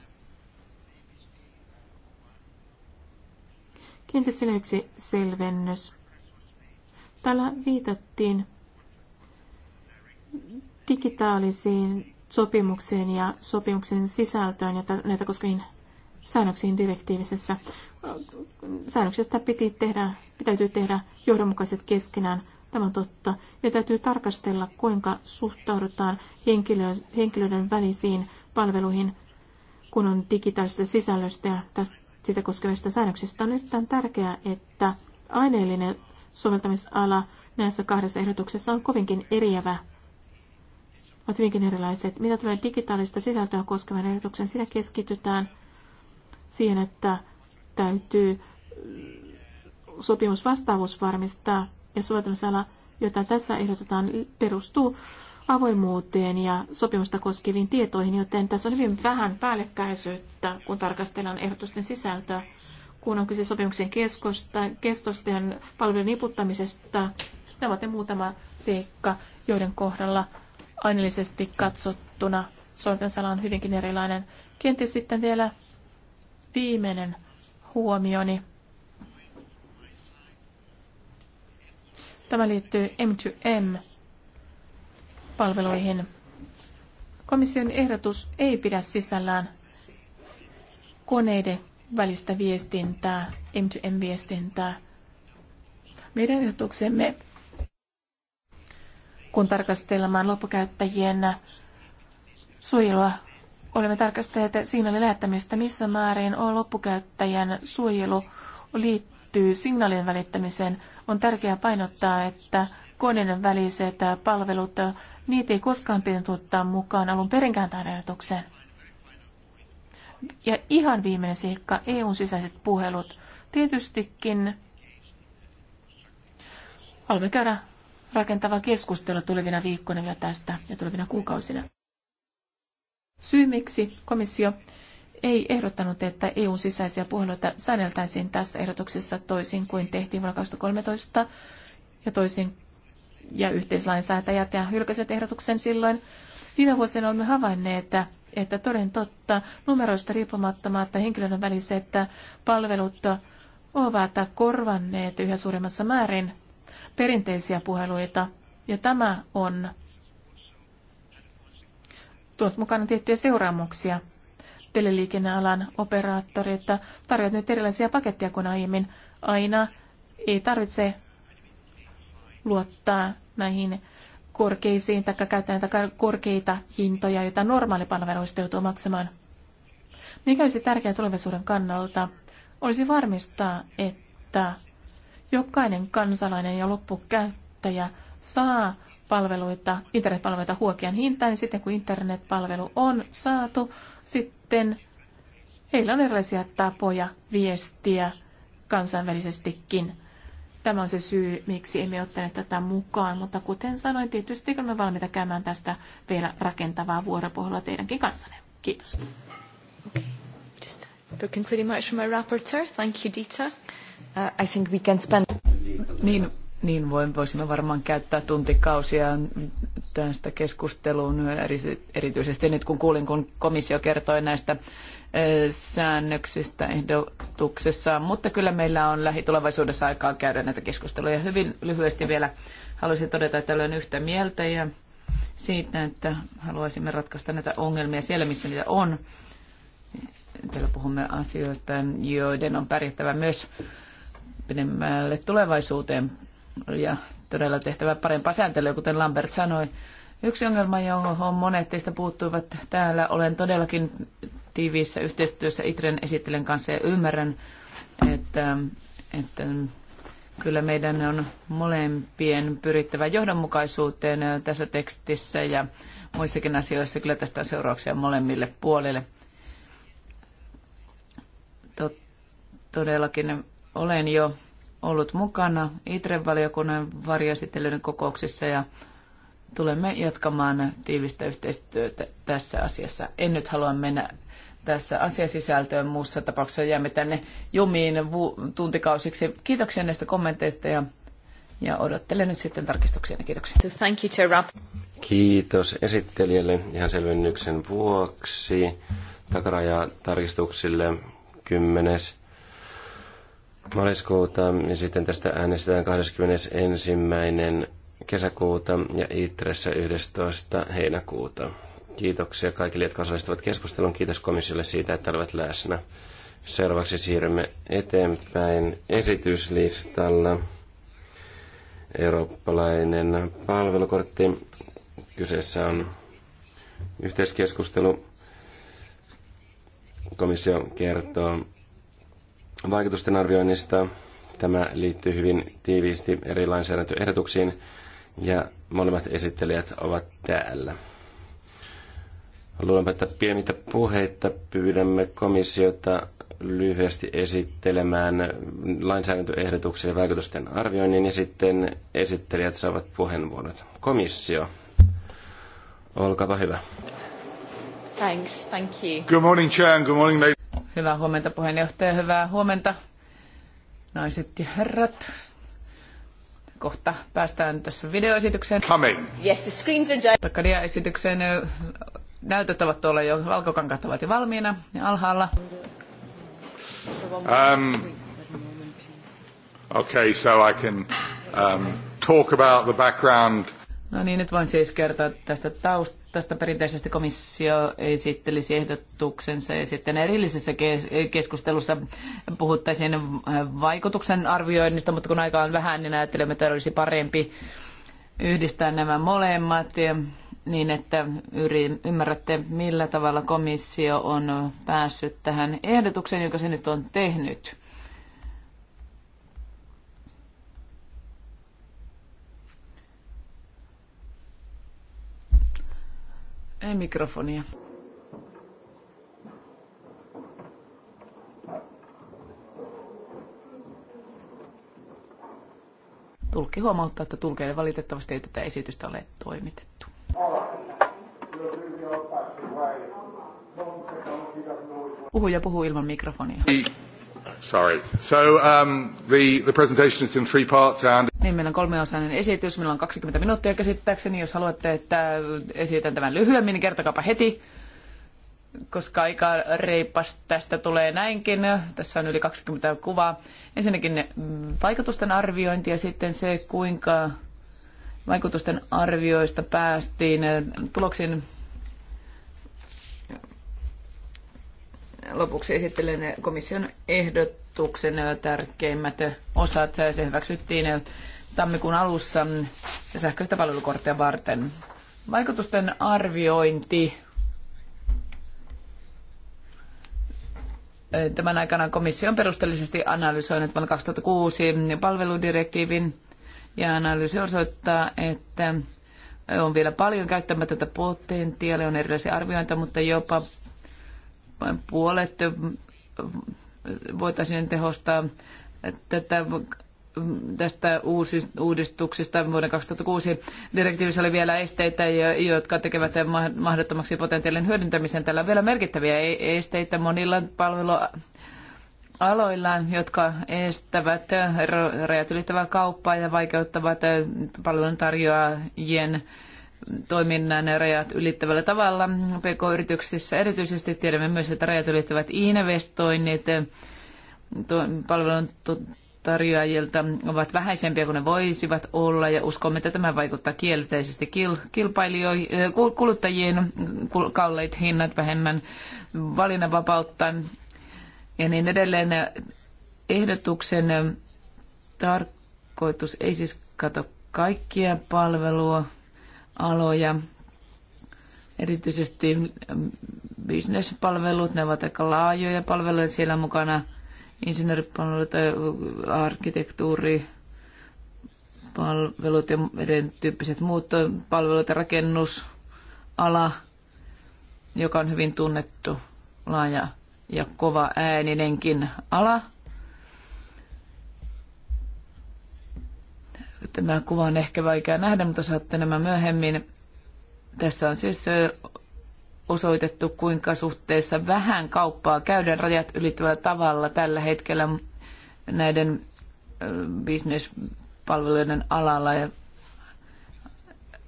S1: Kenties vielä yksi selvennys. Täällä viitattiin digitaalisiin sopimuksiin ja sopimuksen sisältöön ja näitä koskeviin säännöksiin direktiivisessä. Säännöksestä piti tehdä, pitäytyy tehdä johdonmukaiset keskenään, tämä on totta, ja täytyy tarkastella, kuinka suhtaudutaan henkilö, henkilöiden välisiin palveluihin, kun on digitaalista sisällöstä ja tästä, sitä koskevista säännöksistä. On erittäin tärkeää, että aineellinen soveltamisala näissä kahdessa ehdotuksessa on kovinkin eriävä ovat hyvinkin erilaiset. Mitä tulee digitaalista sisältöä koskevan ehdotuksen, siinä keskitytään siihen, että täytyy mm, sopimusvastaavuus varmistaa ja soveltamisala, jota tässä ehdotetaan, perustuu avoimuuteen ja sopimusta koskeviin tietoihin, joten tässä on hyvin vähän päällekkäisyyttä, kun tarkastellaan ehdotusten sisältöä, kun on kyse sopimuksen keskosta, kestosta ja palvelun niputtamisesta. Nämä ovat ne muutama seikka, joiden kohdalla aineellisesti katsottuna sala on hyvinkin erilainen. Kenties sitten vielä viimeinen huomioni. Tämä liittyy M2M-palveluihin. Komission ehdotus ei pidä sisällään koneiden välistä viestintää, M2M-viestintää. Meidän ehdotuksemme kun tarkastelemaan loppukäyttäjien suojelua. Olemme tarkastelleet signaalin lähettämistä, missä määrin on loppukäyttäjän suojelu liittyy signaalin välittämiseen. On tärkeää painottaa, että koneiden väliset palvelut, niitä ei koskaan pitänyt ottaa mukaan alun perinkään tarjotukseen. Ja ihan viimeinen seikka, EUn sisäiset puhelut. Tietystikin haluamme käydä rakentava keskustelu tulevina viikkoina vielä tästä ja tulevina kuukausina. Syy, miksi komissio ei ehdottanut, että EUn sisäisiä puheluita säänneltäisiin tässä ehdotuksessa toisin kuin tehtiin vuonna 2013 ja toisin ja yhteislainsäätäjät ja hylkäsivät ehdotuksen silloin. Viime vuosina olemme havainneet, että, että toden totta numeroista riippumattomatta henkilöiden väliset palvelut ovat korvanneet yhä suuremmassa määrin perinteisiä puheluita. Ja tämä on tuot mukana tiettyjä seuraamuksia. Teleliikennealan operaattorit tarjoavat nyt erilaisia paketteja kuin aiemmin. Aina ei tarvitse luottaa näihin korkeisiin tai käyttää näitä korkeita hintoja, joita normaalipalveluista joutuu maksamaan. Mikä olisi tärkeää tulevaisuuden kannalta, olisi varmistaa, että jokainen kansalainen ja loppukäyttäjä saa palveluita, internetpalveluita huokean hintaan, niin sitten kun internetpalvelu on saatu, sitten heillä on erilaisia tapoja viestiä kansainvälisestikin. Tämä on se syy, miksi emme ottaneet tätä mukaan, mutta kuten sanoin, tietysti olemme valmiita käymään tästä vielä rakentavaa vuoropuhelua teidänkin kanssanne. Kiitos. Okay. Just for concluding much from my rapporteur. Thank you, Dita. Uh, I think we can spend... Niin, niin voin, voisimme
S2: varmaan käyttää tuntikausia tästä keskusteluun, erityisesti nyt kun kuulin, kun komissio kertoi näistä eh, säännöksistä ehdotuksessaan, mutta kyllä meillä on lähitulevaisuudessa aikaa käydä näitä keskusteluja. Hyvin lyhyesti vielä haluaisin todeta, että olen yhtä mieltä ja siitä, että haluaisimme ratkaista näitä ongelmia siellä, missä niitä on. Täällä puhumme asioista, joiden on pärjättävä myös pidemmälle tulevaisuuteen ja todella tehtävä parempaa sääntelyä, kuten Lambert sanoi. Yksi ongelma, johon monet teistä puuttuivat täällä, olen todellakin tiiviissä yhteistyössä Itren esittelen kanssa ja ymmärrän, että, että kyllä meidän on molempien pyrittävä johdonmukaisuuteen tässä tekstissä ja muissakin asioissa. Kyllä tästä on seurauksia molemmille puolille. Todellakin olen jo ollut mukana ITRE-valiokunnan varjoesittelyiden kokouksissa ja tulemme jatkamaan tiivistä yhteistyötä tässä asiassa. En nyt halua mennä tässä asiasisältöön. Muussa tapauksessa jäämme tänne jumiin tuntikausiksi. Kiitoksia näistä kommenteista ja, ja odottelen nyt sitten tarkistuksia. Kiitoksia. So thank you, Chair
S3: Kiitos esittelijälle ihan selvennyksen vuoksi. Takaraja tarkistuksille 10 maaliskuuta ja sitten tästä äänestetään 21. kesäkuuta ja Itressä 11. heinäkuuta. Kiitoksia kaikille, jotka osallistuvat keskusteluun. Kiitos komissiolle siitä, että olivat läsnä. Seuraavaksi siirrymme eteenpäin esityslistalla. Eurooppalainen palvelukortti. Kyseessä on yhteiskeskustelu. Komissio kertoo vaikutusten arvioinnista. Tämä liittyy hyvin tiiviisti eri lainsäädäntöehdotuksiin ja molemmat esittelijät ovat täällä. Luulenpa, että pienitä puheita pyydämme komissiota lyhyesti esittelemään lainsäädäntöehdotuksia ja vaikutusten arvioinnin ja sitten esittelijät saavat puheenvuorot. Komissio, olkaapa hyvä.
S2: Thanks, thank you.
S3: Good morning, Chair, and good morning,
S2: Hyvää huomenta puheenjohtaja, hyvää huomenta naiset ja herrat. Kohta päästään tässä videoesitykseen. Coming. Yes, the screens are just. Takaria-esitykseen näytöt ovat tuolla jo, valkokankat ovat jo valmiina ja alhaalla.
S4: Um, okay, so I can um, talk about the background.
S2: No niin, nyt voin siis kertoa tästä taustasta tästä perinteisesti komissio esittelisi ehdotuksensa ja sitten erillisessä keskustelussa puhuttaisiin vaikutuksen arvioinnista, mutta kun aika on vähän, niin ajattelemme, että olisi parempi yhdistää nämä molemmat niin, että ymmärrätte, millä tavalla komissio on päässyt tähän ehdotukseen, joka se nyt on tehnyt. Ei mikrofonia. Tulkki huomauttaa, että tulkeille valitettavasti ei tätä esitystä ole toimitettu. Puhuja puhuu ilman mikrofonia.
S5: Sorry. So, um, the, the presentation is in three parts and...
S2: Niin, meillä on kolmeosainen esitys. Meillä on 20 minuuttia käsittääkseni. Jos haluatte, että esitän tämän lyhyemmin, niin kertokaapa heti, koska aika reippas tästä tulee näinkin. Tässä on yli 20 kuvaa. Ensinnäkin vaikutusten arviointi ja sitten se, kuinka vaikutusten arvioista päästiin tuloksiin lopuksi esittelen komission ehdotuksen tärkeimmät osat. Se hyväksyttiin tammikuun alussa sähköistä palvelukorttia varten. Vaikutusten arviointi. Tämän aikana komissio on perusteellisesti analysoinut vuonna 2006 palveludirektiivin ja analyysi osoittaa, että on vielä paljon käyttämätöntä potentiaalia, on erilaisia arviointeja, mutta jopa puolet voitaisiin tehostaa tätä tästä uudistuksesta vuoden 2006 direktiivissä oli vielä esteitä, jotka tekevät mahdottomaksi potentiaalin hyödyntämisen. Tällä on vielä merkittäviä e-, esteitä monilla palvelualoilla, jotka estävät rajat ylittävää kauppaa ja vaikeuttavat palvelun tarjoajien toiminnan rajat ylittävällä tavalla PK-yrityksissä. Erityisesti tiedämme myös, että rajat ylittävät investoinnit palvelun tarjoajilta ovat vähäisempiä kuin ne voisivat olla ja uskomme, että tämä vaikuttaa kielteisesti kilpailijoihin, kuluttajien kalleit hinnat, vähemmän valinnanvapautta ja niin edelleen. Ehdotuksen tarkoitus ei siis kato kaikkia palvelua, aloja. Erityisesti mm, bisnespalvelut, ne ovat aika laajoja palveluja. Siellä mukana insinööripalvelut, arkkitehtuuri, palvelut ja tyyppiset muut palvelut ja rakennusala, joka on hyvin tunnettu laaja ja kova ääninenkin ala. Tämä kuva on ehkä vaikea nähdä, mutta saatte nämä myöhemmin. Tässä on siis osoitettu, kuinka suhteessa vähän kauppaa käydään rajat ylittävällä tavalla tällä hetkellä näiden bisnespalveluiden alalla ja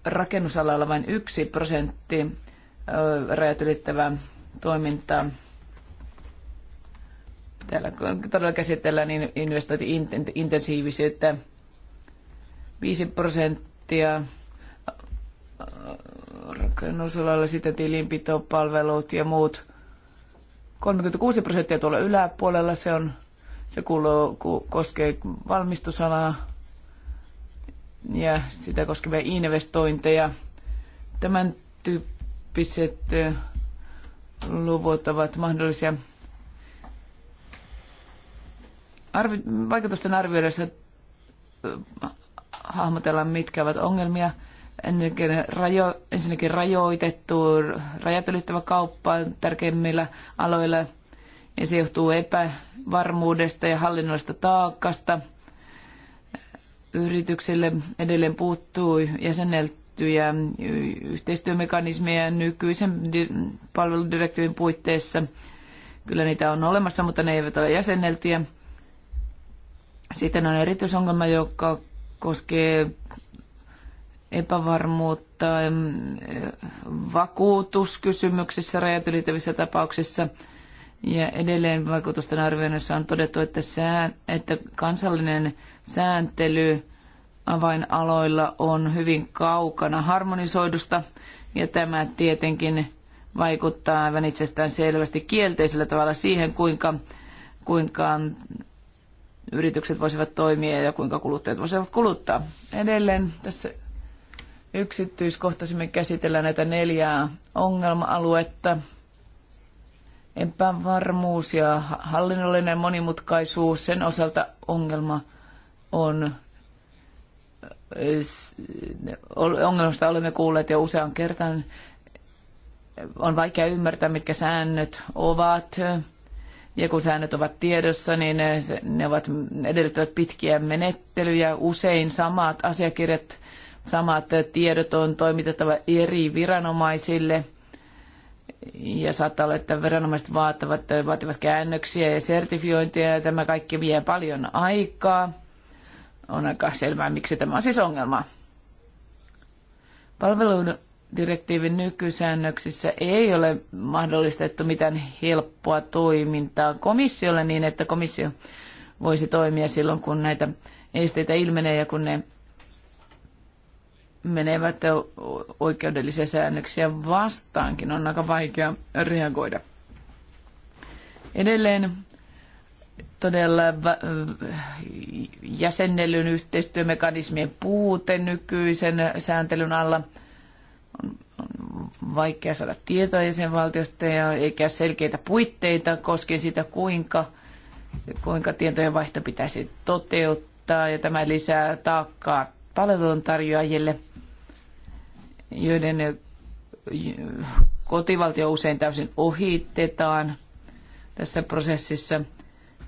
S2: rakennusalalla vain yksi prosentti rajat ylittävää toimintaa. Täällä todella käsitellään investointi Niin 5 prosenttia rakennusalalla sitten tilinpitopalvelut ja muut. 36 prosenttia tuolla yläpuolella se on, se kuuluu, ku, koskee valmistusalaa ja sitä koskevia investointeja. Tämän tyyppiset luvut ovat mahdollisia. Arvi, vaikutusten arvioidessa hahmotella, mitkä ovat ongelmia. Ennenkin rajo, ensinnäkin rajoitettu, rajat ylittävä kauppa tärkeimmillä aloilla, ja se johtuu epävarmuudesta ja hallinnollista taakasta. Yrityksille edelleen puuttuu jäseneltyjä yhteistyömekanismeja nykyisen palveludirektiivin puitteissa. Kyllä niitä on olemassa, mutta ne eivät ole jäseneltyjä. Sitten on erityisongelma, joka koskee epävarmuutta vakuutuskysymyksissä rajat ylittävissä tapauksissa. Ja edelleen vaikutusten arvioinnissa on todettu, että, sään, että kansallinen sääntely avainaloilla on hyvin kaukana harmonisoidusta, ja tämä tietenkin vaikuttaa aivan itsestään selvästi kielteisellä tavalla siihen, kuinka, kuinka yritykset voisivat toimia ja kuinka kuluttajat voisivat kuluttaa. Edelleen tässä yksityiskohtaisemmin käsitellään näitä neljää ongelma-aluetta. Epävarmuus ja hallinnollinen monimutkaisuus, sen osalta ongelma on ongelmasta olemme kuulleet jo usean kertaan. On vaikea ymmärtää, mitkä säännöt ovat. Ja kun säännöt ovat tiedossa, niin ne, ne ovat, edellyttävät pitkiä menettelyjä. Usein samat asiakirjat, samat tiedot on toimitettava eri viranomaisille – ja saattaa olla, että viranomaiset vaativat, vaativat käännöksiä ja sertifiointia ja tämä kaikki vie paljon aikaa. On aika selvää, miksi tämä on siis ongelma. Palveluiden direktiivin nykysäännöksissä ei ole mahdollistettu mitään helppoa toimintaa komissiolle niin, että komissio voisi toimia silloin, kun näitä esteitä ilmenee ja kun ne menevät oikeudellisia säännöksiä vastaankin. On aika vaikea reagoida. Edelleen todella jäsennellyn yhteistyömekanismien puute nykyisen sääntelyn alla – on vaikea saada tietoa jäsenvaltiosta ja eikä selkeitä puitteita koskien sitä, kuinka, kuinka tietojen vaihto pitäisi toteuttaa. Ja tämä lisää taakkaa palveluntarjoajille, joiden eh, kotivaltio usein täysin ohitetaan tässä prosessissa.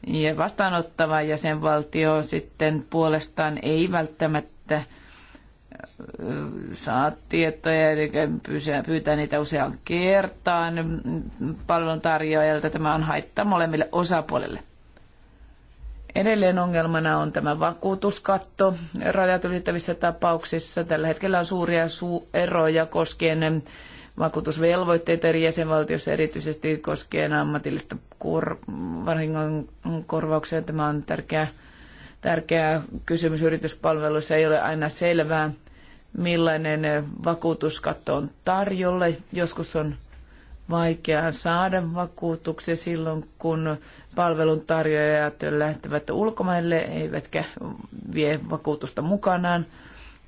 S2: Ja vastaanottava jäsenvaltio sitten puolestaan ei välttämättä saa tietoja, eli pyytää niitä usean kertaan palveluntarjoajalta. Tämä on haitta molemmille osapuolille. Edelleen ongelmana on tämä vakuutuskatto rajat ylittävissä tapauksissa. Tällä hetkellä on suuria eroja koskien vakuutusvelvoitteita eri jäsenvaltiossa, erityisesti koskien ammatillista kor- korvauksia. Tämä on tärkeä, tärkeä kysymys yrityspalveluissa. Ei ole aina selvää, millainen vakuutuskatto on tarjolle, Joskus on vaikeaa saada vakuutuksia silloin, kun palveluntarjoajat lähtevät ulkomaille, eivätkä vie vakuutusta mukanaan.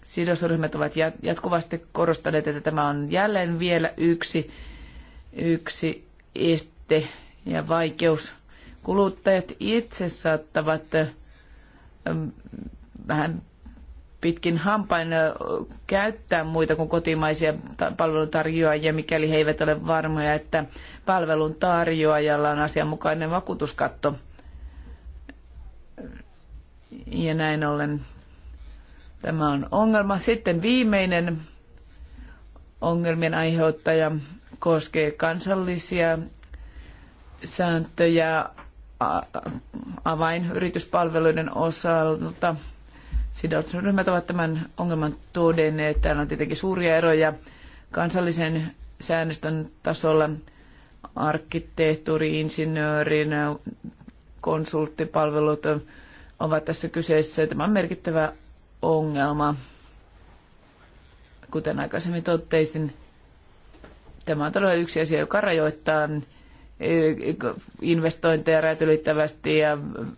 S2: Sidosryhmät ovat jatkuvasti korostaneet, että tämä on jälleen vielä yksi, yksi este ja vaikeus. Kuluttajat itse saattavat vähän pitkin hampain käyttää muita kuin kotimaisia palveluntarjoajia, mikäli he eivät ole varmoja, että palvelun tarjoajalla on asianmukainen vakuutuskatto. Ja näin ollen tämä on ongelma. Sitten viimeinen ongelmien aiheuttaja koskee kansallisia sääntöjä avainyrityspalveluiden osalta – sidosryhmät ovat tämän ongelman todenneet. Täällä on tietenkin suuria eroja kansallisen säännöstön tasolla arkkitehtuuri, insinöörin, konsulttipalvelut ovat tässä kyseessä. Tämä on merkittävä ongelma. Kuten aikaisemmin totteisin, tämä on todella yksi asia, joka rajoittaa e, investointeja räätylittävästi ja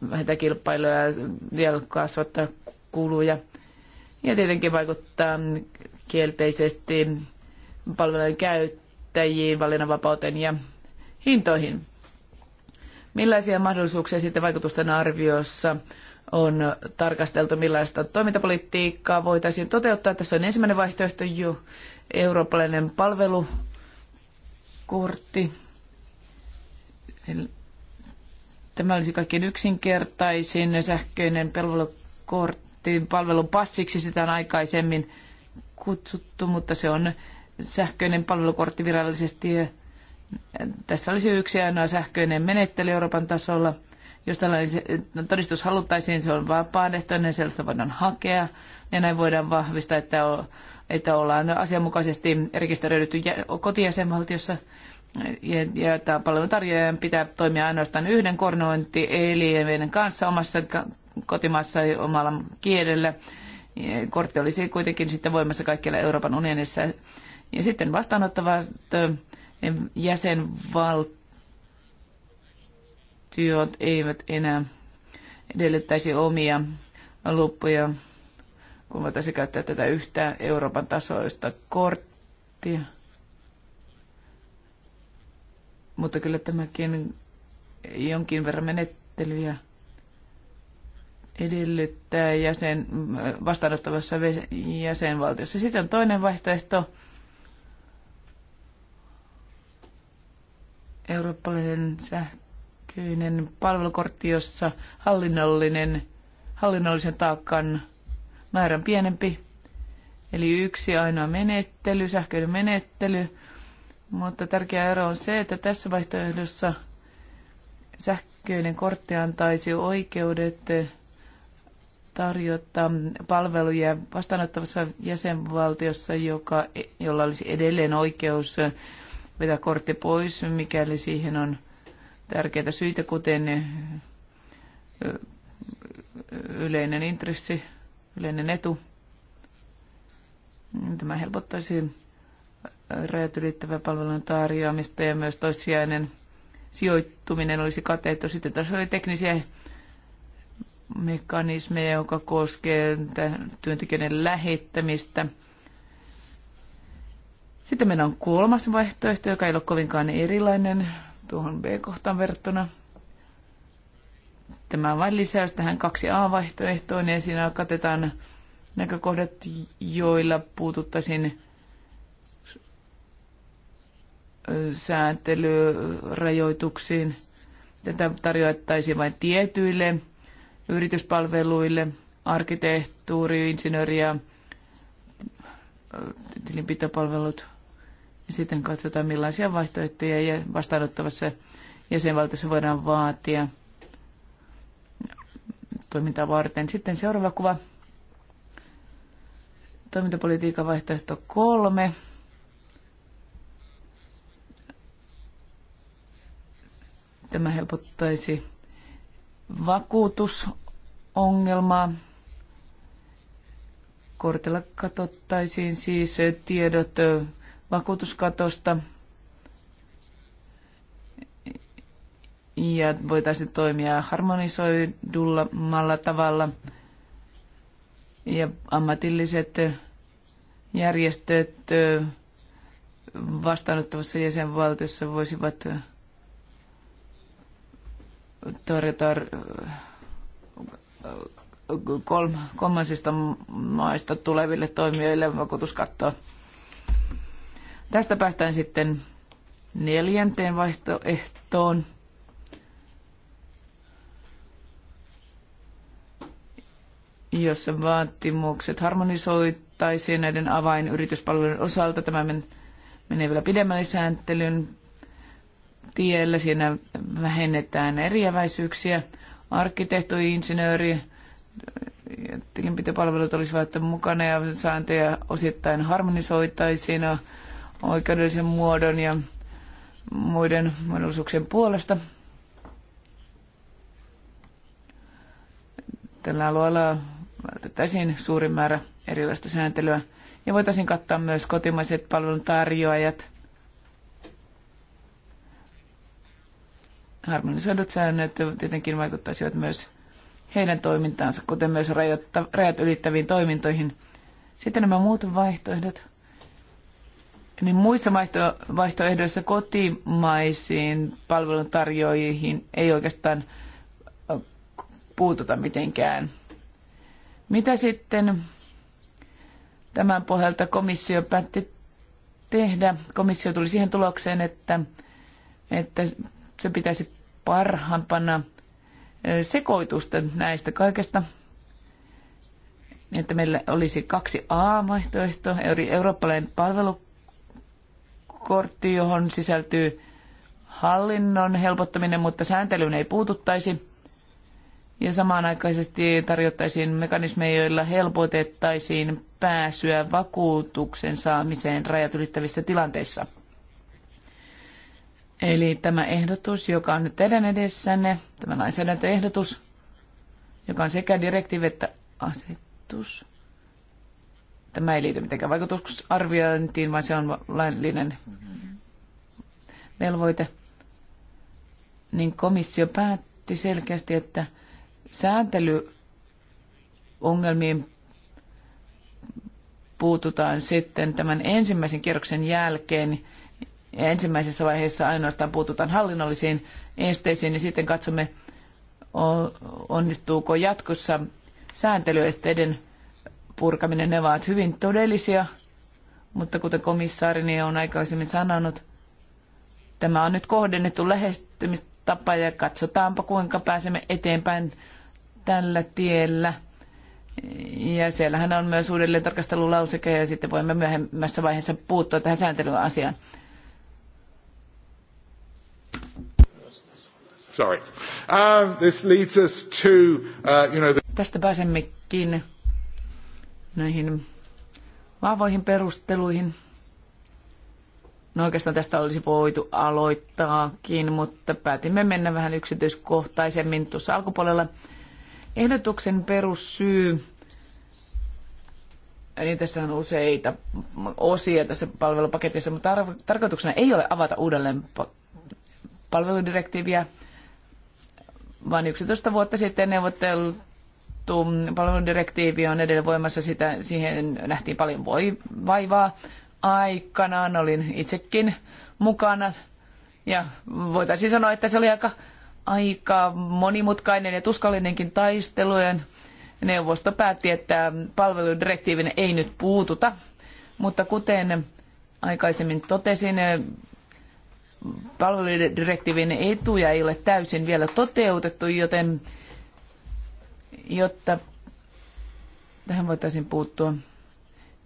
S2: vähentää kilpailuja ja kasvattaa kuluja. Ja tietenkin vaikuttaa kielteisesti palvelujen käyttäjiin, valinnanvapauteen ja hintoihin. Millaisia mahdollisuuksia sitten vaikutusten arviossa on tarkasteltu, millaista toimintapolitiikkaa voitaisiin toteuttaa. Tässä on ensimmäinen vaihtoehto jo eurooppalainen palvelukortti. Tämä olisi kaikkein yksinkertaisin sähköinen palvelukortti nimitettiin palvelupassiksi, sitä on aikaisemmin kutsuttu, mutta se on sähköinen palvelukortti virallisesti. Tässä olisi yksi ainoa sähköinen menettely Euroopan tasolla. Jos tällainen no, todistus haluttaisiin, se on vapaaehtoinen, sellaista voidaan hakea ja näin voidaan vahvistaa, että, on, että ollaan asianmukaisesti rekisteröidytty kotijäsenvaltiossa. Ja, ja palveluntarjoajan pitää toimia ainoastaan yhden meidän kanssa omassa kotimaassa omalla kielellä. Kortti olisi kuitenkin sitten voimassa kaikkialla Euroopan unionissa. Ja sitten vastaanottavat jäsenvaltiot eivät enää edellyttäisi omia luppuja, kun voitaisiin käyttää tätä yhtä Euroopan tasoista korttia. Mutta kyllä tämäkin jonkin verran menettelyjä edellyttää jäsen, vastaanottavassa jäsenvaltiossa. Sitten on toinen vaihtoehto. Eurooppalaisen sähköinen palvelukortti, jossa hallinnollinen, hallinnollisen taakan määrä on pienempi. Eli yksi ainoa menettely, sähköinen menettely. Mutta tärkeä ero on se, että tässä vaihtoehdossa sähköinen kortti antaisi oikeudet tarjota palveluja vastaanottavassa jäsenvaltiossa, joka, jolla olisi edelleen oikeus vetää kortti pois, mikäli siihen on tärkeitä syitä, kuten yleinen intressi, yleinen etu. Tämä helpottaisi rajat ylittävää palvelun tarjoamista ja myös toissijainen sijoittuminen olisi katettu. Sitten tässä oli teknisiä mekanismeja, joka koskee työntekijöiden lähettämistä. Sitten meillä on kolmas vaihtoehto, joka ei ole kovinkaan erilainen tuohon B-kohtaan verrattuna. Tämä on vain lisäys tähän 2A-vaihtoehtoon ja siinä katetaan näkökohdat, joilla puututtaisiin sääntelyrajoituksiin. Tätä tarjoittaisiin vain tietyille yrityspalveluille, arkkitehtuuri, insinööri ja tilinpitopalvelut. Ja sitten katsotaan, millaisia vaihtoehtoja ja vastaanottavassa jäsenvaltiossa voidaan vaatia toimintaa varten. Sitten seuraava kuva. Toimintapolitiikan vaihtoehto kolme. Tämä helpottaisi vakuutus ongelmaa. Kortilla katsottaisiin siis tiedot vakuutuskatosta ja voitaisiin toimia harmonisoidulla tavalla. Ja ammatilliset järjestöt vastaanottavassa jäsenvaltiossa voisivat tarjota kolmansista maista tuleville toimijoille vakuutuskattoa. Tästä päästään sitten neljänteen vaihtoehtoon. jossa vaatimukset harmonisoittaisiin näiden avainyrityspalvelujen osalta. Tämä menee vielä pidemmälle sääntelyn tiellä. Siinä vähennetään eriäväisyyksiä arkkitehti, insinööri, tilinpitopalvelut olisivat mukana ja sääntöjä osittain harmonisoitaisiin oikeudellisen muodon ja muiden mahdollisuuksien puolesta. Tällä alueella vältettäisiin suurin määrä erilaista sääntelyä ja voitaisiin kattaa myös kotimaiset palveluntarjoajat – Harmonisoidut säännöt tietenkin vaikuttaisivat myös heidän toimintaansa, kuten myös rajat ylittäviin toimintoihin. Sitten nämä muut vaihtoehdot. Niin muissa vaihto, vaihtoehdoissa kotimaisiin palveluntarjoajiin ei oikeastaan puututa mitenkään. Mitä sitten tämän pohjalta komissio päätti tehdä? Komissio tuli siihen tulokseen, että, että se pitäisi parhaimpana sekoitusta näistä kaikesta, että meillä olisi kaksi A-vaihtoehtoa, eli eurooppalainen palvelukortti, johon sisältyy hallinnon helpottaminen, mutta sääntelyyn ei puututtaisi. Ja samanaikaisesti tarjottaisiin mekanismeja, joilla helpotettaisiin pääsyä vakuutuksen saamiseen rajat ylittävissä tilanteissa. Eli tämä ehdotus, joka on nyt teidän edessänne, tämä lainsäädäntöehdotus, joka on sekä direktiivi että asetus. Tämä ei liity mitenkään vaikutusarviointiin, vaan se on laillinen velvoite. Niin komissio päätti selkeästi, että sääntelyongelmiin puututaan sitten tämän ensimmäisen kierroksen jälkeen ja ensimmäisessä vaiheessa ainoastaan puututaan hallinnollisiin esteisiin ja sitten katsomme, onnistuuko jatkossa sääntelyesteiden purkaminen. Ne ovat hyvin todellisia, mutta kuten komissaari on aikaisemmin sanonut, tämä on nyt kohdennettu lähestymistapa ja katsotaanpa kuinka pääsemme eteenpäin tällä tiellä. Ja siellähän on myös uudelleen tarkastelulauseke ja sitten voimme myöhemmässä vaiheessa puuttua tähän sääntelyasiaan.
S4: Sorry. Um, this leads us to, uh, you know, the... Tästä
S2: pääsemmekin näihin vahvoihin perusteluihin. No oikeastaan tästä olisi voitu aloittaakin, mutta päätimme mennä vähän yksityiskohtaisemmin tuossa alkupuolella. Ehdotuksen perussyy, niin tässä on useita osia tässä palvelupaketissa, mutta tarkoituksena ei ole avata uudelleen palveludirektiiviä, vain 11 vuotta sitten neuvoteltu palveludirektiivi on edelleen voimassa, sitä, siihen nähtiin paljon voi, vaivaa aikanaan, olin itsekin mukana ja voitaisiin sanoa, että se oli aika, aika monimutkainen ja tuskallinenkin taistelu ja neuvosto päätti, että palveludirektiivin ei nyt puututa, mutta kuten aikaisemmin totesin, palveludirektiivin etuja ei ole täysin vielä toteutettu, joten jotta tähän voitaisiin puuttua,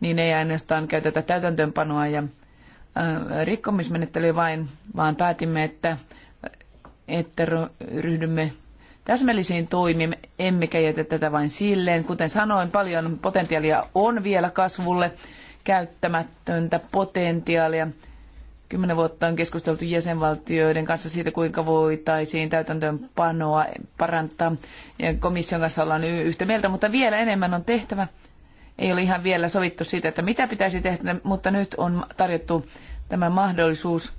S2: niin ei ainoastaan käytetä täytäntöönpanoa ja äh, rikkomismenettelyä vain, vaan päätimme, että, että ryhdymme täsmällisiin toimiin, emmekä jätä tätä vain silleen. Kuten sanoin, paljon potentiaalia on vielä kasvulle, käyttämätöntä potentiaalia. Kymmenen vuotta on keskusteltu jäsenvaltioiden kanssa siitä, kuinka voitaisiin täytäntöönpanoa parantaa. Ja komission kanssa ollaan yhtä mieltä, mutta vielä enemmän on tehtävä. Ei ole ihan vielä sovittu siitä, että mitä pitäisi tehdä, mutta nyt on tarjottu tämä mahdollisuus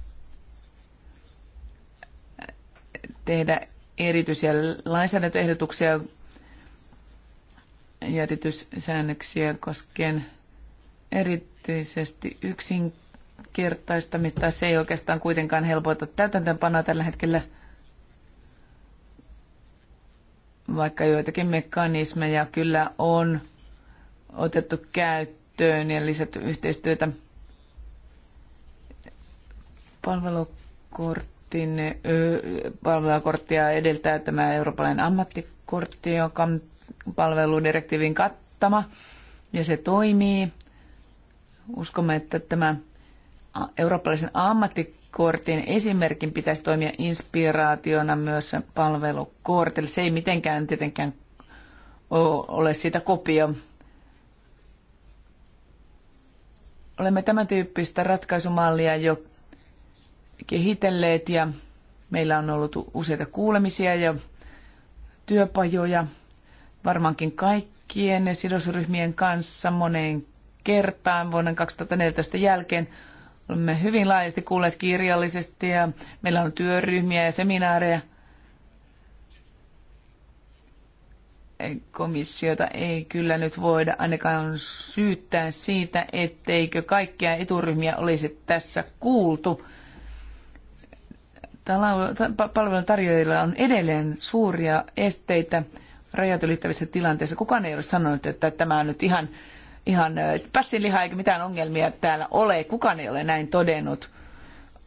S2: tehdä erityisiä lainsäädäntöehdotuksia ja erityissäännöksiä koskien erityisesti yksin kertaistamista Se ei oikeastaan kuitenkaan helpoita täytäntöönpanoa tällä hetkellä, vaikka joitakin mekanismeja kyllä on otettu käyttöön ja lisätty yhteistyötä. Palvelukortin, palvelukorttia edeltää tämä eurooppalainen ammattikortti, joka on palveludirektiivin kattama ja se toimii. Uskomme, että tämä eurooppalaisen ammattikortin esimerkin pitäisi toimia inspiraationa myös palvelukortille. Se ei mitenkään tietenkään ole siitä kopio. Olemme tämän tyyppistä ratkaisumallia jo kehitelleet ja meillä on ollut useita kuulemisia ja työpajoja varmaankin kaikkien sidosryhmien kanssa moneen kertaan vuoden 2014 jälkeen. Olemme hyvin laajasti kuulleet kirjallisesti ja meillä on työryhmiä ja seminaareja. Komissiota ei kyllä nyt voida ainakaan syyttää siitä, etteikö kaikkia eturyhmiä olisi tässä kuultu. Palvelun tarjoajilla on edelleen suuria esteitä rajat ylittävissä tilanteissa. Kukaan ei ole sanonut, että tämä on nyt ihan ihan pässinlihaa eikä mitään ongelmia täällä ole. Kukaan ei ole näin todennut.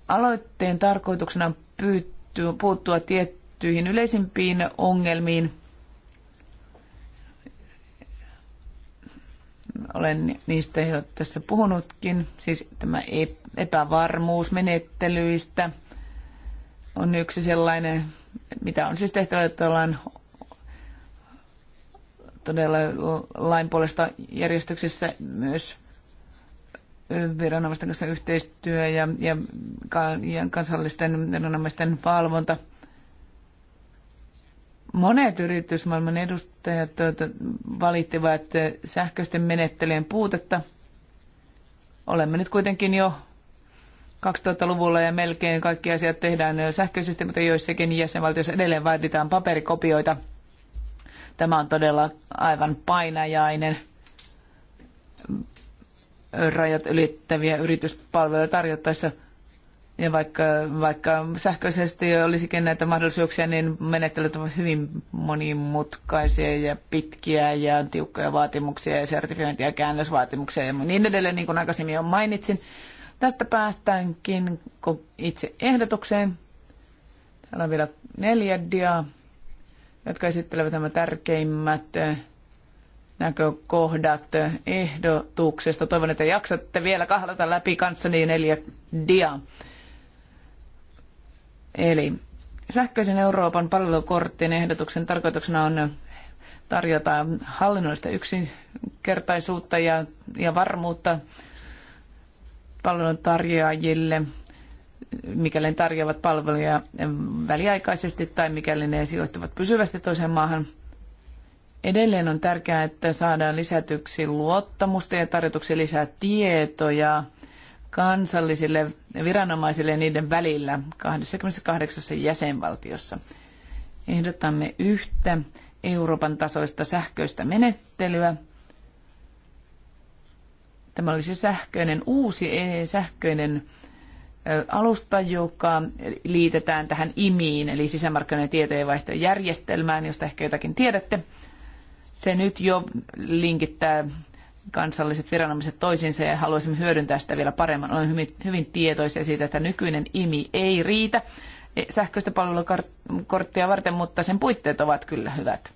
S2: Aloitteen tarkoituksena on pyyttyä, puuttua tiettyihin yleisimpiin ongelmiin. Olen niistä jo tässä puhunutkin, siis tämä e- epävarmuus menettelyistä on yksi sellainen, mitä on siis tehtävä, että ollaan todella lain puolesta järjestyksessä myös viranomaisten kanssa yhteistyö ja, ja, ja kansallisten viranomaisten valvonta. Monet yritysmaailman edustajat tuota, valittivat sähköisten menettelyjen puutetta. Olemme nyt kuitenkin jo 2000-luvulla ja melkein kaikki asiat tehdään sähköisesti, mutta joissakin jäsenvaltioissa edelleen vaaditaan paperikopioita – Tämä on todella aivan painajainen rajat ylittäviä yrityspalveluja tarjottaessa. Ja vaikka, vaikka sähköisesti olisikin näitä mahdollisuuksia, niin menettelyt ovat hyvin monimutkaisia ja pitkiä ja tiukkoja vaatimuksia ja sertifiointia ja käännösvaatimuksia ja niin edelleen, niin kuin aikaisemmin jo mainitsin. Tästä päästäänkin itse ehdotukseen. Täällä on vielä neljä diaa jotka esittelevät nämä tärkeimmät eh, näkökohdat eh, ehdotuksesta. Toivon, että jaksatte vielä kahlata läpi kanssani neljä dia. Eli sähköisen Euroopan palvelukorttien ehdotuksen tarkoituksena on tarjota hallinnollista yksinkertaisuutta ja, ja varmuutta palveluntarjoajille mikäli ne tarjoavat palveluja väliaikaisesti tai mikäli ne sijoittuvat pysyvästi toiseen maahan. Edelleen on tärkeää, että saadaan lisätyksi luottamusta ja tarjotuksi lisää tietoja kansallisille viranomaisille ja niiden välillä 28 jäsenvaltiossa. Ehdotamme yhtä Euroopan tasoista sähköistä menettelyä. Tämä olisi sähköinen, uusi e, sähköinen alusta, joka liitetään tähän IMIin, eli sisämarkkinoiden tietojenvaihtojärjestelmään, josta ehkä jotakin tiedätte. Se nyt jo linkittää kansalliset viranomaiset toisiinsa ja haluaisimme hyödyntää sitä vielä paremmin. Olen hyvin, hyvin tietoisia siitä, että nykyinen IMI ei riitä e, sähköistä palvelukorttia varten, mutta sen puitteet ovat kyllä hyvät.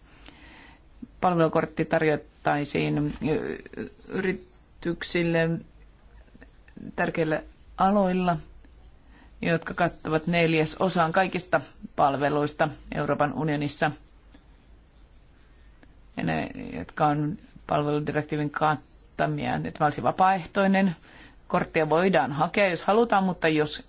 S2: Palvelukortti tarjottaisiin yrityksille tärkeillä aloilla – jotka kattavat neljäs osan kaikista palveluista Euroopan unionissa, ja ne, jotka on palveludirektiivin kattamia. että olisi vapaaehtoinen. Korttia voidaan hakea, jos halutaan, mutta jos,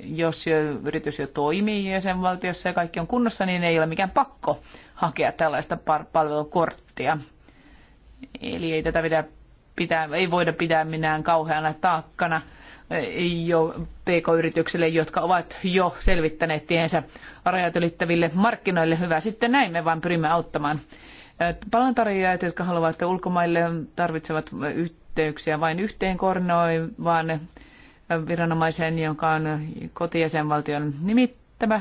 S2: jos yritys jo toimii jäsenvaltiossa ja kaikki on kunnossa, niin ei ole mikään pakko hakea tällaista palvelukorttia. Eli ei tätä pidä pitää, ei voida pitää minään kauheana taakkana – jo PK-yrityksille, jotka ovat jo selvittäneet tiensä rajat ylittäville markkinoille. Hyvä sitten näin, me vain pyrimme auttamaan. Palontarjoajat, jotka haluavat ulkomaille, tarvitsevat yhteyksiä vain yhteen koordinoivaan viranomaiseen, joka on kotijäsenvaltion nimittämä.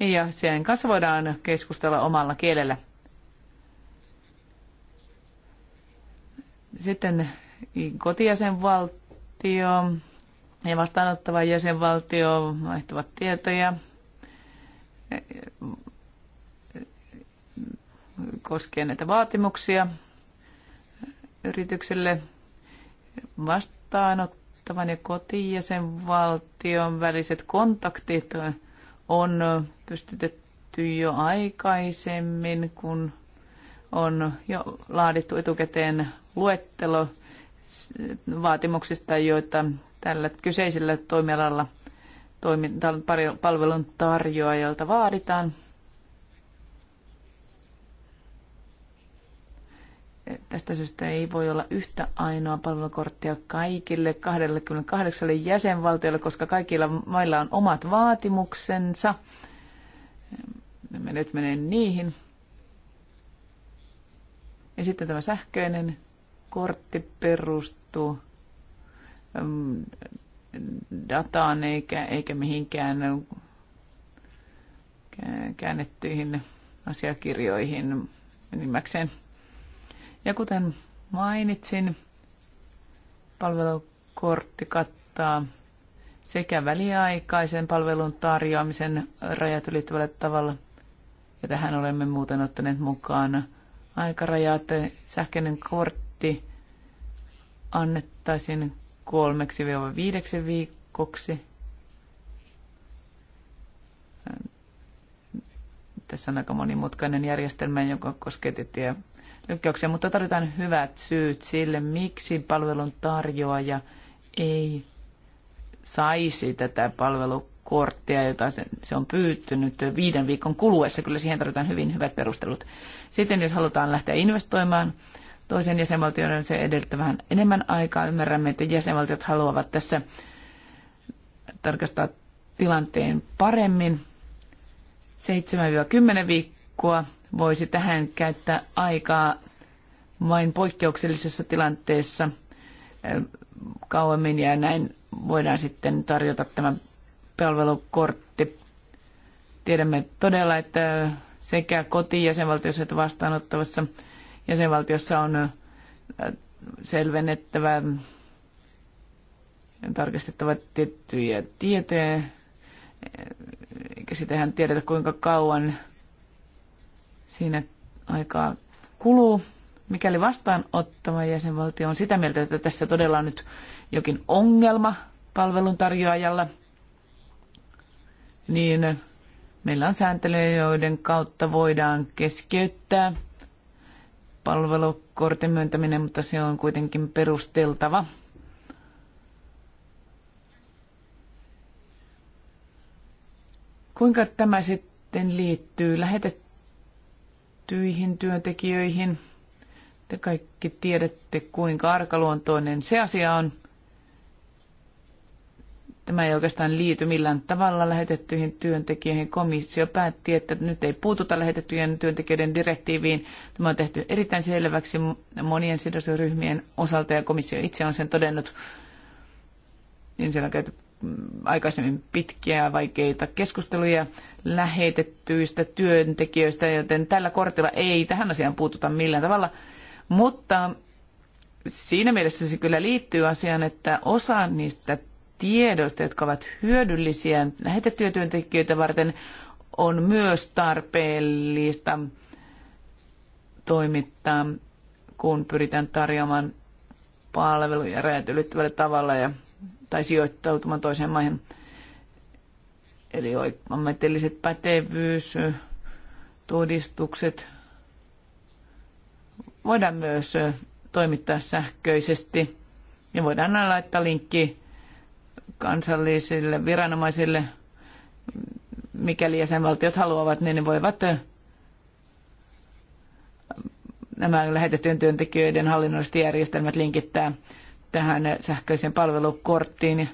S2: Ja sen kanssa voidaan keskustella omalla kielellä. Sitten kotijäsenvaltio valtio ja vastaanottava jäsenvaltio vaihtavat tietoja koskien näitä vaatimuksia yritykselle vastaanottavan ja kotijäsenvaltion väliset kontaktit on pystytetty jo aikaisemmin, kun on jo laadittu etukäteen luettelo vaatimuksista, joita tällä kyseisellä toimialalla palvelun tarjoajalta vaaditaan. Tästä syystä ei voi olla yhtä ainoa palvelukorttia kaikille 28 jäsenvaltiolle, koska kaikilla mailla on omat vaatimuksensa. Me nyt menen niihin. Ja sitten tämä sähköinen kortti perustu dataan eikä, eikä mihinkään käännettyihin asiakirjoihin enimmäkseen. Ja kuten mainitsin, palvelukortti kattaa sekä väliaikaisen palvelun tarjoamisen rajat ylittävällä tavalla, ja tähän olemme muuten ottaneet mukaan aikarajat, sähköinen kortti, mandaatti annettaisiin kolmeksi viideksi viikoksi. Tässä on aika monimutkainen järjestelmä, joka koskee tiettyjä lykkäyksiä, mutta tarvitaan hyvät syyt sille, miksi palvelun tarjoaja ei saisi tätä palvelukorttia, jota se on pyytynyt viiden viikon kuluessa. Kyllä siihen tarvitaan hyvin hyvät perustelut. Sitten jos halutaan lähteä investoimaan, toisen jäsenvaltion, se edellyttää vähän enemmän aikaa. Ymmärrämme, että jäsenvaltiot haluavat tässä tarkastaa tilanteen paremmin. 7-10 viikkoa voisi tähän käyttää aikaa vain poikkeuksellisessa tilanteessa kauemmin ja näin voidaan sitten tarjota tämä palvelukortti. Tiedämme todella, että sekä koti- ja että vastaanottavassa jäsenvaltiossa on selvennettävä tarkistettava tiettyjä tietoja, eikä sitähän tiedetä kuinka kauan siinä aikaa kuluu. Mikäli vastaanottava jäsenvaltio on sitä mieltä, että tässä todella on nyt jokin ongelma palveluntarjoajalla, niin meillä on sääntelyjä, joiden kautta voidaan keskeyttää – palvelukortin myöntäminen, mutta se on kuitenkin perusteltava. Kuinka tämä sitten liittyy lähetettyihin työntekijöihin? Te kaikki tiedätte, kuinka arkaluontoinen se asia on. Tämä ei oikeastaan liity millään tavalla lähetettyihin työntekijöihin. Komissio päätti, että nyt ei puututa lähetettyjen työntekijöiden direktiiviin. Tämä on tehty erittäin selväksi monien sidosryhmien osalta ja komissio itse on sen todennut. Niin siellä on käyty mm, aikaisemmin pitkiä vaikeita keskusteluja lähetettyistä työntekijöistä, joten tällä kortilla ei tähän asiaan puututa millään tavalla. Mutta siinä mielessä se kyllä liittyy asiaan, että osa niistä tiedoista, jotka ovat hyödyllisiä lähetettyjä työntekijöitä varten, on myös tarpeellista toimittaa, kun pyritään tarjoamaan palveluja rajat ylittävällä tavalla ja, tai sijoittautumaan toiseen maihin. Eli ammatilliset pätevyys, todistukset voidaan myös toimittaa sähköisesti ja voidaan laittaa linkki kansallisille viranomaisille, mikäli jäsenvaltiot haluavat, niin ne voivat nämä lähetettyjen työntekijöiden hallinnolliset järjestelmät linkittää tähän sähköiseen palvelukorttiin.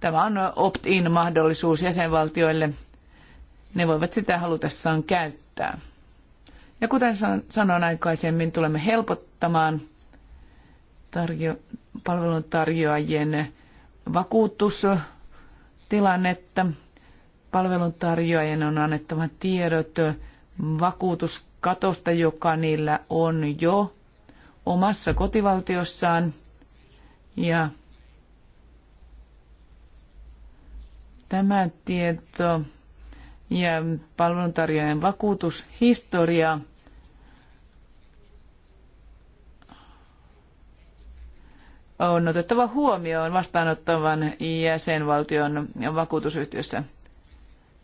S2: Tämä on opt-in-mahdollisuus jäsenvaltioille. Ne voivat sitä halutessaan käyttää. Ja kuten sanoin aikaisemmin, tulemme helpottamaan tarjo- palveluntarjoajien vakuutustilannetta. Palveluntarjoajien on annettava tiedot vakuutuskatosta, joka niillä on jo omassa kotivaltiossaan. Ja tämä tieto ja palveluntarjoajan vakuutushistoria – on otettava huomioon vastaanottavan jäsenvaltion vakuutusyhtiössä.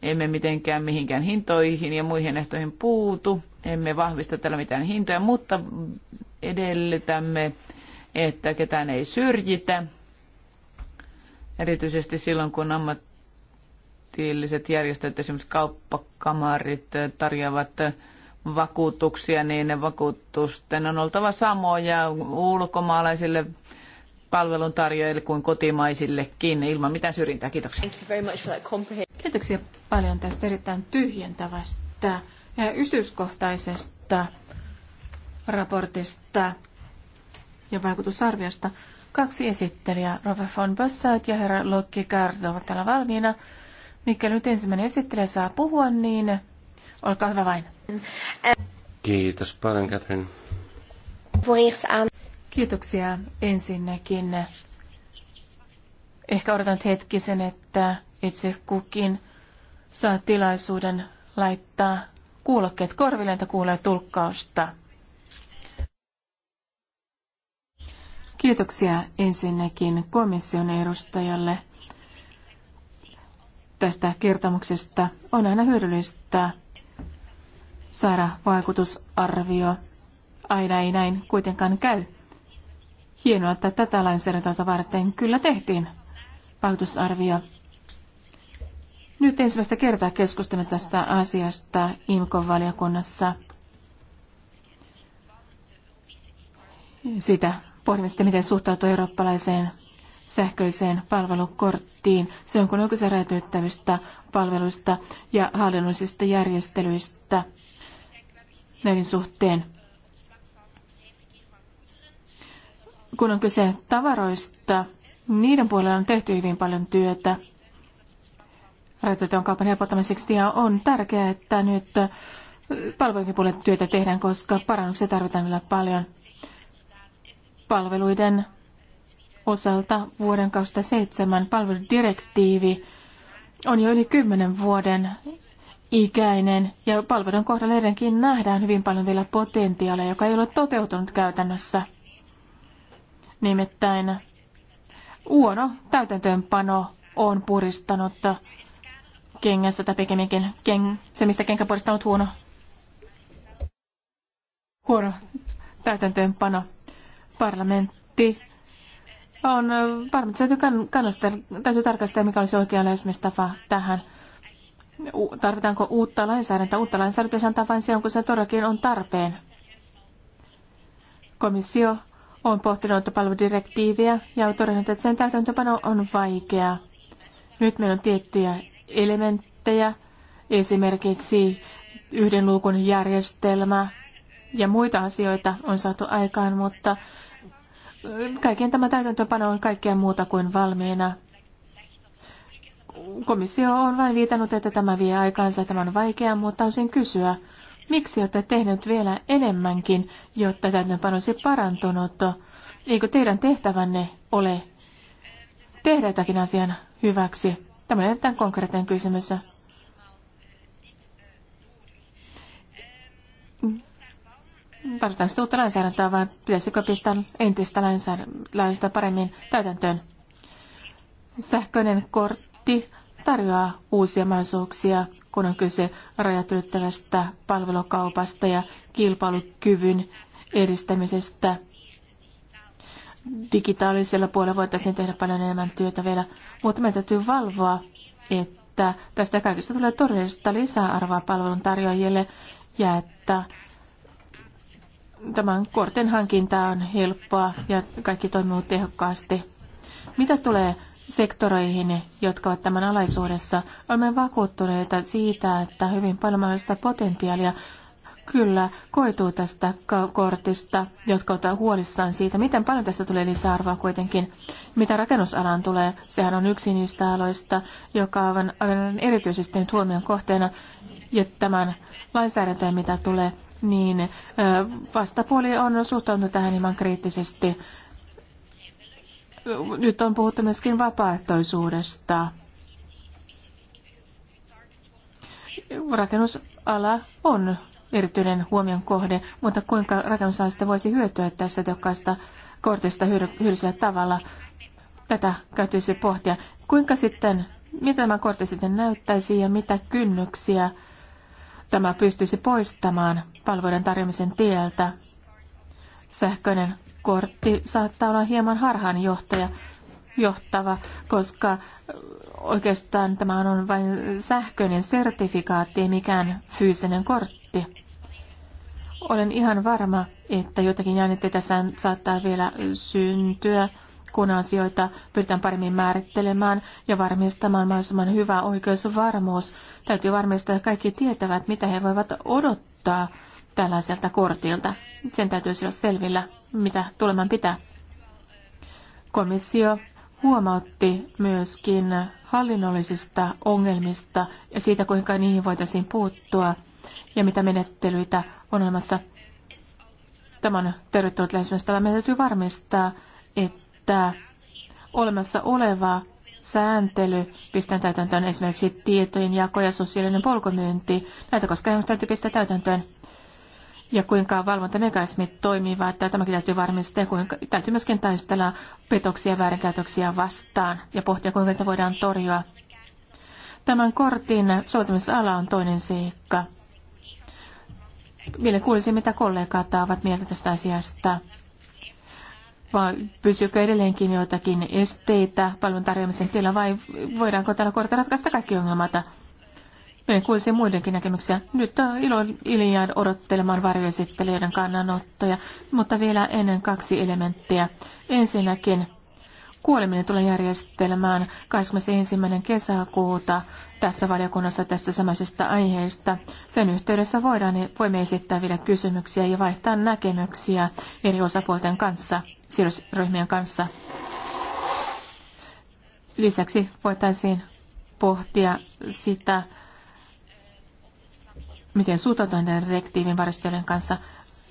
S2: Emme mitenkään mihinkään hintoihin ja muihin ehtoihin puutu, emme vahvista tällä mitään hintoja, mutta edellytämme, että ketään ei syrjitä, erityisesti silloin kun ammatilliset järjestöt, esimerkiksi kauppakamarit, tarjoavat vakuutuksia, niin vakuutusten on oltava samoja ulkomaalaisille palveluntarjoajille kuin kotimaisillekin ilman mitään syrjintää. Kiitoksia.
S1: Kiitoksia paljon tästä erittäin tyhjentävästä ja yksityiskohtaisesta raportista ja vaikutusarviosta. Kaksi esittelijää, Rove von Bossat ja herra Lokki Gard, ovat täällä valmiina. Mikä nyt ensimmäinen esittelijä saa puhua, niin olkaa hyvä vain.
S3: Kiitos paljon, Katrin.
S1: Kiitoksia ensinnäkin. Ehkä odotan hetkisen, että itse kukin saa tilaisuuden laittaa kuulokkeet korville, että kuulee tulkkausta. Kiitoksia ensinnäkin komission edustajalle tästä kertomuksesta. On aina hyödyllistä saada vaikutusarvio. Aina ei näin kuitenkaan käy. Hienoa, että tätä lainsäädäntöä varten kyllä tehtiin vaikutusarvio. Nyt ensimmäistä kertaa keskustelemme tästä asiasta imco valiokunnassa. Sitä pohdimme sitten, miten suhtautuu eurooppalaiseen sähköiseen palvelukorttiin. Se on kun oikeastaan räätyyttävistä palveluista ja hallinnollisista järjestelyistä näiden suhteen. kun on kyse tavaroista, niiden puolella on tehty hyvin paljon työtä. Rajoitetun kaupan helpottamiseksi ja on tärkeää, että nyt palvelujen puolella työtä tehdään, koska parannuksia tarvitaan vielä paljon. Palveluiden osalta vuoden 2007 palveludirektiivi on jo yli 10 vuoden ikäinen ja palvelun kohdalla edelleenkin nähdään hyvin paljon vielä potentiaalia, joka ei ole toteutunut käytännössä. Nimittäin huono täytäntöönpano on puristanut kengässä tai pikemminkin keng, se, mistä kenkä puristanut huono, huono täytäntöönpano. Parlamentti on, parlamentti täytyy, kann, täytyy tarkastaa, mikä olisi oikea lähestymistapa tähän. U, tarvitaanko uutta lainsäädäntöä? Uutta lainsäädäntöä antaa vain silloin, kun se todellakin on tarpeen. Komissio on pohtinut palveludirektiiviä ja on todennut, että sen täytäntöpano on vaikeaa. Nyt meillä on tiettyjä elementtejä, esimerkiksi yhden luukun järjestelmä ja muita asioita on saatu aikaan, mutta kaiken tämä täytäntöpano on kaikkea muuta kuin valmiina. Komissio on vain viitannut, että tämä vie aikaansa, tämä on vaikeaa, mutta osin kysyä, Miksi olette tehnyt vielä enemmänkin, jotta täytäntöönpano olisi parantunut? Eikö teidän tehtävänne ole tehdä jotakin asian hyväksi? Tämä on erittäin konkreettinen kysymys. Tarvitaan sitä uutta lainsäädäntöä, vaan pitäisikö pistää entistä lainsäädäntöä paremmin täytäntöön? Sähköinen kortti tarjoaa uusia mahdollisuuksia kun on kyse rajat ylittävästä palvelukaupasta ja kilpailukyvyn edistämisestä. Digitaalisella puolella voitaisiin tehdä paljon enemmän työtä vielä, mutta meidän täytyy valvoa, että tästä kaikesta tulee todellista lisäarvoa palvelun tarjoajille ja että tämän kortin hankinta on helppoa ja kaikki toimii tehokkaasti. Mitä tulee sektoreihin, jotka ovat tämän alaisuudessa. Olemme vakuuttuneita siitä, että hyvin paljon mahdollista potentiaalia kyllä koituu tästä kortista, jotka ovat huolissaan siitä, miten paljon tästä tulee lisäarvoa kuitenkin. Mitä rakennusalaan tulee, sehän on yksi niistä aloista, joka on aivan erityisesti nyt huomion kohteena. Ja tämän lainsäädäntöön, mitä tulee, niin vastapuoli on suhtautunut tähän hieman kriittisesti nyt on puhuttu myöskin vapaaehtoisuudesta. Rakennusala on erityinen huomion kohde, mutta kuinka rakennusala voisi hyötyä tästä tehokkaasta kortista hyödyllisellä tavalla? Tätä käytyisi pohtia. Kuinka sitten, mitä tämä kortti sitten näyttäisi ja mitä kynnyksiä tämä pystyisi poistamaan palveluiden tarjoamisen tieltä? Sähköinen kortti saattaa olla hieman harhaanjohtaja, johtava, koska oikeastaan tämä on vain sähköinen sertifikaatti, ei mikään fyysinen kortti. Olen ihan varma, että jotakin jännitteitä tässä saattaa vielä syntyä, kun asioita pyritään paremmin määrittelemään ja varmistamaan mahdollisimman hyvä oikeusvarmuus. Täytyy varmistaa, että kaikki tietävät, mitä he voivat odottaa tällaiselta kortilta. Sen täytyy olla selvillä mitä tuleman pitää. Komissio huomautti myöskin hallinnollisista ongelmista ja siitä, kuinka niihin voitaisiin puuttua ja mitä menettelyitä on olemassa. Tämä on tervetullut lähestymistapa. Meidän täytyy varmistaa, että olemassa oleva sääntely, pistetään täytäntöön esimerkiksi tietojen jako ja sosiaalinen polkumyynti. Näitä koskaan täytyy pistää täytäntöön ja kuinka valvontamekanismit toimivat. Tämäkin täytyy varmistaa ja kuinka, täytyy myöskin taistella petoksia ja väärinkäytöksiä vastaan ja pohtia, kuinka niitä voidaan torjua. Tämän kortin soveltamisala on toinen seikka. Mielen kuulisin, mitä kollegat ovat mieltä tästä asiasta. Vai pysyykö edelleenkin joitakin esteitä palvelun tarjoamisen tiellä vai voidaanko tällä kortilla ratkaista kaikki ongelmat? Niin, kuulisin muidenkin näkemyksiä. Nyt on äh, ilo iljaa odottelemaan varjoesittelijöiden kannanottoja, mutta vielä ennen kaksi elementtiä. Ensinnäkin kuoleminen tulee järjestelmään 21. kesäkuuta tässä valiokunnassa tästä samaisesta aiheesta. Sen yhteydessä voidaan, voimme esittää vielä kysymyksiä ja vaihtaa näkemyksiä eri osapuolten kanssa, sidosryhmien kanssa. Lisäksi voitaisiin pohtia sitä, miten suhtautua näiden direktiivin varastojen kanssa.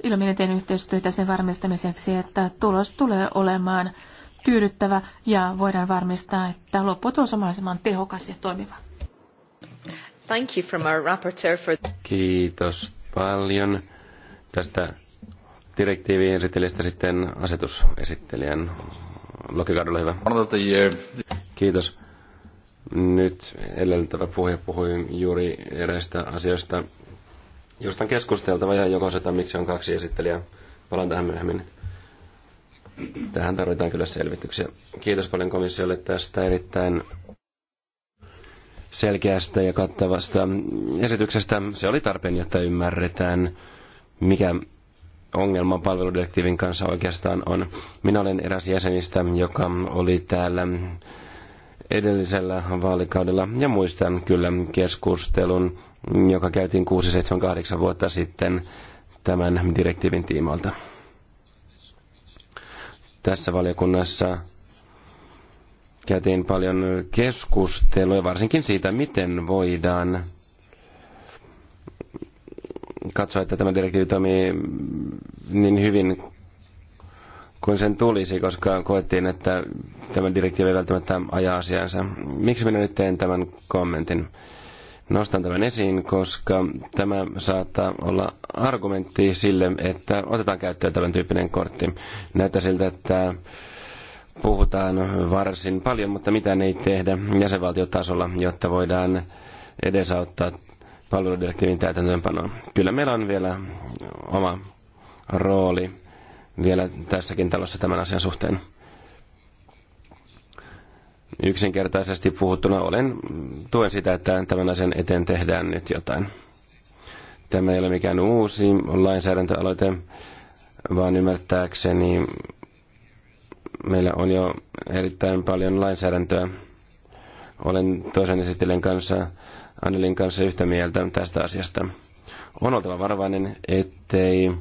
S1: Ilmiin teen yhteistyötä sen varmistamiseksi, että tulos tulee olemaan tyydyttävä ja voidaan varmistaa, että lopputulos on mahdollisimman tehokas ja toimiva.
S3: Thank you from our rapporteur for... Kiitos paljon tästä direktiivin esittelijästä sitten asetusesittelijän Lokikadulla hyvä. Kiitos. Nyt edeltävä puhuja puhui juuri eräistä asioista, josta on keskusteltava ihan joko että miksi on kaksi esittelijää. Palaan tähän myöhemmin. Tähän tarvitaan kyllä selvityksiä. Kiitos paljon komissiolle tästä erittäin selkeästä ja kattavasta esityksestä. Se oli tarpeen, jotta ymmärretään, mikä ongelma palveludirektiivin kanssa oikeastaan on. Minä olen eräs jäsenistä, joka oli täällä edellisellä vaalikaudella ja muistan kyllä keskustelun joka käytiin 6, 7, 8 vuotta sitten tämän direktiivin tiimoilta. Tässä valiokunnassa käytiin paljon keskusteluja, varsinkin siitä, miten voidaan katsoa, että tämä direktiivi toimii niin hyvin kuin sen tulisi, koska koettiin, että tämä direktiivi ei välttämättä aja asiansa. Miksi minä nyt teen tämän kommentin? Nostan tämän esiin, koska tämä saattaa olla argumentti sille, että otetaan käyttöön tämän tyyppinen kortti. Näyttää siltä, että puhutaan varsin paljon, mutta mitään ei tehdä jäsenvaltiotasolla, jotta voidaan edesauttaa palveludirektiivin täytäntöönpanoa. Kyllä meillä on vielä oma rooli vielä tässäkin talossa tämän asian suhteen yksinkertaisesti puhuttuna olen, tuen sitä, että tämän asian eteen tehdään nyt jotain. Tämä ei ole mikään uusi lainsäädäntöaloite, vaan ymmärtääkseni meillä on jo erittäin paljon lainsäädäntöä. Olen toisen esittelijän kanssa, Annelin kanssa yhtä mieltä tästä asiasta. On oltava varovainen, ettei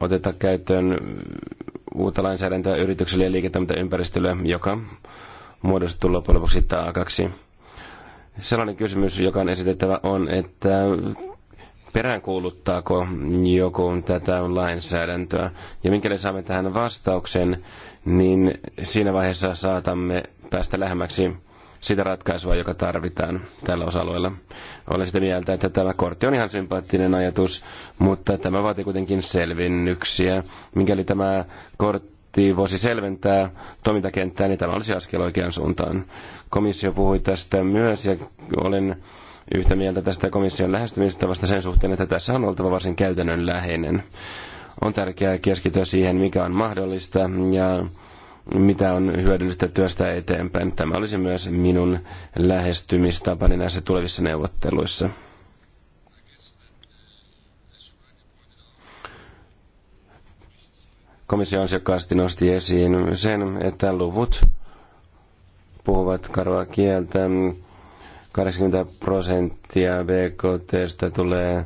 S3: oteta käyttöön uutta lainsäädäntöä yritykselle ja liiketoimintaympäristölle, joka muodostettu loppujen lopuksi taakaksi. Sellainen kysymys, joka on esitettävä, on, että peräänkuuluttaako joku tätä lainsäädäntöä. Ja minkäli saamme tähän vastauksen, niin siinä vaiheessa saatamme päästä lähemmäksi sitä ratkaisua, joka tarvitaan tällä osa-alueella. Olen sitä mieltä, että tämä kortti on ihan sympaattinen ajatus, mutta tämä vaatii kuitenkin selvinnyksiä. Mikäli tämä kortti budjetti voisi selventää toimintakenttää, niin tämä olisi askel oikeaan suuntaan. Komissio puhui tästä myös ja olen yhtä mieltä tästä komission lähestymistä vasta sen suhteen, että tässä on oltava varsin käytännönläheinen. On tärkeää keskittyä siihen, mikä on mahdollista ja mitä on hyödyllistä työstä eteenpäin. Tämä olisi myös minun lähestymistapani näissä tulevissa neuvotteluissa. Komissio ansiokkaasti nosti esiin sen, että luvut puhuvat karua kieltä. 80 prosenttia BKTstä tulee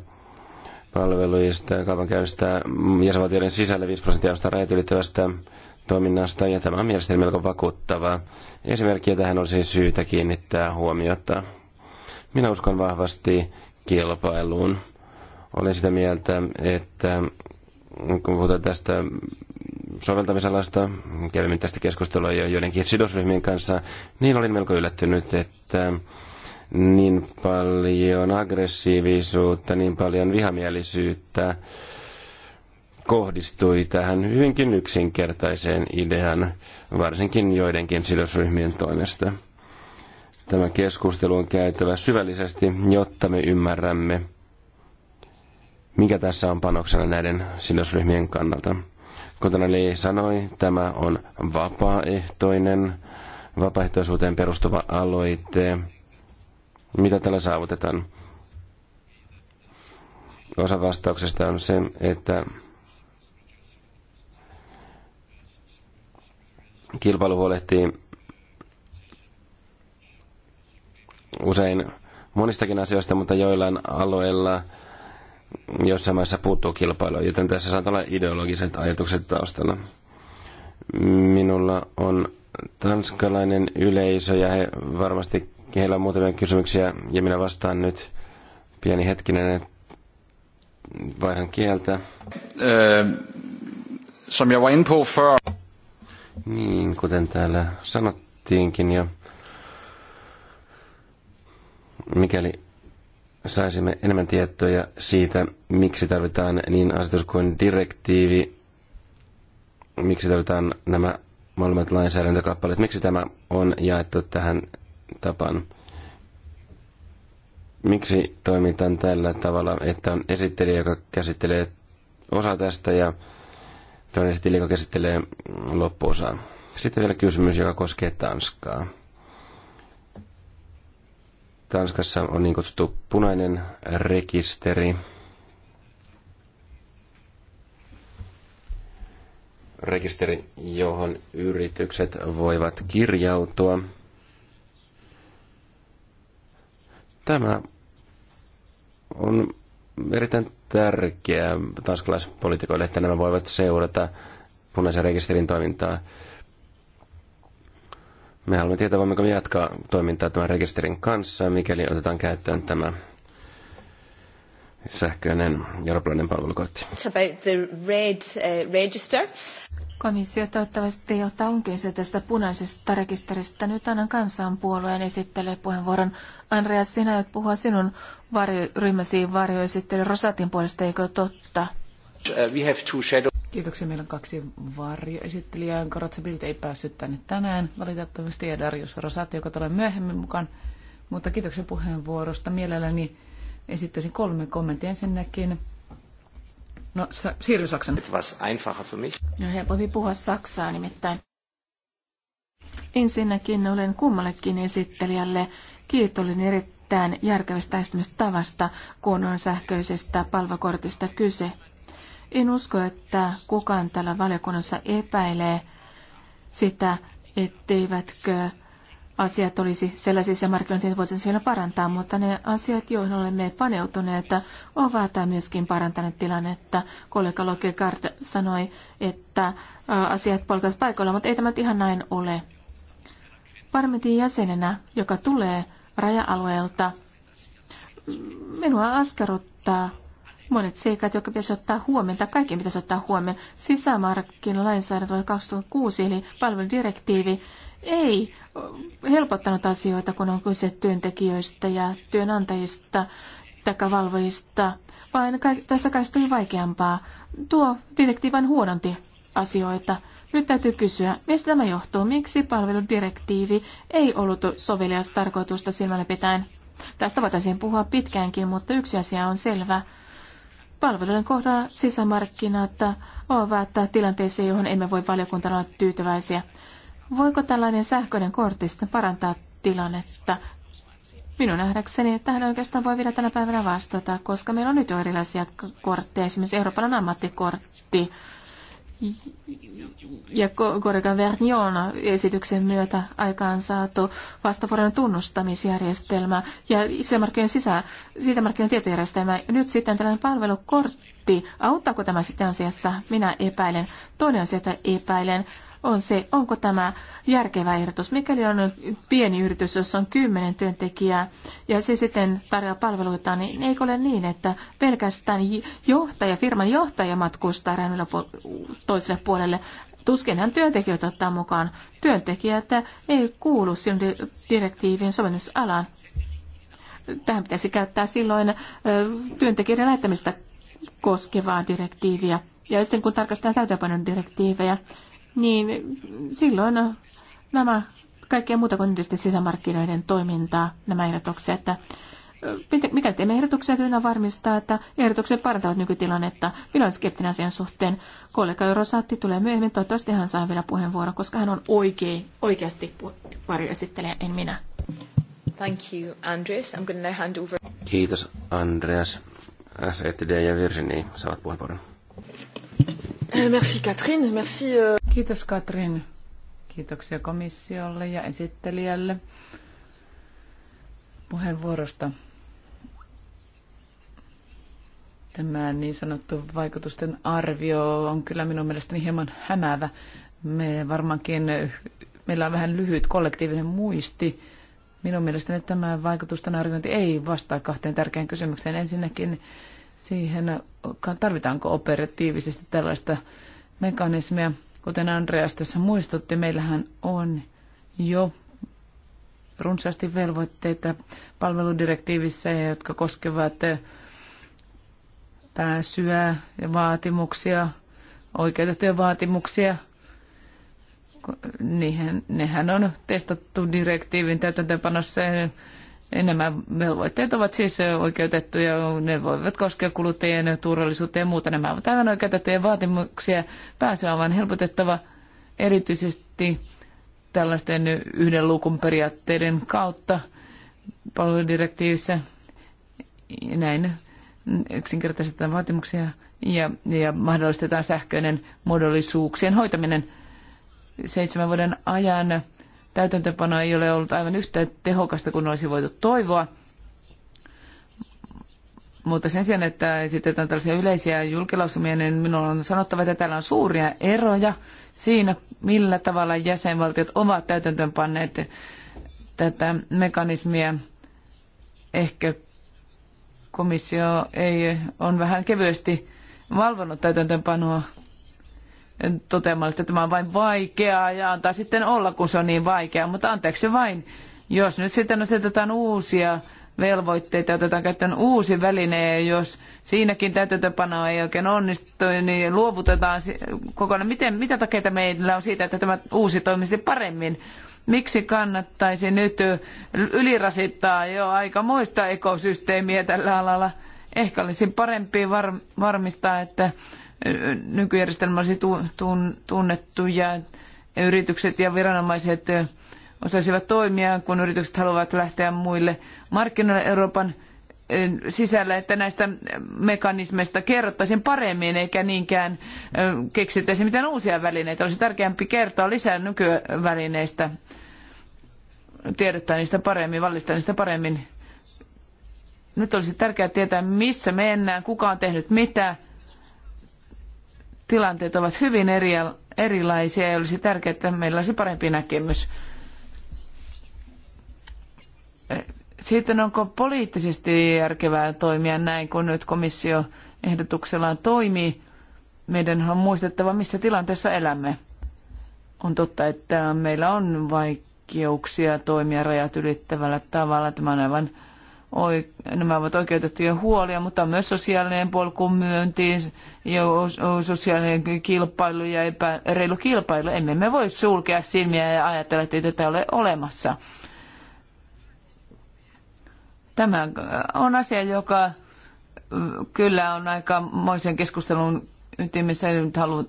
S3: palveluista ja kaupankäynnistä jäsenvaltioiden sisällä 5 prosenttia on rajat ylittävästä toiminnasta, ja tämä on mielestäni melko vakuuttava. Esimerkkiä tähän olisi syytä kiinnittää huomiota. Minä uskon vahvasti kilpailuun. Olen sitä mieltä, että kun puhutaan tästä soveltamisalasta, kävimme tästä keskustelua jo joidenkin sidosryhmien kanssa, niin olin melko yllättynyt, että niin paljon aggressiivisuutta, niin paljon vihamielisyyttä kohdistui tähän hyvinkin yksinkertaiseen ideaan, varsinkin joidenkin sidosryhmien toimesta. Tämä keskustelu on käytävä syvällisesti, jotta me ymmärrämme, mikä tässä on panoksena näiden sidosryhmien kannalta. Kuten Ali sanoi, tämä on vapaaehtoinen, vapaaehtoisuuteen perustuva aloite. Mitä tällä saavutetaan? Osa vastauksesta on se, että kilpailu huolehtii usein monistakin asioista, mutta joillain alueilla – jossain maissa puuttuu kilpailu, joten tässä saattaa olla ideologiset ajatukset taustalla. Minulla on tanskalainen yleisö ja he varmasti heillä on muutamia kysymyksiä ja minä vastaan nyt pieni hetkinen vaihan kieltä. Äh, som jag var in på för. Niin, kuten täällä sanottiinkin jo. Mikäli saisimme enemmän tietoja siitä, miksi tarvitaan niin asetus kuin direktiivi, miksi tarvitaan nämä molemmat lainsäädäntökappaleet, miksi tämä on jaettu tähän tapaan. Miksi toimitaan tällä tavalla, että on esittelijä, joka käsittelee osa tästä ja toinen esittelijä, joka käsittelee loppuosaa. Sitten vielä kysymys, joka koskee Tanskaa. Tanskassa on niin kutsuttu punainen rekisteri. Rekisteri, johon yritykset voivat kirjautua. Tämä on erittäin tärkeää tanskalaispolitiikoille, että nämä voivat seurata punaisen rekisterin toimintaa. Me haluamme tietää, voimmeko me jatkaa toimintaa tämän rekisterin kanssa, mikäli otetaan käyttöön tämä sähköinen eurooppalainen palvelukortti.
S5: About the
S1: red, uh, register. Komissio toivottavasti ottaa onkin se tästä punaisesta rekisteristä. Nyt annan kansanpuolueen esittelee puheenvuoron. Andrea, sinä aiot puhua sinun varjo, ryhmäsi varjoesittely Rosatin puolesta, eikö totta?
S4: Uh, we have two shadow
S2: Kiitoksia. Meillä on kaksi varjoesittelijää. Korotsa Bilt ei päässyt tänne tänään valitettavasti ja Darius Rosati, joka tulee myöhemmin mukaan. Mutta kiitoksia puheenvuorosta. Mielelläni esittäisin kolme kommenttia ensinnäkin. No, siirry Saksan.
S4: Etwas einfacher für mich.
S1: No, helpompi puhua Saksaa nimittäin. Ensinnäkin olen kummallekin esittelijälle kiitollinen erittäin järkevästä tavasta, kun on sähköisestä palvakortista kyse. En usko, että kukaan täällä valiokunnassa epäilee sitä, etteivätkö asiat olisi sellaisissa markkinoilla, että voitaisiin vielä parantaa, mutta ne asiat, joihin olemme paneutuneet, ovat myöskin parantaneet tilannetta. Kollega Lokekard sanoi, että asiat polkaisivat paikoilla, mutta ei tämä ihan näin ole. Parlamentin jäsenenä, joka tulee raja-alueelta, minua askarruttaa monet seikat, jotka pitäisi ottaa huomioon, tai kaikki pitäisi ottaa huomioon. Sisämarkkinalainsäädäntö 2006, eli palveludirektiivi, ei helpottanut asioita, kun on kyse työntekijöistä ja työnantajista tai valvojista, vaan tässä kai on vaikeampaa. Tuo direktiivan huononti asioita. Nyt täytyy kysyä, mistä tämä johtuu, miksi palveludirektiivi ei ollut sovelias tarkoitusta silmällä pitäen. Tästä voitaisiin puhua pitkäänkin, mutta yksi asia on selvä. Palveluiden kohdalla sisämarkkinat ovat tilanteessa, johon emme voi valiokuntana olla tyytyväisiä. Voiko tällainen sähköinen kortti sitten parantaa tilannetta? Minun nähdäkseni tähän oikeastaan voi vielä tänä päivänä vastata, koska meillä on nyt jo erilaisia kortteja, esimerkiksi Euroopan ammattikortti, ja Gorgan Verniona esityksen myötä aikaan saatu vastavuoroinen tunnustamisjärjestelmä ja sisämarkkinoiden sisä, sisämarkkinoiden tietojärjestelmä. Nyt sitten tällainen palvelukortti. Auttaako tämä sitten asiassa? Minä epäilen. Toinen asia, että epäilen, on se, onko tämä järkevä ehdotus. Mikäli on pieni yritys, jossa on kymmenen työntekijää ja se sitten tarjoaa palveluita, niin eikö ole niin, että pelkästään johtaja, firman johtaja matkustaa rajan toiselle puolelle. Tuskin hän työntekijöitä ottaa mukaan. Työntekijät ei kuulu sinun direktiivien sovellusalaan. Tähän pitäisi käyttää silloin työntekijöiden lähettämistä koskevaa direktiiviä. Ja sitten kun tarkastetaan täytäpainon direktiivejä, niin silloin no, nämä kaikkea muuta kuin tietysti sisämarkkinoiden toimintaa, nämä ehdotukset, että mikä teemme ehdotuksia, että varmistaa, että ehdotukset parantavat nykytilannetta. Minä olen skeptinen asian suhteen. Kollega Eurosaatti tulee myöhemmin. Toivottavasti hän saa vielä puheenvuoron, koska hän on oikein, oikeasti varjoesittelijä, en minä. Thank you, Andreas. I'm going to hand over.
S3: Kiitos, Andreas. SETD ja Virginia saavat puheenvuoron.
S2: Euh, merci merci. Euh, Kiitos Katrin. Kiitoksia komissiolle ja esittelijälle puheenvuorosta. Tämä niin sanottu vaikutusten arvio on kyllä minun mielestäni hieman hämäävä. Me varmaankin, meillä on vähän lyhyt kollektiivinen muisti. Minun mielestäni tämä vaikutusten arviointi ei vastaa kahteen tärkeään kysymykseen. Ensinnäkin siihen, tarvitaanko operatiivisesti tällaista mekanismia. Kuten Andreas tässä muistutti, meillähän on jo runsaasti velvoitteita palveludirektiivissä, jotka koskevat eh, pääsyä ja vaatimuksia, oikeutettuja vaatimuksia. Niihin, nehän on testattu direktiivin täytäntöönpanossa eh, enemmän velvoitteet ovat siis oikeutettuja, ne voivat koskea kuluttajien turvallisuutta ja muuta. Nämä ovat aivan oikeutettuja vaatimuksia. Pääsyä on vain helpotettava erityisesti tällaisten yhden luukun periaatteiden kautta palveludirektiivissä. Näin yksinkertaistetaan vaatimuksia ja, ja mahdollistetaan sähköinen muodollisuuksien hoitaminen seitsemän vuoden ajan täytäntöpano ei ole ollut aivan yhtä tehokasta kuin olisi voitu toivoa. Mutta sen sijaan, että esitetään tällaisia yleisiä julkilausumia, niin minun on sanottava, että täällä on suuria eroja siinä, millä tavalla jäsenvaltiot ovat täytäntöönpanneet tätä mekanismia. Ehkä komissio ei, on vähän kevyesti valvonut täytäntöönpanoa toteamalla, että tämä on vain vaikeaa ja antaa sitten olla, kun se on niin vaikeaa. Mutta anteeksi vain, jos nyt sitten asetetaan uusia velvoitteita, otetaan käyttöön uusi väline ja jos siinäkin täytäntöpano ei oikein onnistu, niin luovutetaan kokonaan. Miten, mitä takeita meillä on siitä, että tämä uusi toimisi paremmin? Miksi kannattaisi nyt ylirasittaa jo aika muista ekosysteemiä tällä alalla? Ehkä olisi parempi varmistaa, että nykyjärjestelmä olisi tunnettu ja yritykset ja viranomaiset osaisivat toimia, kun yritykset haluavat lähteä muille markkinoille Euroopan sisällä, että näistä mekanismeista kerrottaisiin paremmin eikä niinkään keksittäisi mitään uusia välineitä. Olisi tärkeämpi kertoa lisää nykyvälineistä, tiedottaa niistä paremmin, valistaa niistä paremmin. Nyt olisi tärkeää tietää, missä mennään, kuka on tehnyt mitä, tilanteet ovat hyvin eri, erilaisia ja olisi tärkeää, että meillä olisi parempi näkemys. Sitten onko poliittisesti järkevää toimia näin, kun nyt komissio ehdotuksellaan toimii. Meidän on muistettava, missä tilanteessa elämme. On totta, että meillä on vaikeuksia toimia rajat ylittävällä tavalla. Tämä on aivan nämä ovat oikeutettuja huolia, mutta myös sosiaalinen polku myyntiin ja sosiaalinen kilpailu ja epäreilu kilpailu. Emme me voi sulkea silmiä ja ajatella, että ei tätä ole olemassa. Tämä äh, on asia, joka äh, kyllä on aika moisen keskustelun ytimessä. Nyt haluan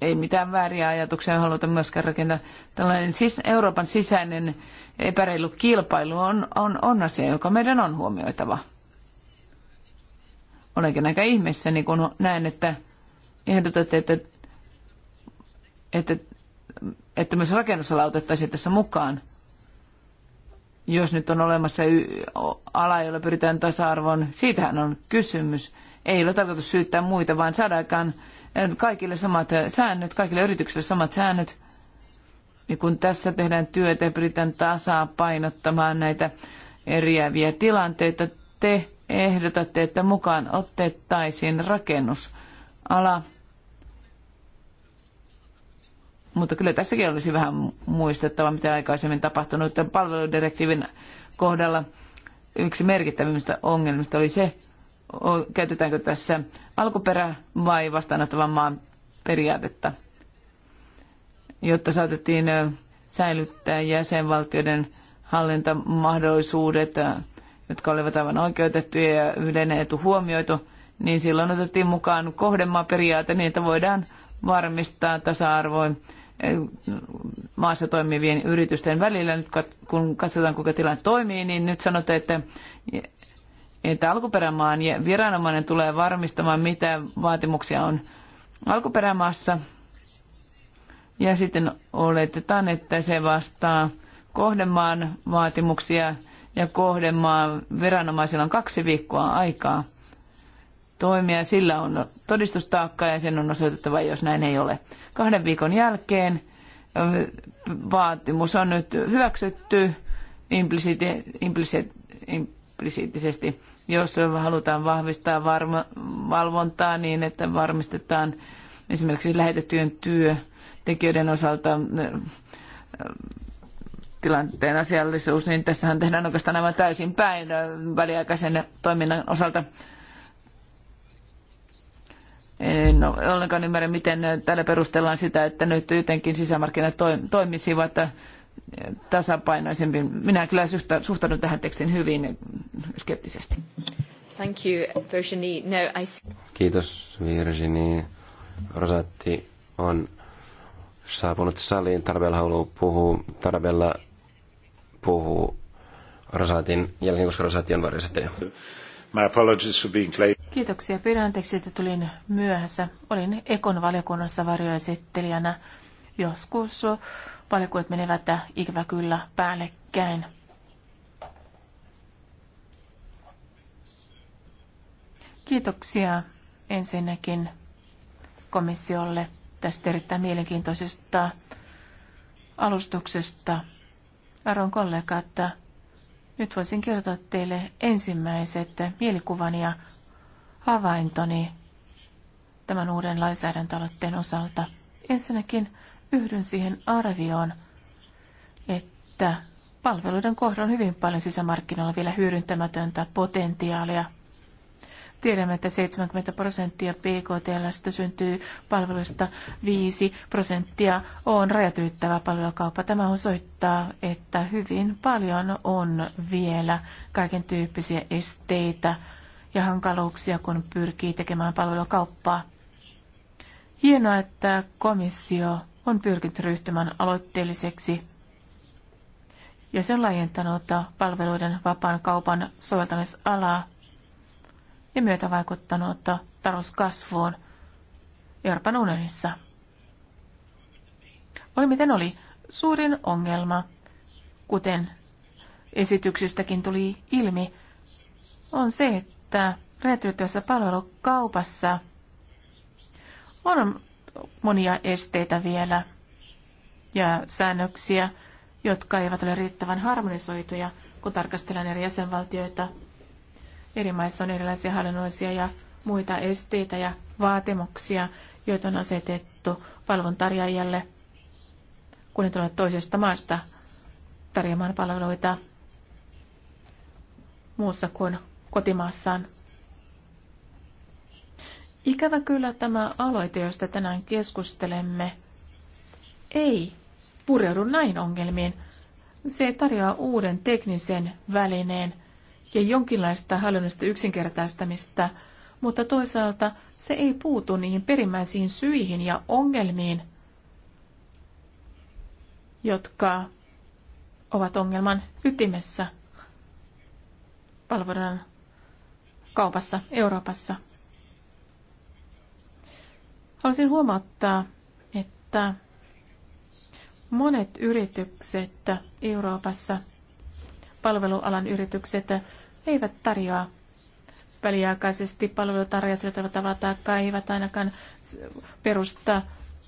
S2: ei mitään vääriä ajatuksia haluta myöskään rakentaa. Tällainen siis Euroopan sisäinen epäreilu kilpailu on, on, on asia, joka meidän on huomioitava. Olenkin aika niin kun näen, että ehdotatte, että, että, että myös rakennusala otettaisiin tässä mukaan. Jos nyt on olemassa ala, jolla pyritään tasa-arvoon, siitähän on kysymys. Ei ole tarkoitus syyttää muita, vaan saada aikaan kaikille samat säännöt, kaikille yrityksille samat säännöt. Ja kun tässä tehdään työtä ja pyritään tasapainottamaan näitä eriäviä tilanteita, te ehdotatte, että mukaan otettaisiin rakennusala. Mutta kyllä tässäkin olisi vähän muistettava, mitä aikaisemmin tapahtunut. Tämän palveludirektiivin kohdalla yksi merkittävimmistä ongelmista oli se, käytetäänkö tässä alkuperä- vai vastaanottavan maan periaatetta, jotta saatettiin säilyttää jäsenvaltioiden hallintamahdollisuudet, jotka olivat aivan oikeutettuja ja yleinen etu huomioitu, niin silloin otettiin mukaan kohdemaaperiaate niin, että voidaan varmistaa tasa-arvoin maassa toimivien yritysten välillä. Nyt kun katsotaan, kuinka tilanne toimii, niin nyt sanotaan, että että alkuperämaan ja viranomainen tulee varmistamaan, mitä vaatimuksia on alkuperämaassa. Ja sitten oletetaan, että se vastaa kohdemaan vaatimuksia ja kohdemaan viranomaisilla on kaksi viikkoa aikaa toimia. Sillä on todistustaakka ja sen on osoitettava, jos näin ei ole. Kahden viikon jälkeen vaatimus on nyt hyväksytty implisiittisesti jos halutaan vahvistaa varma, valvontaa niin, että varmistetaan esimerkiksi lähetettyjen työntekijöiden osalta äh, tilanteen asiallisuus, niin tässähän tehdään oikeastaan aivan täysin päin äh, väliaikaisen toiminnan osalta. En ollenkaan ymmärrä, miten täällä perustellaan sitä, että nyt jotenkin sisämarkkinat toimisivat tasapainoisempi. Minä kyllä suhtaudun tähän tekstiin hyvin skeptisesti.
S1: Thank you, Virginie. No, I...
S3: Kiitos, Virginie. Rosatti on saapunut saliin. Tarabella haluaa puhua. Tarabella puhuu Rosatin jälkeen, koska Rosatti on varjoisettaja. My apologies for being late.
S1: Kiitoksia. Pyydän anteeksi, että tulin myöhässä. Olin Ekon valiokunnassa varjoesittelijänä. Joskus palkuet menevät ikävä kyllä päällekkäin. Kiitoksia ensinnäkin komissiolle tästä erittäin mielenkiintoisesta alustuksesta. Arvon kollegat, nyt voisin kertoa teille ensimmäiset mielikuvani ja havaintoni tämän uuden lainsäädäntöaloitteen osalta. Ensinnäkin yhdyn siihen arvioon, että palveluiden kohdalla on hyvin paljon sisämarkkinoilla vielä hyödyntämätöntä potentiaalia. Tiedämme, että 70 prosenttia PKTLstä syntyy palveluista 5 prosenttia on rajat ylittävä palvelukauppa. Tämä osoittaa, että hyvin paljon on vielä kaiken tyyppisiä esteitä ja hankaluuksia, kun pyrkii tekemään palvelukauppaa. Hienoa, että komissio on pyrkinyt ryhtymään aloitteelliseksi ja se on laajentanut palveluiden vapaan kaupan soveltamisalaa ja myötä vaikuttanut talouskasvuun Euroopan unionissa. Oli miten oli, suurin ongelma, kuten esityksistäkin tuli ilmi, on se, että räätyytyvässä palvelukaupassa on monia esteitä vielä ja säännöksiä, jotka eivät ole riittävän harmonisoituja, kun tarkastellaan eri jäsenvaltioita. Eri maissa on erilaisia hallinnollisia ja muita esteitä ja vaatimuksia, joita on asetettu palveluntarjaajalle, kun ne tulevat toisesta maasta tarjoamaan palveluita muussa kuin kotimaassaan. Ikävä kyllä tämä aloite, josta tänään keskustelemme, ei pureudu näin ongelmiin. Se tarjoaa uuden teknisen välineen ja jonkinlaista hallinnollista yksinkertaistamista, mutta toisaalta se ei puutu niihin perimmäisiin syihin ja ongelmiin, jotka ovat ongelman ytimessä palvelun kaupassa Euroopassa. Haluaisin huomauttaa, että monet yritykset Euroopassa, palvelualan yritykset, eivät tarjoa väliaikaisesti palvelutarjoajat yrittävällä tavalla tai eivät ainakaan perusta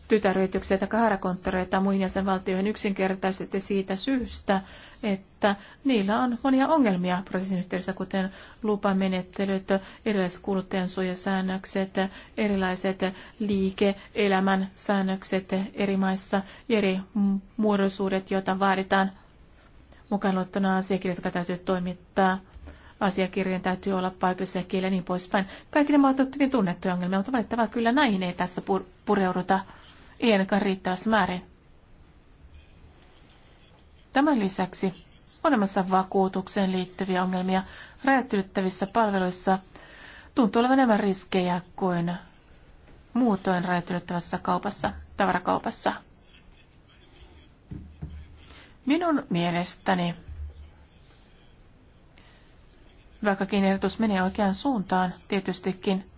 S1: tytäryrityksiä tai harakonttoreita muihin jäsenvaltioihin yksinkertaisesti siitä syystä, että niillä on monia ongelmia prosessin yhteydessä, kuten lupamenettelyt, erilaiset kuluttajansuojasäännökset, erilaiset liike-elämän säännökset eri maissa, eri muodollisuudet, joita vaaditaan mukaan luettuna asiakirjat, jotka täytyy toimittaa asiakirjojen täytyy olla paikallisella kielellä ja niin poispäin. Kaikki nämä ovat hyvin tunnettuja ongelmia, mutta valitettavasti kyllä näihin ei tässä pureuduta ei ainakaan riittävässä määrin. Tämän lisäksi olemassa vakuutukseen liittyviä ongelmia rajat palveluissa tuntuu olevan enemmän riskejä kuin muutoin rajat kaupassa, tavarakaupassa. Minun mielestäni, vaikkakin ehdotus menee oikeaan suuntaan tietystikin,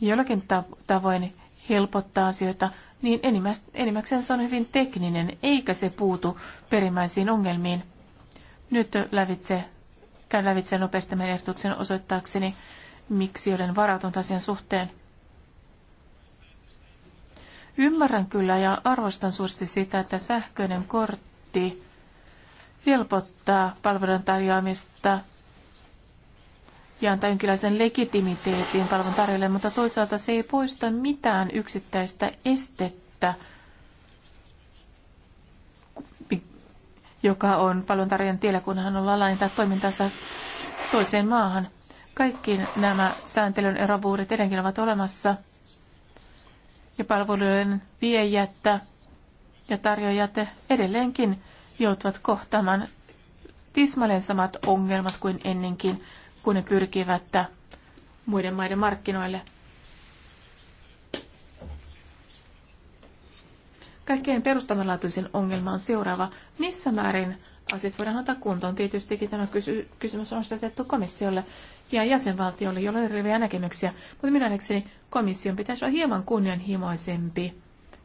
S1: jollakin tavoin helpottaa asioita, niin enimmäkseen se on hyvin tekninen, eikä se puutu perimmäisiin ongelmiin. Nyt lävitse, käyn lävitse nopeasti meidän ehdotuksen osoittaakseni, miksi olen varautunut asian suhteen. Ymmärrän kyllä ja arvostan suuresti sitä, että sähköinen kortti helpottaa palvelun tarjoamista ja antaa jonkinlaisen legitimiteetin tarjolle, mutta toisaalta se ei poista mitään yksittäistä estettä, joka on tarjon tiellä, kun hän on laajentaa toimintansa toiseen maahan. Kaikki nämä sääntelyn erovuudet edelleenkin ovat olemassa ja palveluiden viejät ja tarjoajat edelleenkin joutuvat kohtaamaan tismalleen samat ongelmat kuin ennenkin kun ne pyrkivät muiden maiden markkinoille. Kaikkein perustavanlaatuisin ongelma on seuraava. Missä määrin asiat voidaan ottaa kuntoon? Tietystikin tämä kysy- kysymys on osoitettu komissiolle ja jäsenvaltiolle, jolla on rivejä näkemyksiä. Mutta minä nähdäkseni komission pitäisi olla hieman kunnianhimoisempi.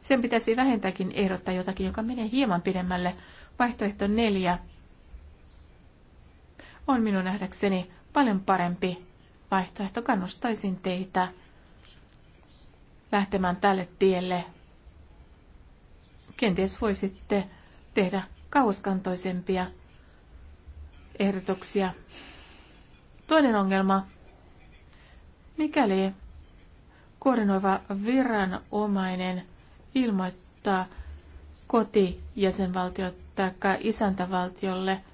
S1: Sen pitäisi vähintäänkin ehdottaa jotakin, joka menee hieman pidemmälle. Vaihtoehto neljä on minun nähdäkseni paljon parempi vaihtoehto. Kannustaisin teitä lähtemään tälle tielle. Kenties voisitte tehdä kauaskantoisempia ehdotuksia. Toinen ongelma. Mikäli koordinoiva viranomainen ilmoittaa jäsenvaltiolle tai isäntävaltiolle –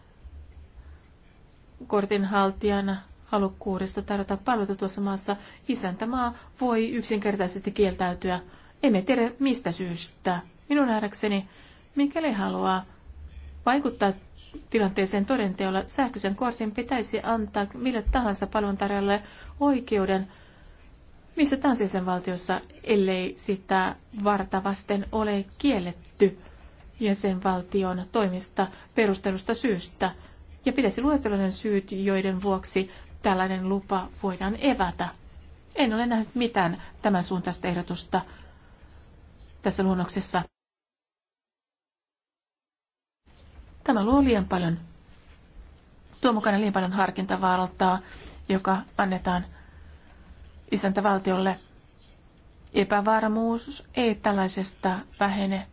S1: kortinhaltijana halukkuudesta tarjota palveluita tuossa maassa, isäntämaa voi yksinkertaisesti kieltäytyä. Emme tiedä mistä syystä. Minun nähdäkseni, mikäli haluaa vaikuttaa tilanteeseen todenteolla, sähköisen kortin pitäisi antaa mille tahansa palveluntarjalle oikeuden missä tahansa jäsenvaltiossa, ellei sitä vartavasten ole kielletty jäsenvaltion toimista perustelusta syystä ja pitäisi luetella syyt, joiden vuoksi tällainen lupa voidaan evätä. En ole nähnyt mitään tämän suuntaista ehdotusta tässä luonnoksessa. Tämä luo liian paljon, tuo mukana liian paljon harkintavaltaa, joka annetaan isäntävaltiolle. Epävarmuus ei tällaisesta vähene.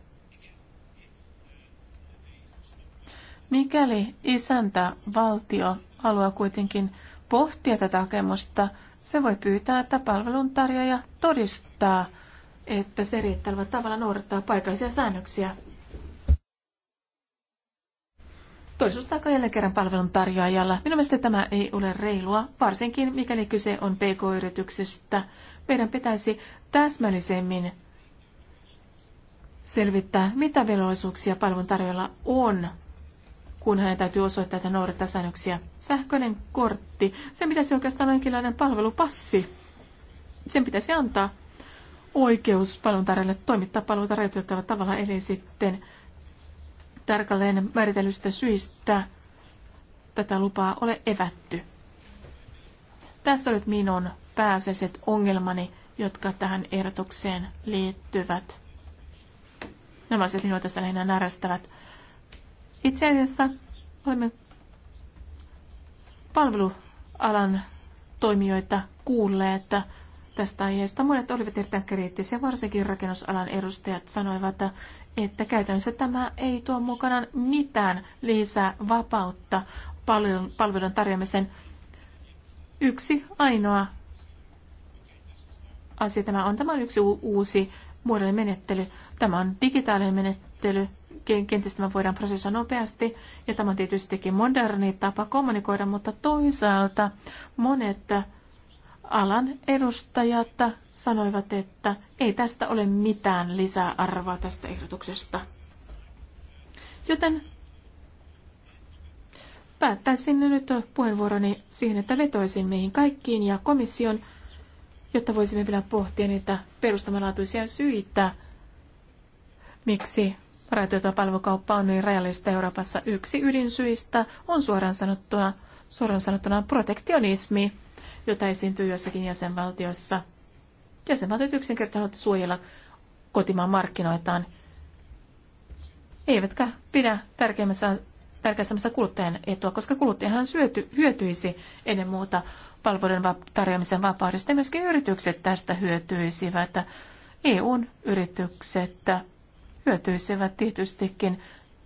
S1: Mikäli isäntä valtio haluaa kuitenkin pohtia tätä hakemusta, se voi pyytää, että palveluntarjoaja todistaa, että se riittävällä tavalla noudattaa paikallisia säännöksiä. Todistustaako jälleen kerran palveluntarjoajalla? Minun mielestä tämä ei ole reilua, varsinkin mikäli kyse on pk-yrityksestä. Meidän pitäisi täsmällisemmin selvittää, mitä velvollisuuksia palveluntarjoajalla on kun hänen täytyy osoittaa, että noudattaa säännöksiä. Sähköinen kortti, se pitäisi oikeastaan jonkinlainen palvelupassi. Sen pitäisi antaa oikeus palveluntarjoajalle toimittaa palveluita rajoitettavalla tavalla, eli sitten tarkalleen määritellystä syistä tätä lupaa ole evätty. Tässä olet minun pääseset ongelmani, jotka tähän ehdotukseen liittyvät. Nämä asiat minua tässä lähinnä närästävät. Itse asiassa olemme palvelualan toimijoita kuulleet tästä aiheesta. Monet olivat erittäin kriittisiä, varsinkin rakennusalan edustajat sanoivat, että käytännössä tämä ei tuo mukanaan mitään lisää vapautta palvelun, palvelun tarjoamisen. Yksi ainoa asia tämä on. Tämä on yksi uusi muodollinen menettely. Tämä on digitaalinen menettely, kenties tämä voidaan prosessoida nopeasti, ja tämä on tietystikin moderni tapa kommunikoida, mutta toisaalta monet alan edustajat sanoivat, että ei tästä ole mitään lisäarvoa tästä ehdotuksesta. Joten päättäisin nyt puheenvuoroni siihen, että vetoisin meihin kaikkiin ja komission, jotta voisimme vielä pohtia niitä perustamalaatuisia syitä, miksi Varat, on niin rajallista Euroopassa, yksi ydinsyistä on suoraan sanottuna, suoraan sanottuna protektionismi, jota esiintyy jossakin jäsenvaltiossa. Jäsenvaltiot yksinkertaisesti suojella kotimaan markkinoitaan, eivätkä pidä tärkeimmässä tärkeässä kuluttajan etua, koska kuluttajahan syöty, hyötyisi ennen muuta palveluiden tarjoamisen vapaudesta ja myöskin yritykset tästä hyötyisivät. EUn yritykset hyötyisivät tietystikin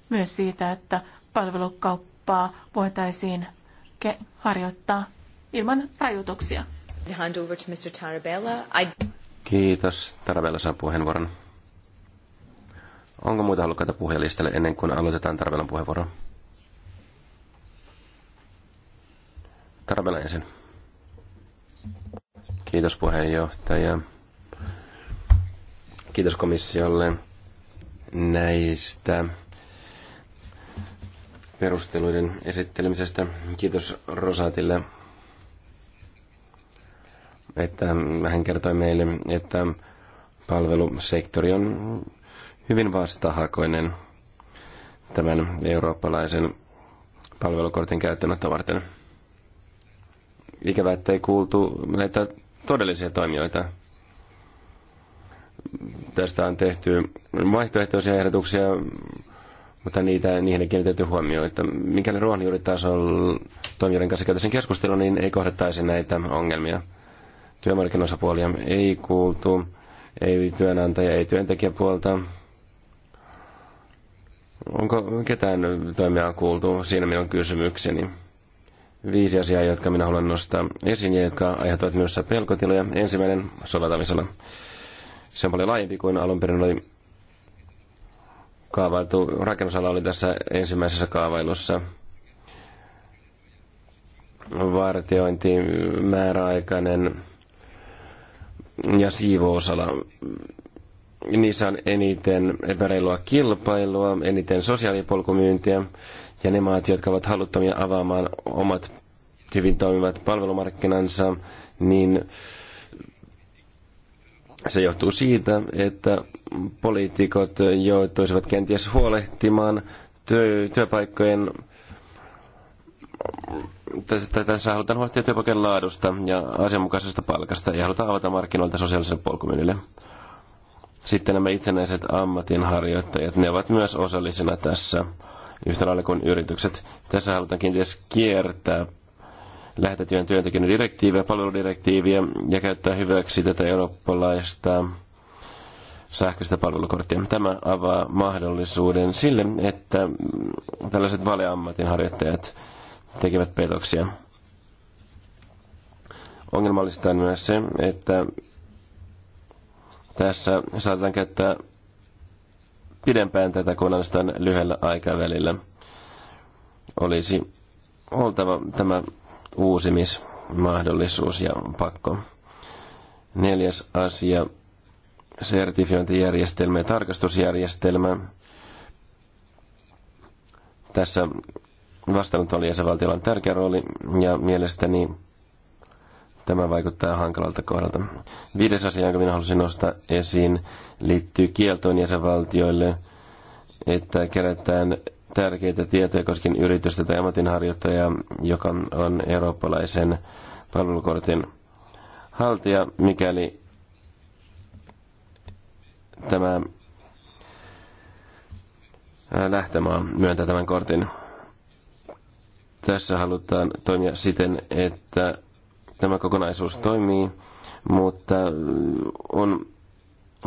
S1: myös siitä, että palvelukauppaa voitaisiin harjoittaa ilman rajoituksia. Hand over to Mr. Tarabella. I...
S3: Kiitos. Tarabella saa puheenvuoron. Onko muita halukkaita puhujalistalle ennen kuin aloitetaan Tarabellan puheenvuoro? Tarabella ensin. Kiitos puheenjohtaja. Kiitos komissiolle näistä perusteluiden esittelemisestä. Kiitos Rosatille, että hän kertoi meille, että palvelusektori on hyvin vastahakoinen tämän eurooppalaisen palvelukortin käyttöönottoa varten. Ikävä, ettei kuultu näitä todellisia toimijoita – Tästä on tehty vaihtoehtoisia ehdotuksia, mutta niitä, niihin ei kiinnitetty huomioon. Että mikäli ruohonjuuritasolla toimijoiden kanssa käytäisiin keskustelua, niin ei kohdettaisi näitä ongelmia. Työmarkkinosapuolia ei kuultu, ei työnantaja, ei työntekijäpuolta. Onko ketään toimijaa kuultu? Siinä minun kysymykseni. Viisi asiaa, jotka minä haluan nostaa esiin ja jotka aiheuttavat myös pelkotiloja. Ensimmäinen soveltamisella. Se on paljon laajempi kuin alun perin oli kaavailtu. Rakennusala oli tässä ensimmäisessä kaavailussa vartiointi, määräaikainen ja siivousala. Niissä on eniten epäreilua kilpailua, eniten sosiaalipolkumyyntiä ja ne maat, jotka ovat haluttomia avaamaan omat hyvin toimivat palvelumarkkinansa, niin se johtuu siitä, että poliitikot joutuisivat kenties huolehtimaan työ, työpaikkojen tässä halutaan huolehtia työpaikkojen laadusta ja asianmukaisesta palkasta ja halutaan avata markkinoilta sosiaaliselle polkumyynnille. Sitten nämä itsenäiset ammatinharjoittajat, ne ovat myös osallisena tässä yhtä lailla kuin yritykset. Tässä halutaan kenties kiertää lähetetyön työntekijän direktiiviä, palveludirektiiviä ja käyttää hyväksi tätä eurooppalaista sähköistä palvelukorttia. Tämä avaa mahdollisuuden sille, että tällaiset valeammatin harjoittajat tekevät petoksia. Ongelmallista on myös se, että tässä saatetaan käyttää pidempään tätä kuin ainoastaan lyhyellä aikavälillä. Olisi oltava tämä uusimismahdollisuus ja pakko. Neljäs asia, sertifiointijärjestelmä ja tarkastusjärjestelmä. Tässä vastaanotolla jäsenvaltiolla on tärkeä rooli ja mielestäni tämä vaikuttaa hankalalta kohdalta. Viides asia, jonka minä halusin nostaa esiin, liittyy kieltoon jäsenvaltioille, että kerätään tärkeitä tietoja koskien yritystä tai ammatinharjoittajaa, joka on eurooppalaisen palvelukortin haltija, mikäli tämä lähtemään myöntää tämän kortin. Tässä halutaan toimia siten, että tämä kokonaisuus toimii, mutta on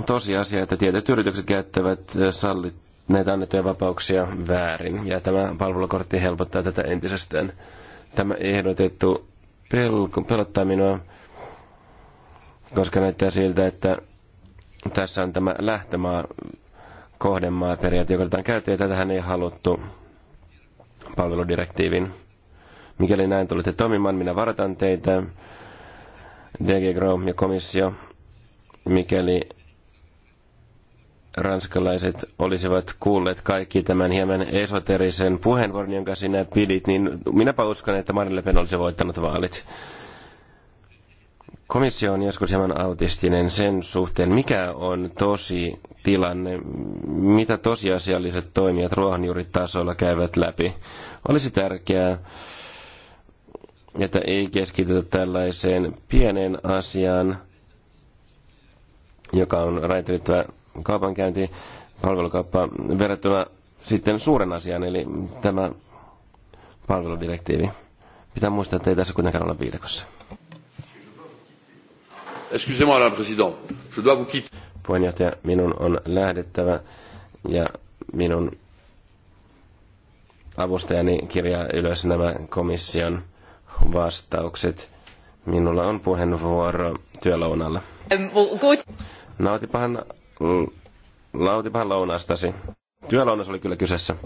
S3: tosiasia, että tietyt yritykset käyttävät sallit näitä annettuja vapauksia väärin. Ja tämä palvelukortti helpottaa tätä entisestään. Tämä ehdotettu pelko, pelottaa minua, koska näyttää siltä, että tässä on tämä lähtömaa kohdemaa periaate, joka otetaan käyttöön, ja tätähän ei haluttu palveludirektiivin. Mikäli näin tulette toimimaan, minä varoitan teitä, DG Grow ja komissio, mikäli ranskalaiset olisivat kuulleet kaikki tämän hieman esoterisen puheenvuoron, jonka sinä pidit, niin minäpä uskon, että Marine Le Pen olisi voittanut vaalit. Komissio on joskus hieman autistinen sen suhteen, mikä on tosi tilanne, mitä tosiasialliset toimijat ruohonjuuritasolla käyvät läpi. Olisi tärkeää, että ei keskitytä tällaiseen pieneen asiaan, joka on raitelittävä kaupankäynti, palvelukauppa verrattuna sitten suuren asian, eli tämä palveludirektiivi. Pitää muistaa, että ei tässä kuitenkaan olla viidekossa. Excusez-moi, la président. Je dois vous quitter. Puheenjohtaja, minun on lähdettävä ja minun avustajani kirjaa ylös nämä komission vastaukset. Minulla on puheenvuoro työlounalla. Um, Nautipahan Mm. lautipahan lounastasi. Työlounas oli kyllä kyseessä.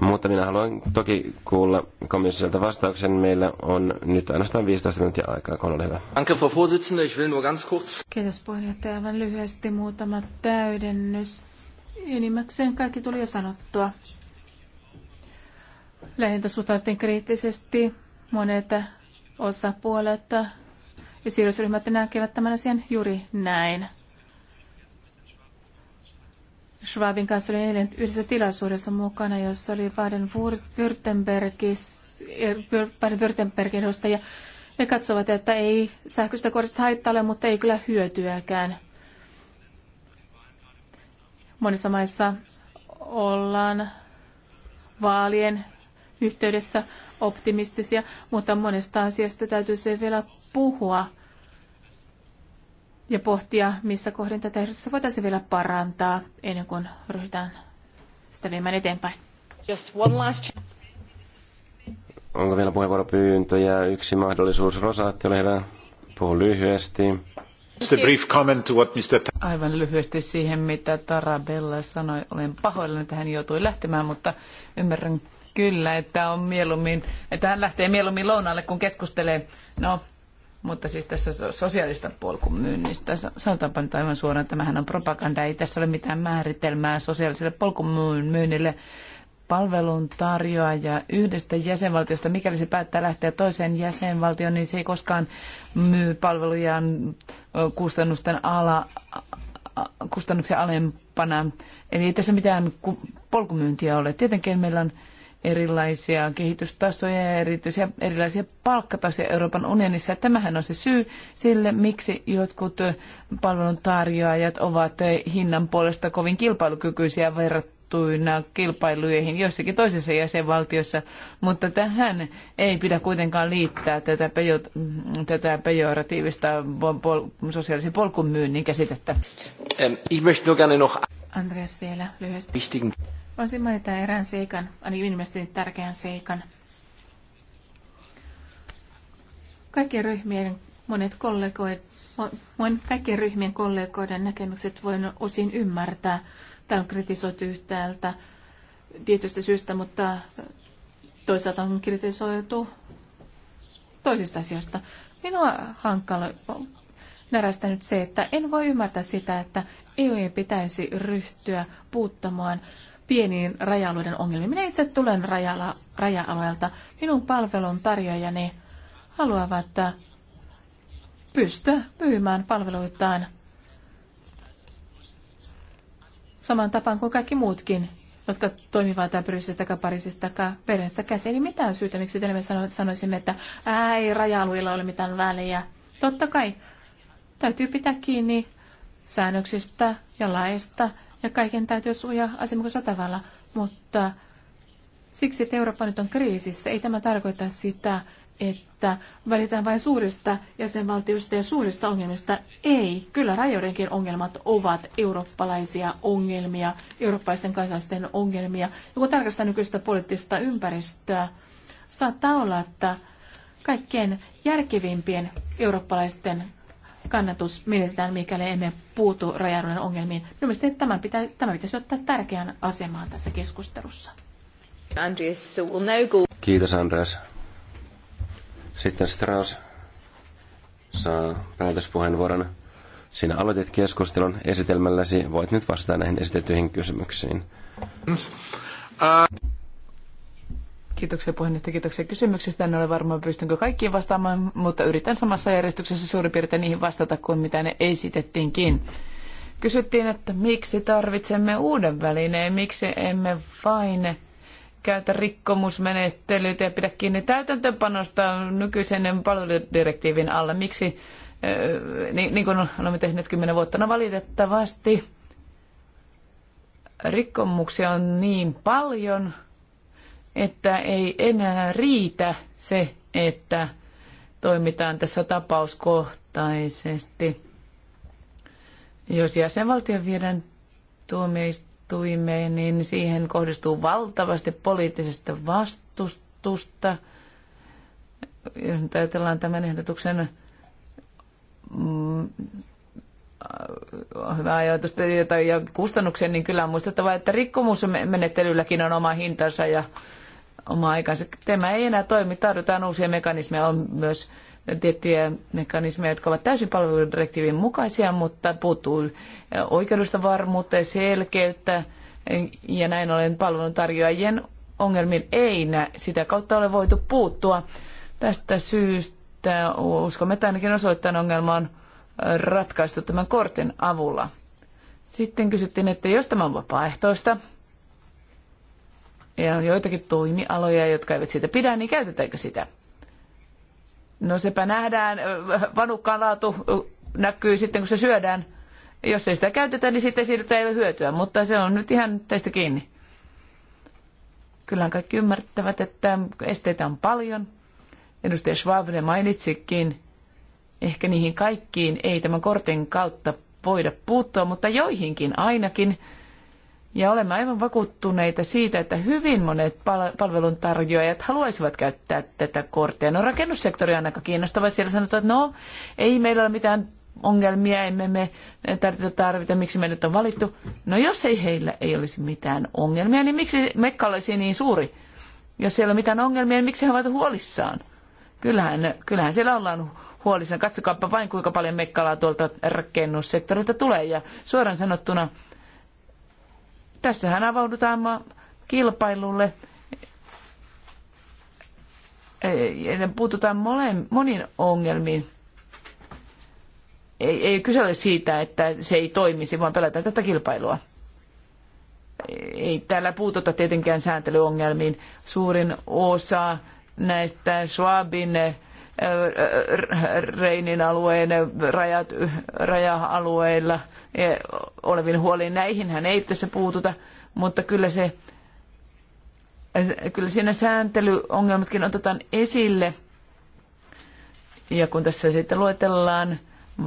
S3: Mutta minä haluan toki kuulla komissiolta vastauksen. Meillä on nyt ainoastaan 15 minuuttia aikaa, kun ole hyvä. Danke, Frau Vorsitzende. Ich will nur ganz kurz.
S1: Kiitos puheenjohtaja. Aivan lyhyesti muutama täydennys. Enimmäkseen kaikki tuli jo sanottua. Lähintä suhtauttiin kriittisesti. Monet osapuolet ja siirrysryhmät näkevät tämän asian juuri näin. Schwabin kanssa olin eilen yhdessä tilaisuudessa mukana, jossa oli Baden-Württembergin er, edustajia. He katsovat, että ei sähköistä korista haittaa ole, mutta ei kyllä hyötyäkään. Monissa maissa ollaan vaalien yhteydessä optimistisia, mutta monesta asiasta täytyy se vielä puhua ja pohtia, missä kohdin tätä ehdotusta voitaisiin vielä parantaa ennen kuin ryhdytään sitä viemään eteenpäin. Just one last
S3: Onko vielä puheenvuoropyyntöjä? Yksi mahdollisuus. Rosaatti, ole hyvä. Puhu lyhyesti.
S2: Aivan lyhyesti siihen, mitä Tarabella sanoi. Olen pahoillani, että hän joutui lähtemään, mutta ymmärrän kyllä, että, on mieluummin, että hän lähtee mieluummin lounalle, kun keskustelee. No, mutta siis tässä sosiaalista myynnistä, sanotaanpa nyt aivan suoraan, tämähän on propaganda, ei tässä ole mitään määritelmää sosiaaliselle myynnille. Palvelun tarjoaja yhdestä jäsenvaltiosta, mikäli se päättää lähteä toiseen jäsenvaltioon, niin se ei koskaan myy palvelujaan kustannusten ala, kustannuksen alempana. Eli ei tässä mitään polkumyyntiä ole. Tietenkin meillä on erilaisia kehitystasoja ja erityisiä, erilaisia palkkatasoja Euroopan unionissa. Tämähän on se syy sille, miksi jotkut palveluntarjoajat ovat hinnan puolesta kovin kilpailukykyisiä verrattuina kilpailuihin jossakin toisessa jäsenvaltiossa, mutta tähän ei pidä kuitenkaan liittää tätä, pejo, tätä pejoratiivista pol, sosiaalisen myynnin käsitettä.
S3: Ähm,
S1: Andreas vielä lyhyesti. Voisin mainita erään seikan, ainakin ilmeisesti tärkeän seikan. Kaikkien ryhmien monet kollegoid, monen kaikkien ryhmien kollegoiden näkemykset voin osin ymmärtää. Tämä on kritisoitu yhtäältä tietystä syystä, mutta toisaalta on kritisoitu toisista asioista. Minua hankala närästänyt se, että en voi ymmärtää sitä, että EU e pitäisi ryhtyä puuttamaan pieniin raja-alueiden ongelmiin. Minä itse tulen raja-alueelta. Minun palvelun tarjoajani haluavat äh, pystyä myymään palveluitaan saman tapaan kuin kaikki muutkin, jotka toimivat Brysselistä, tai Pariisista tai Berliinistä käsin. Eli mitään syytä, miksi me sanoisimme, että ää, ei raja-alueilla ole mitään väliä. Totta kai täytyy pitää kiinni säännöksistä ja laista ja kaiken täytyy sujaa asianmukaisella tavalla, mutta siksi, että Eurooppa nyt on kriisissä, ei tämä tarkoita sitä, että välitään vain suurista jäsenvaltioista ja suurista ongelmista. Ei, kyllä rajoidenkin ongelmat ovat eurooppalaisia ongelmia, eurooppalaisten kansalaisten ongelmia. Joku tarkastaa nykyistä poliittista ympäristöä, saattaa olla, että kaikkien järkevimpien eurooppalaisten kannatus menetetään, mikäli emme puutu rajaruuden ongelmiin. Mielestäni tämä, pitä, tämä pitäisi ottaa tärkeään asemaan tässä keskustelussa. Andreas, so we'll now go.
S3: Kiitos Andreas. Sitten Strauss saa päätöspuheenvuoron. Sinä aloitit keskustelun esitelmälläsi. Voit nyt vastata näihin esitettyihin kysymyksiin.
S5: Uh,
S2: Kiitoksia puheenjohtaja, kiitoksia kysymyksistä. En ole varma, pystynkö kaikkiin vastaamaan, mutta yritän samassa järjestyksessä suurin piirtein niihin vastata kuin mitä ne esitettiinkin. Kysyttiin, että miksi tarvitsemme uuden välineen, miksi emme vain käytä rikkomusmenettelyitä ja pidä kiinni täytäntöpanosta nykyisen palveludirektiivin alla. Miksi, niin, niin kuin olemme tehneet kymmenen vuotta, no valitettavasti rikkomuksia on niin paljon, että ei enää riitä se, että toimitaan tässä tapauskohtaisesti. Jos jäsenvaltio viedään tuomioistuimeen, niin siihen kohdistuu valtavasti poliittisesta vastustusta. Jos nyt ajatellaan tämän ehdotuksen mm, hyvä ajatus ja kustannuksen, niin kyllä on muistettava, että rikkomusmenettelylläkin on oma hintansa ja oma aikansa. Tämä ei enää toimi, tarvitaan uusia mekanismeja, on myös tiettyjä mekanismeja, jotka ovat täysin palveludirektiivin mukaisia, mutta puuttuu eh, oikeudesta varmuutta ja selkeyttä, eh, ja näin ollen palveluntarjoajien ongelmiin ei sitä kautta ole voitu puuttua. Tästä syystä uskomme, että ainakin osoittain ongelma on eh, ratkaistu tämän kortin avulla. Sitten kysyttiin, että jos tämä on vapaaehtoista, ja on joitakin toimialoja, jotka eivät siitä pidä, niin käytetäänkö sitä? No sepä nähdään, vanukkaan laatu näkyy sitten, kun se syödään. Jos ei sitä käytetä, niin sitten siitä ei ole hyötyä, mutta se on nyt ihan teistä kiinni. Kyllähän kaikki ymmärtävät, että esteitä on paljon. Edustaja Schwabne mainitsikin, ehkä niihin kaikkiin ei tämän kortin kautta voida puuttua, mutta joihinkin ainakin – ja olemme aivan vakuuttuneita siitä, että hyvin monet palveluntarjoajat haluaisivat käyttää tätä korttia. No rakennussektori on aika kiinnostava. Siellä sanotaan, että no ei meillä ole mitään ongelmia, emme me tarvita, tarvita, miksi meidät on valittu. No jos ei heillä ei olisi mitään ongelmia, niin miksi Mekka olisi niin suuri? Jos ei ole mitään ongelmia, niin miksi he ovat huolissaan? Kyllähän, kyllähän siellä ollaan huolissaan. Katsokaapa vain, kuinka paljon Mekkalaa tuolta rakennussektorilta tulee. Ja suoraan sanottuna Tässähän avaudutaan kilpailulle ja puututaan mole, moniin ongelmiin. Ei, ei kyse ole siitä, että se ei toimisi, vaan pelätään tätä kilpailua. Ei täällä puututa tietenkään sääntelyongelmiin. Suurin osa näistä Schwabin Reinin alueen rajat, raja-alueilla olevin huoliin. Näihin hän ei tässä puututa, mutta kyllä se kyllä siinä sääntelyongelmatkin otetaan esille. Ja kun tässä sitten luetellaan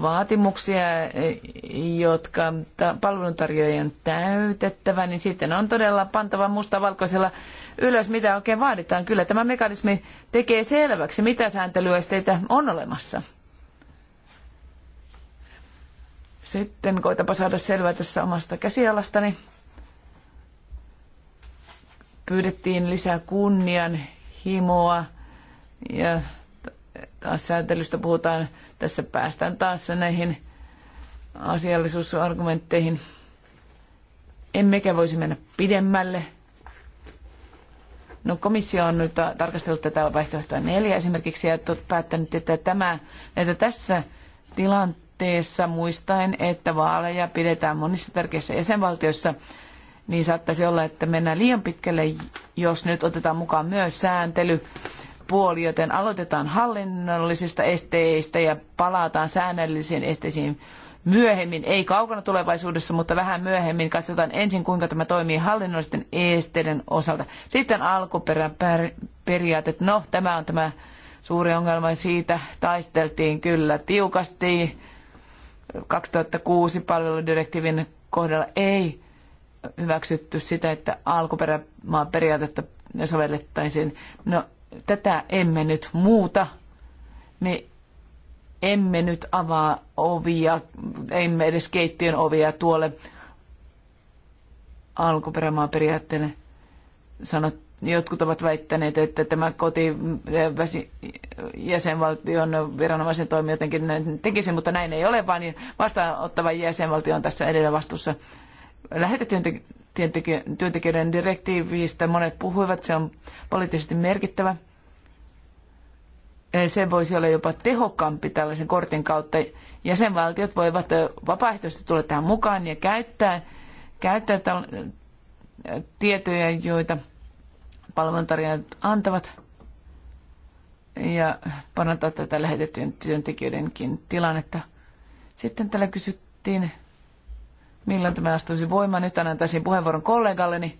S2: vaatimuksia, jotka palveluntarjoajien täytettävä, niin sitten on todella pantava musta valkoisella ylös, mitä oikein vaaditaan. Kyllä tämä mekanismi tekee selväksi, mitä sääntelyesteitä on olemassa. Sitten koitapa saada selvää tässä omasta käsialastani. Pyydettiin lisää kunnian himoa ja taas sääntelystä puhutaan tässä päästään taas näihin asiallisuusargumentteihin. Emmekä voisi mennä pidemmälle. No komissio on nyt tarkastellut tätä vaihtoehtoa neljä esimerkiksi ja päättänyt, että, tämä, että tässä tilanteessa muistaen, että vaaleja pidetään monissa tärkeissä jäsenvaltioissa, niin saattaisi olla, että mennään liian pitkälle, jos nyt otetaan mukaan myös sääntely puoli, joten aloitetaan hallinnollisista esteistä ja palataan säännöllisiin esteisiin myöhemmin, ei kaukana tulevaisuudessa, mutta vähän myöhemmin. Katsotaan ensin, kuinka tämä toimii hallinnollisten esteiden osalta. Sitten alkuperän periaatet. No, tämä on tämä suuri ongelma. Siitä taisteltiin kyllä tiukasti. 2006 palveludirektiivin kohdalla ei hyväksytty sitä, että alkuperämaan periaatetta sovellettaisiin. No, tätä emme nyt muuta. Me emme nyt avaa ovia, emme edes keittiön ovia tuolle periaatteelle. Sanot, jotkut ovat väittäneet, että tämä koti jäsenvaltion viranomaisen toimi jotenkin tekisi, mutta näin ei ole, vaan vastaanottava jäsenvaltio on tässä edellä vastuussa lähetetyöntekijöiden työntekijöiden direktiivistä monet puhuivat, se on poliittisesti merkittävä. Eh, se voisi olla jopa tehokkaampi tällaisen kortin kautta. Jäsenvaltiot voivat eh, vapaaehtoisesti tulla tähän mukaan ja käyttää, käyttää eh, tietoja, joita palveluntarjoajat antavat ja parantaa tätä lähetettyjen työntekijöidenkin tilannetta. Sitten täällä kysyttiin milloin tämä astuisi voimaan. Nyt antaisin puheenvuoron kollegalleni,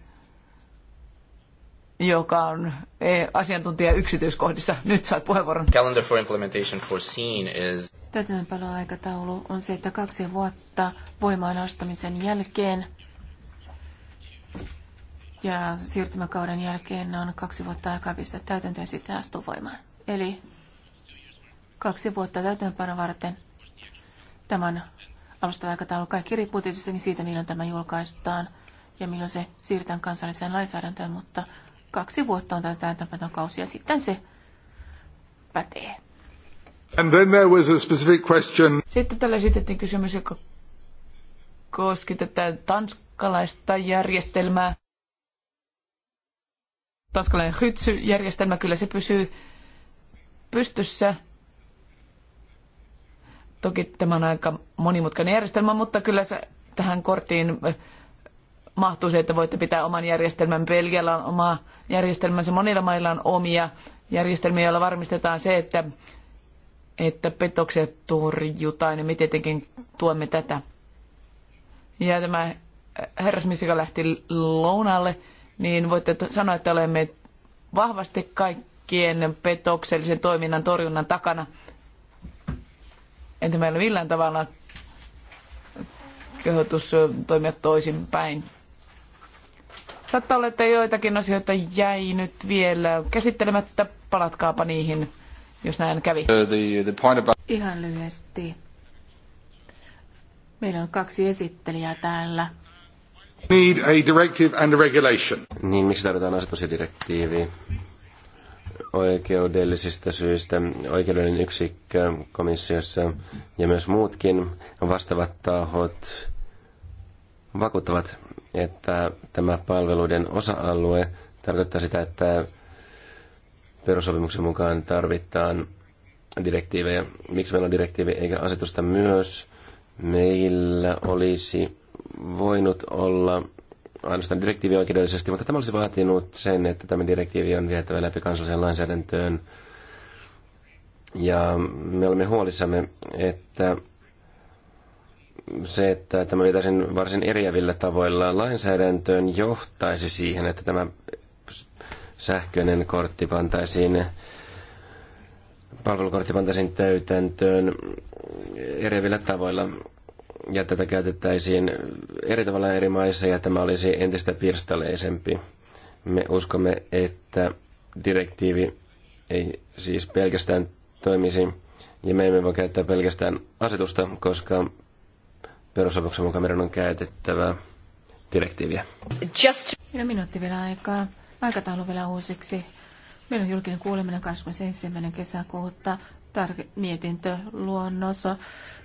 S1: joka on e, asiantuntija yksityiskohdissa. Nyt
S2: saat puheenvuoron. Calendar for implementation
S4: foreseen is...
S1: Täytäntöönpanoaikataulu on se, että kaksi vuotta voimaan astumisen jälkeen ja siirtymäkauden jälkeen on kaksi vuotta aikaa pistää täytäntöön sitten astuu voimaan. Eli kaksi vuotta täytäntöönpanoa varten tämän alusta aikataulu. Kaikki riippuu tietysti siitä, milloin tämä julkaistaan ja milloin se siirretään kansalliseen lainsäädäntöön, mutta kaksi vuotta on tätä täytäntöönpanon kausia, ja sitten se pätee.
S4: And then there was a specific question.
S1: Sitten tällä esitettiin kysymys, joka
S2: koski tätä tanskalaista järjestelmää. Tanskalainen hytsyjärjestelmä, kyllä se pysyy pystyssä Toki tämä on aika monimutkainen järjestelmä, mutta kyllä se tähän korttiin eh, mahtuu se, että voitte pitää oman järjestelmän. Belgialla on oma järjestelmänsä, monilla mailla on omia järjestelmiä, joilla varmistetaan se, että, että petokset torjutaan ja me tietenkin tuemme tätä. Ja tämä eh, herrasmies, joka lähti lounalle, niin voitte sanoa, että olemme vahvasti kaikkien petoksellisen toiminnan torjunnan takana – Entä meillä millään tavalla kehotus toimia toisinpäin. Saattaa olla, että joitakin asioita jäi nyt vielä käsittelemättä. Palatkaapa niihin, jos näin kävi.
S1: Ihan lyhyesti. Meillä on kaksi esittelijää täällä.
S3: Need a directive and a regulation. Niin, miksi tarvitaan asetus ja direktiivi? oikeudellisista syistä oikeudellinen yksikkö komissiossa ja myös muutkin vastaavat tahot vakuuttavat, että tämä palveluiden osa-alue tarkoittaa sitä, että perusopimuksen mukaan tarvitaan direktiivejä. Miksi meillä on direktiivi eikä asetusta myös? Meillä olisi voinut olla ainoastaan direktiivi oikeudellisesti, mutta tämä olisi vaatinut sen, että tämä direktiivi on vietävä läpi kansalliseen lainsäädäntöön. Ja me olemme huolissamme, että se, että tämä vietäisiin varsin eriävillä tavoilla lainsäädäntöön, johtaisi siihen, että tämä sähköinen kortti pantaisiin palvelukortti pantaisiin täytäntöön eriävillä tavoilla ja tätä käytettäisiin eri tavalla eri maissa ja tämä olisi entistä pirstaleisempi. Me uskomme, että direktiivi ei siis pelkästään toimisi ja me emme voi käyttää pelkästään asetusta, koska perusopuksen mukaan meidän on käytettävä direktiiviä.
S1: Just... Minä minuutti vielä aikaa. Aikataulu vielä uusiksi. Meillä on julkinen kuuleminen 21. kesäkuuta tar- mietintöluonnos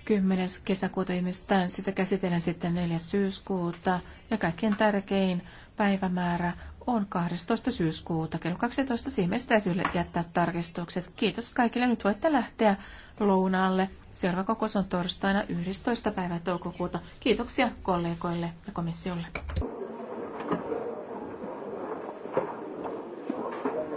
S1: 10. kesäkuuta viimeistään. Sitä käsitellään sitten 4. syyskuuta ja kaikkein tärkein päivämäärä on 12. syyskuuta kello 12. Siimestä täytyy jättää tarkistukset. Kiitos kaikille. Nyt voitte lähteä lounaalle. Seuraava kokous on torstaina 11. päivä toukokuuta. Kiitoksia
S5: kollegoille ja komissiolle.